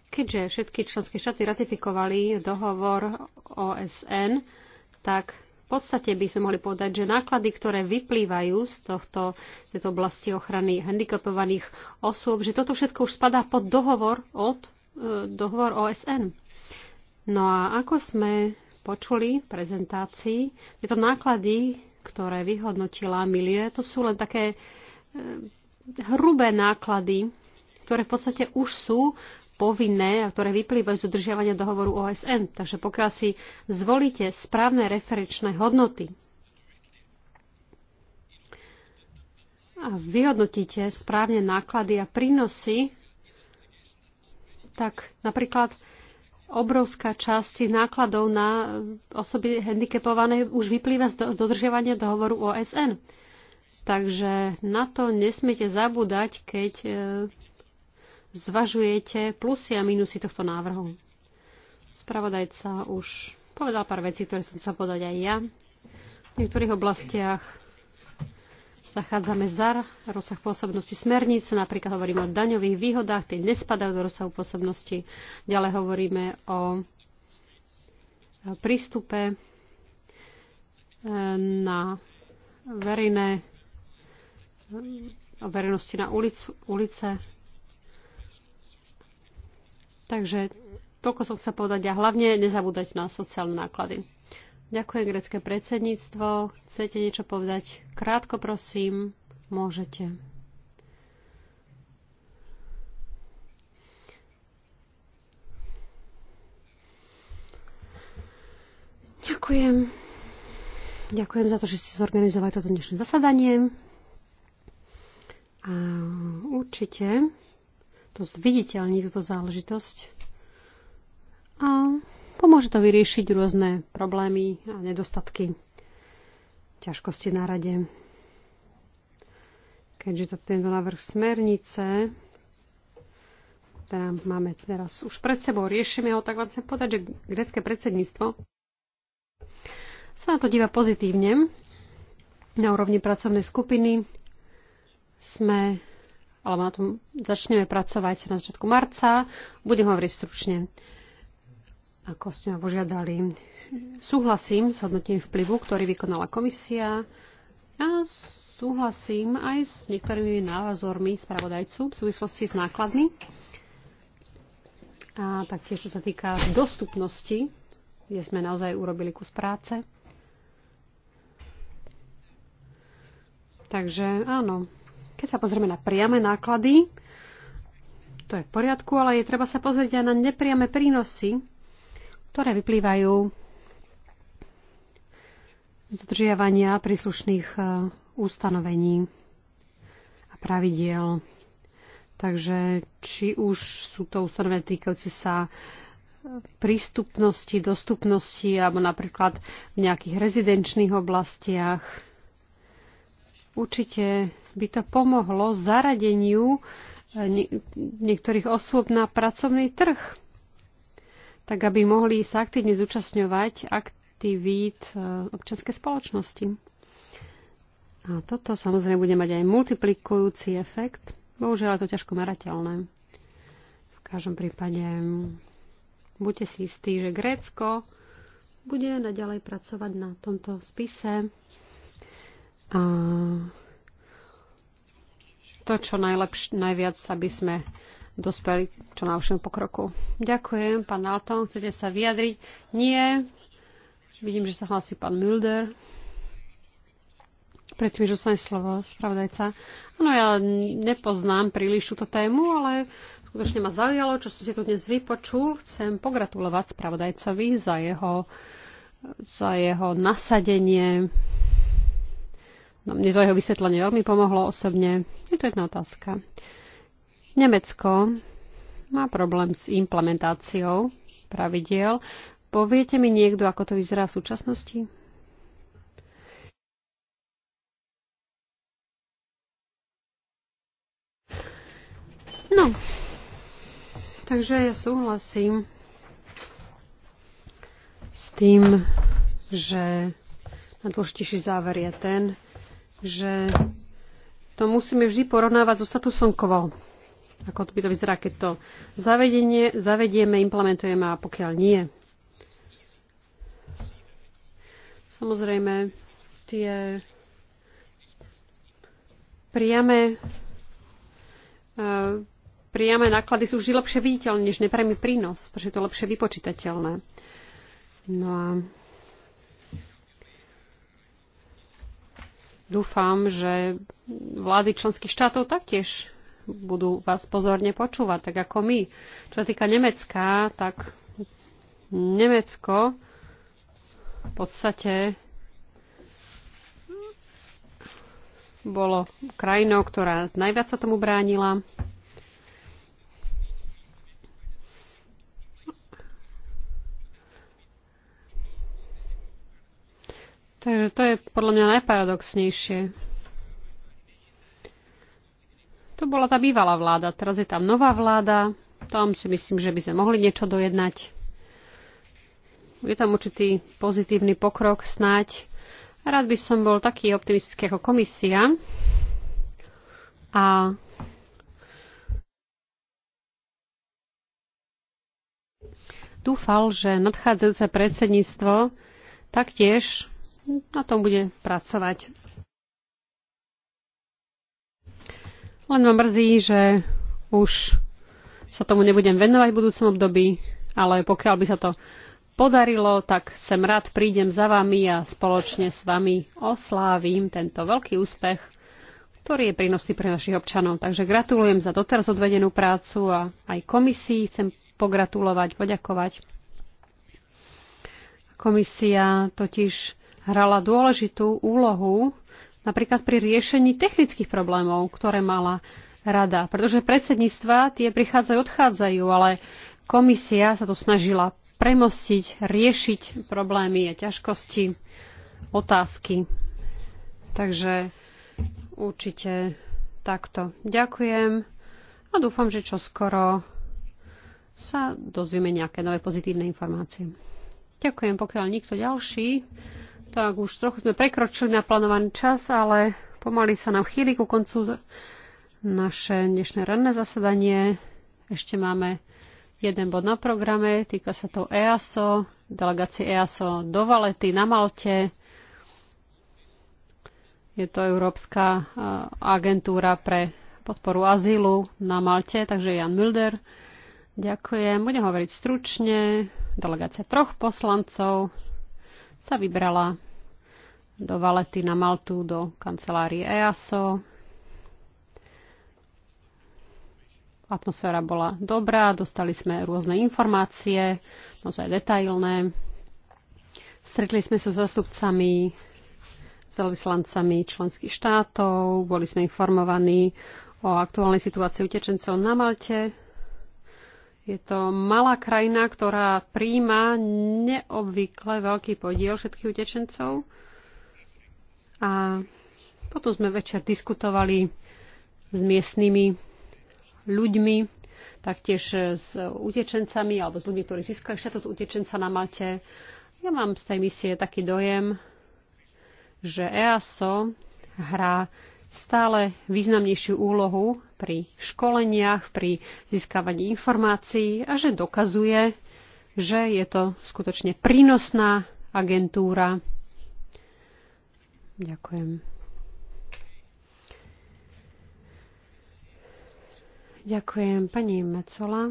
Keďže všetky členské štáty ratifikovali dohovor OSN, tak v podstate by sme mohli povedať, že náklady, ktoré vyplývajú z tohto, tejto oblasti ochrany handikapovaných osôb, že toto všetko už spadá pod dohovor od e, dohovor OSN. No a ako sme počuli v prezentácii, tieto náklady, ktoré vyhodnotila Milie, to sú len také e, hrubé náklady, ktoré v podstate už sú povinné a ktoré vyplývajú z udržiavania dohovoru OSN. Takže pokiaľ si zvolíte správne referenčné hodnoty a vyhodnotíte správne náklady a prínosy, tak napríklad obrovská časť tých nákladov na osoby handicapované už vyplýva z dodržiavania dohovoru OSN. Takže na to nesmiete zabúdať, keď e, zvažujete plusy a minusy tohto návrhu. Spravodajca už povedal pár vecí, ktoré som sa povedať aj ja. V niektorých oblastiach zachádzame za rozsah pôsobnosti smernice, napríklad hovoríme o daňových výhodách, tie nespadajú do rozsahu pôsobnosti. Ďalej hovoríme o prístupe e, na verejné o verejnosti na ulicu, ulice. Takže toľko som chcel povedať a hlavne nezabúdať na sociálne náklady. Ďakujem grecké predsedníctvo. Chcete niečo povedať? Krátko prosím, môžete. Ďakujem. Ďakujem za to, že ste zorganizovali toto dnešné zasadanie. A určite to zviditeľní, túto záležitosť. A pomôže to vyriešiť rôzne problémy a nedostatky, ťažkosti na rade. Keďže to tento návrh smernice, ktorá máme teraz už pred sebou, riešime ho, tak vám chcem povedať, že grecké predsedníctvo sa na to díva pozitívne. Na úrovni pracovnej skupiny sme alebo na tom začneme pracovať na začiatku marca. Budem hovoriť stručne, ako ste ma požiadali. Súhlasím s hodnotením vplyvu, ktorý vykonala komisia. Ja súhlasím aj s niektorými názormi spravodajcu v súvislosti s nákladmi. A taktiež, čo sa týka dostupnosti, kde sme naozaj urobili kus práce. Takže áno, keď sa pozrieme na priame náklady, to je v poriadku, ale je treba sa pozrieť aj na nepriame prínosy, ktoré vyplývajú z dodržiavania príslušných e, ustanovení a pravidiel. Takže či už sú to ustanovenia týkajúce sa e, prístupnosti, dostupnosti alebo napríklad v nejakých rezidenčných oblastiach. Určite by to pomohlo zaradeniu eh, niektorých osôb na pracovný trh, tak aby mohli sa aktívne zúčastňovať aktivít eh, občianskej spoločnosti. A toto samozrejme bude mať aj multiplikujúci efekt. Bohužiaľ je to ťažko merateľné. V každom prípade mm, buďte si istí, že Grécko bude naďalej pracovať na tomto spise. A to, čo najlepš- najviac, aby sme dospeli k čo najlepšiemu pokroku. Ďakujem, pán Alton. Chcete sa vyjadriť? Nie. Vidím, že sa hlasí pán Mulder. Predtým, že dostane slovo spravodajca. Áno, ja nepoznám príliš túto tému, ale skutočne ma zaujalo, čo som si tu dnes vypočul. Chcem pogratulovať spravodajcovi za jeho, za jeho nasadenie No, mne to jeho vysvetlenie veľmi pomohlo osobne. Je to jedna otázka. Nemecko má problém s implementáciou pravidiel. Poviete mi niekto, ako to vyzerá v súčasnosti? No, takže ja súhlasím s tým, že najdôležitejší záver je ten, že to musíme vždy porovnávať so statusom quo. Ako to by to vyzerá, keď to zavedenie, zavedieme, implementujeme a pokiaľ nie. Samozrejme, tie priame, e, priame náklady sú vždy lepšie viditeľné než nepriamy prínos, pretože to lepšie vypočítateľné. No a dúfam, že vlády členských štátov taktiež budú vás pozorne počúvať, tak ako my. Čo sa týka Nemecka, tak Nemecko v podstate bolo krajinou, ktorá najviac sa tomu bránila. Takže to je podľa mňa najparadoxnejšie. To bola tá bývalá vláda, teraz je tam nová vláda, tam si myslím, že by sme mohli niečo dojednať. Je tam určitý pozitívny pokrok snáď. Rád by som bol taký optimistický ako komisia. A dúfal, že nadchádzajúce predsedníctvo taktiež na tom bude pracovať. Len ma mrzí, že už sa tomu nebudem venovať v budúcom období, ale pokiaľ by sa to podarilo, tak sem rád prídem za vami a spoločne s vami oslávim tento veľký úspech, ktorý je prínosný pre našich občanov. Takže gratulujem za doteraz odvedenú prácu a aj komisii chcem pogratulovať, poďakovať. Komisia totiž hrala dôležitú úlohu napríklad pri riešení technických problémov, ktoré mala rada. Pretože predsedníctva tie prichádzajú, odchádzajú, ale komisia sa tu snažila premostiť, riešiť problémy a ťažkosti, otázky. Takže určite takto. Ďakujem a dúfam, že čoskoro sa dozvieme nejaké nové pozitívne informácie. Ďakujem, pokiaľ nikto ďalší tak už trochu sme prekročili naplánovaný čas, ale pomaly sa nám chýli ku koncu naše dnešné ranné zasadanie. Ešte máme jeden bod na programe, týka sa to EASO, delegácie EASO do Valety na Malte. Je to Európska agentúra pre podporu azylu na Malte, takže Jan Mulder. Ďakujem. Budem hovoriť stručne. Delegácia troch poslancov sa vybrala do Valety na Maltu, do kancelárie EASO. Atmosféra bola dobrá, dostali sme rôzne informácie, naozaj detailné. Stretli sme sa so zastupcami, s veľvyslancami členských štátov, boli sme informovaní o aktuálnej situácii utečencov na Malte je to malá krajina, ktorá príjma neobvykle veľký podiel všetkých utečencov. A potom sme večer diskutovali s miestnymi ľuďmi, taktiež s utečencami alebo s ľuďmi, ktorí získali štatút utečenca na Malte. Ja mám z tej misie taký dojem, že EASO hrá stále významnejšiu úlohu pri školeniach, pri získavaní informácií a že dokazuje, že je to skutočne prínosná agentúra. Ďakujem. Ďakujem pani Mecola.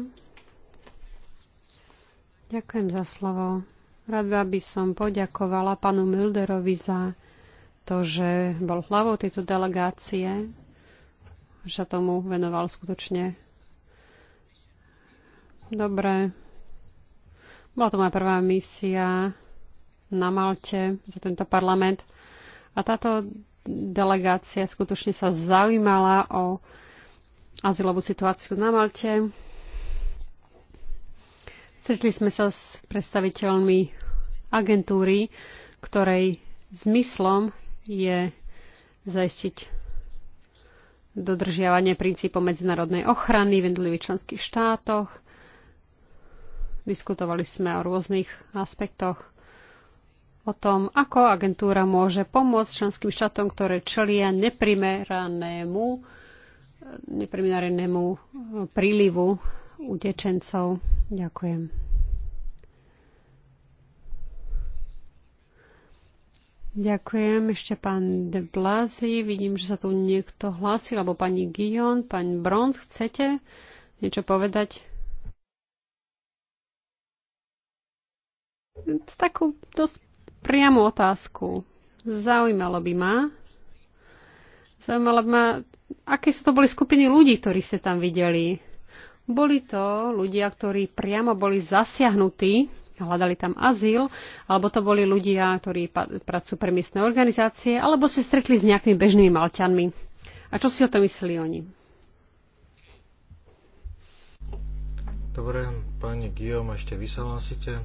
Ďakujem za slovo. Rada by som poďakovala panu Milderovi za to, že bol hlavou tejto delegácie že sa tomu venoval skutočne. Dobre. Bola to moja prvá misia na Malte za tento parlament. A táto delegácia skutočne sa zaujímala o azylovú situáciu na Malte. Stretli sme sa s predstaviteľmi agentúry, ktorej zmyslom je zaistiť dodržiavanie princípov medzinárodnej ochrany v jednotlivých členských štátoch. Diskutovali sme o rôznych aspektoch o tom, ako agentúra môže pomôcť členským štátom, ktoré čelia neprimeranému, neprimeranému prílivu utečencov. Ďakujem. Ďakujem. Ešte pán De Blasi. Vidím, že sa tu niekto hlásil, alebo pani Gion, pán Brond, chcete niečo povedať? Takú dosť priamu otázku. Zaujímalo by ma, zaujímalo by ma, aké sú to boli skupiny ľudí, ktorí ste tam videli. Boli to ľudia, ktorí priamo boli zasiahnutí hľadali tam azyl, alebo to boli ľudia, ktorí pracujú pre miestne organizácie, alebo si stretli s nejakými bežnými malťanmi. A čo si o to mysleli oni? Dobre, pani Guillaume, ešte vy sa hlasíte?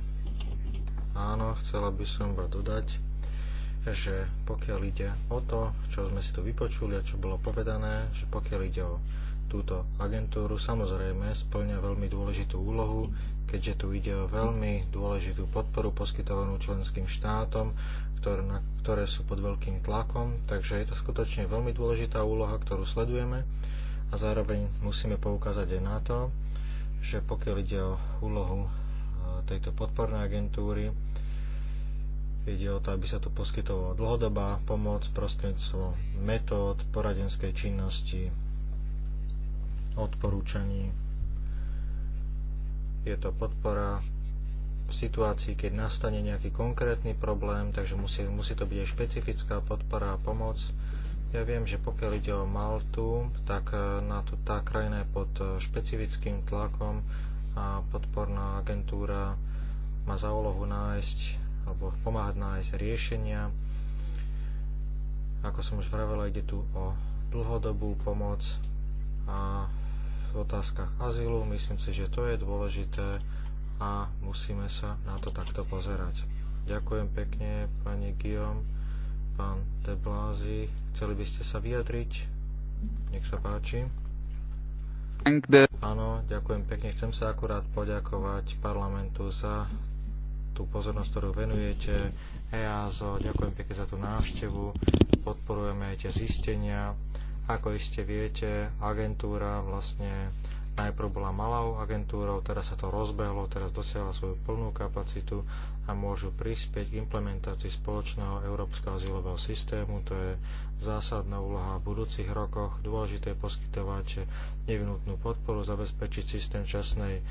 Áno, chcela by som iba dodať, že pokiaľ ide o to, čo sme si tu vypočuli a čo bolo povedané, že pokiaľ ide o Túto agentúru samozrejme splňa veľmi dôležitú úlohu, keďže tu ide o veľmi dôležitú podporu poskytovanú členským štátom, ktoré, na, ktoré sú pod veľkým tlakom, takže je to skutočne veľmi dôležitá úloha, ktorú sledujeme a zároveň musíme poukázať aj na to, že pokiaľ ide o úlohu e, tejto podpornej agentúry, Ide o to, aby sa tu poskytovala dlhodobá pomoc prostredníctvom metód poradenskej činnosti, odporúčaní. Je to podpora v situácii, keď nastane nejaký konkrétny problém, takže musí, musí to byť aj špecifická podpora a pomoc. Ja viem, že pokiaľ ide o Maltu, tak e, na to, tá krajina je pod e, špecifickým tlakom a podporná agentúra má za úlohu nájsť alebo pomáhať nájsť riešenia. Ako som už vravela, ide tu o dlhodobú pomoc a v otázkach azylu. Myslím si, že to je dôležité a musíme sa na to takto pozerať. Ďakujem pekne, pani Guillaume, pán De Blázi. Chceli by ste sa vyjadriť? Nech sa páči. Áno, ďakujem pekne. Chcem sa akurát poďakovať parlamentu za tú pozornosť, ktorú venujete EASO. Ďakujem pekne za tú návštevu. Podporujeme aj tie zistenia ako iste viete, agentúra vlastne najprv bola malou agentúrou, teraz sa to rozbehlo, teraz dosiahla svoju plnú kapacitu a môžu prispieť k implementácii spoločného európskeho azylového systému. To je zásadná úloha v budúcich rokoch. Dôležité je poskytovať nevinutnú podporu, zabezpečiť systém časnej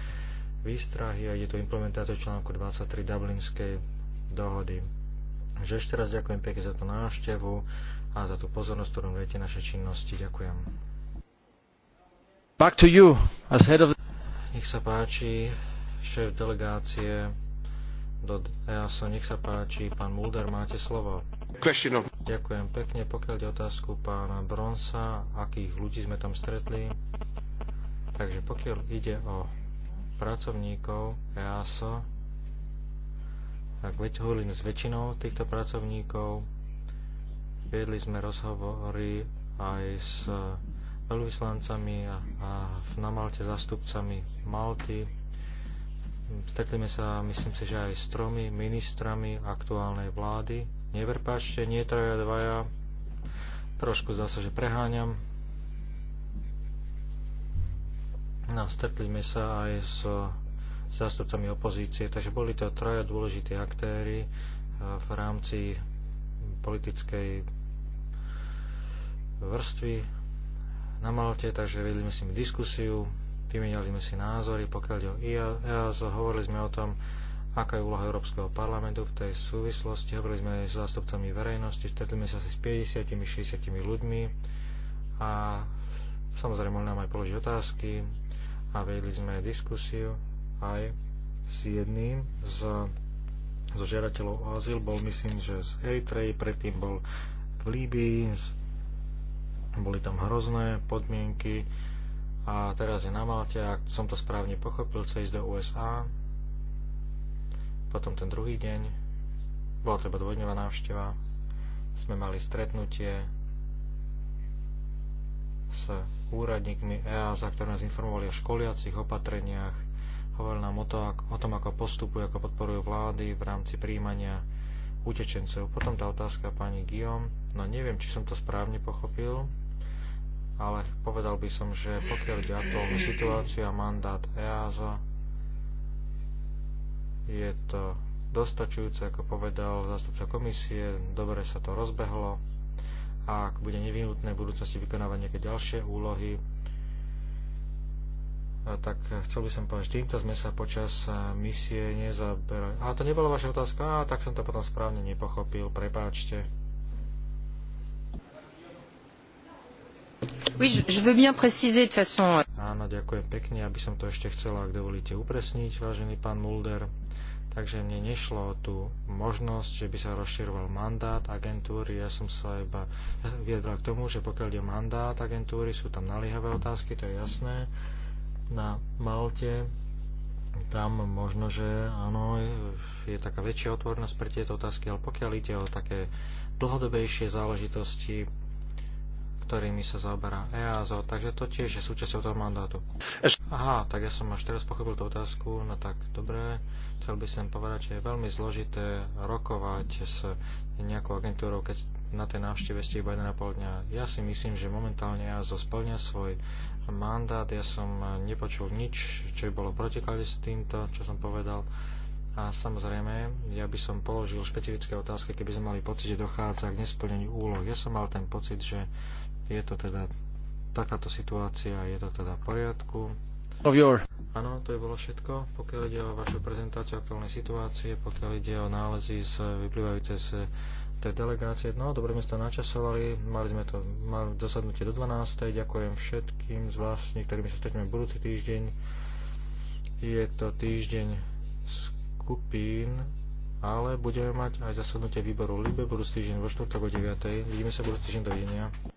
výstrahy a je to implementácia článku 23 Dublinskej dohody Takže ešte raz ďakujem pekne za tú návštevu a za tú pozornosť, ktorú viete naše činnosti. Ďakujem. Back to you, as head of... Nech sa páči, šéf delegácie do EASO, nech sa páči, pán Mulder, máte slovo. Klešino. Ďakujem pekne, pokiaľ ide otázku pána Bronsa, akých ľudí sme tam stretli. Takže pokiaľ ide o pracovníkov EASO, tak hovorím s väčšinou týchto pracovníkov. Viedli sme rozhovory aj s veľvyslancami a, a na Malte zastupcami Malty. Stretli sa, myslím si, že aj s tromi ministrami aktuálnej vlády. Neverpáčte, nie traja dvaja. Trošku zase, že preháňam. No, stretli sme sa aj s zástupcami opozície, takže boli to traja dôležití aktéry e, v rámci politickej vrstvy na Malte, takže vedli sme si diskusiu, vymenali sme si názory, pokiaľ ide o EASO, e hovorili sme o tom, aká je úloha Európskeho parlamentu v tej súvislosti, hovorili sme aj s zástupcami verejnosti, stretli sme sa asi s 50-60 ľuďmi a samozrejme mohli nám aj položiť otázky a vedli sme diskusiu aj s jedným z, z žiadateľov o azyl. Bol myslím, že z Eritreji, predtým bol v Líbii, z, boli tam hrozné podmienky a teraz je na Malte, ak som to správne pochopil, cez do USA. Potom ten druhý deň, bola to iba dvojdňová návšteva, sme mali stretnutie s úradníkmi EASA, ktoré nás informovali o školiacich opatreniach hovoril nám o, to, o tom, ako postupujú, ako podporujú vlády v rámci príjmania utečencov. Potom tá otázka pani Guillaume, no neviem, či som to správne pochopil, ale povedal by som, že pokiaľ ide aktuálnu situáciu a mandát EASA, je to dostačujúce, ako povedal zástupca komisie, dobre sa to rozbehlo a ak bude nevyhnutné v budúcnosti vykonávať nejaké ďalšie úlohy, tak e, chcel by som povedať, týmto sme sa počas e, misie nezaberali. A to nebola vaša otázka, a tak som to potom správne nepochopil, prepáčte. Oui, je veux bien préciser de façon... Euh, Áno, ďakujem pekne, aby som to ešte chcela, ak dovolíte, upresniť, vážený pán Mulder. Takže mne nešlo o tú možnosť, že by sa rozširoval mandát agentúry. Ja som sa iba viedla k tomu, že pokiaľ je mandát agentúry, sú tam naliehavé otázky, to je jasné na Malte. Tam možno, že áno, je taká väčšia otvornosť pre tieto otázky, ale pokiaľ ide o také dlhodobejšie záležitosti, ktorými sa zaoberá EASO, takže to tiež je súčasťou toho mandátu. Aha, tak ja som až teraz pochopil tú otázku, no tak dobre, chcel by som povedať, že je veľmi zložité rokovať s nejakou agentúrou, keď na tej návšteve ste iba 1,5 dňa. Ja si myslím, že momentálne EASO splňa svoj mandát. Ja som eh, nepočul nič, čo by bolo protikali s týmto, čo som povedal. A samozrejme, ja by som položil špecifické otázky, keby sme mali pocit, že dochádza k nesplneniu úloh. Ja som mal ten pocit, že je to teda takáto situácia, je to teda v poriadku. Áno, to je bolo všetko. Pokiaľ ide o vašu prezentáciu aktuálnej situácie, pokiaľ ide o nálezy z vyplývajúce z tej delegácie. No, dobre sme to načasovali, mali sme to mali zasadnutie do 12. Ďakujem všetkým z vás, niektorými sa stretneme budúci týždeň. Je to týždeň skupín, ale budeme mať aj zasadnutie výboru LIBE budúci týždeň vo 4. o 9. Vidíme sa budúci týždeň do videnia.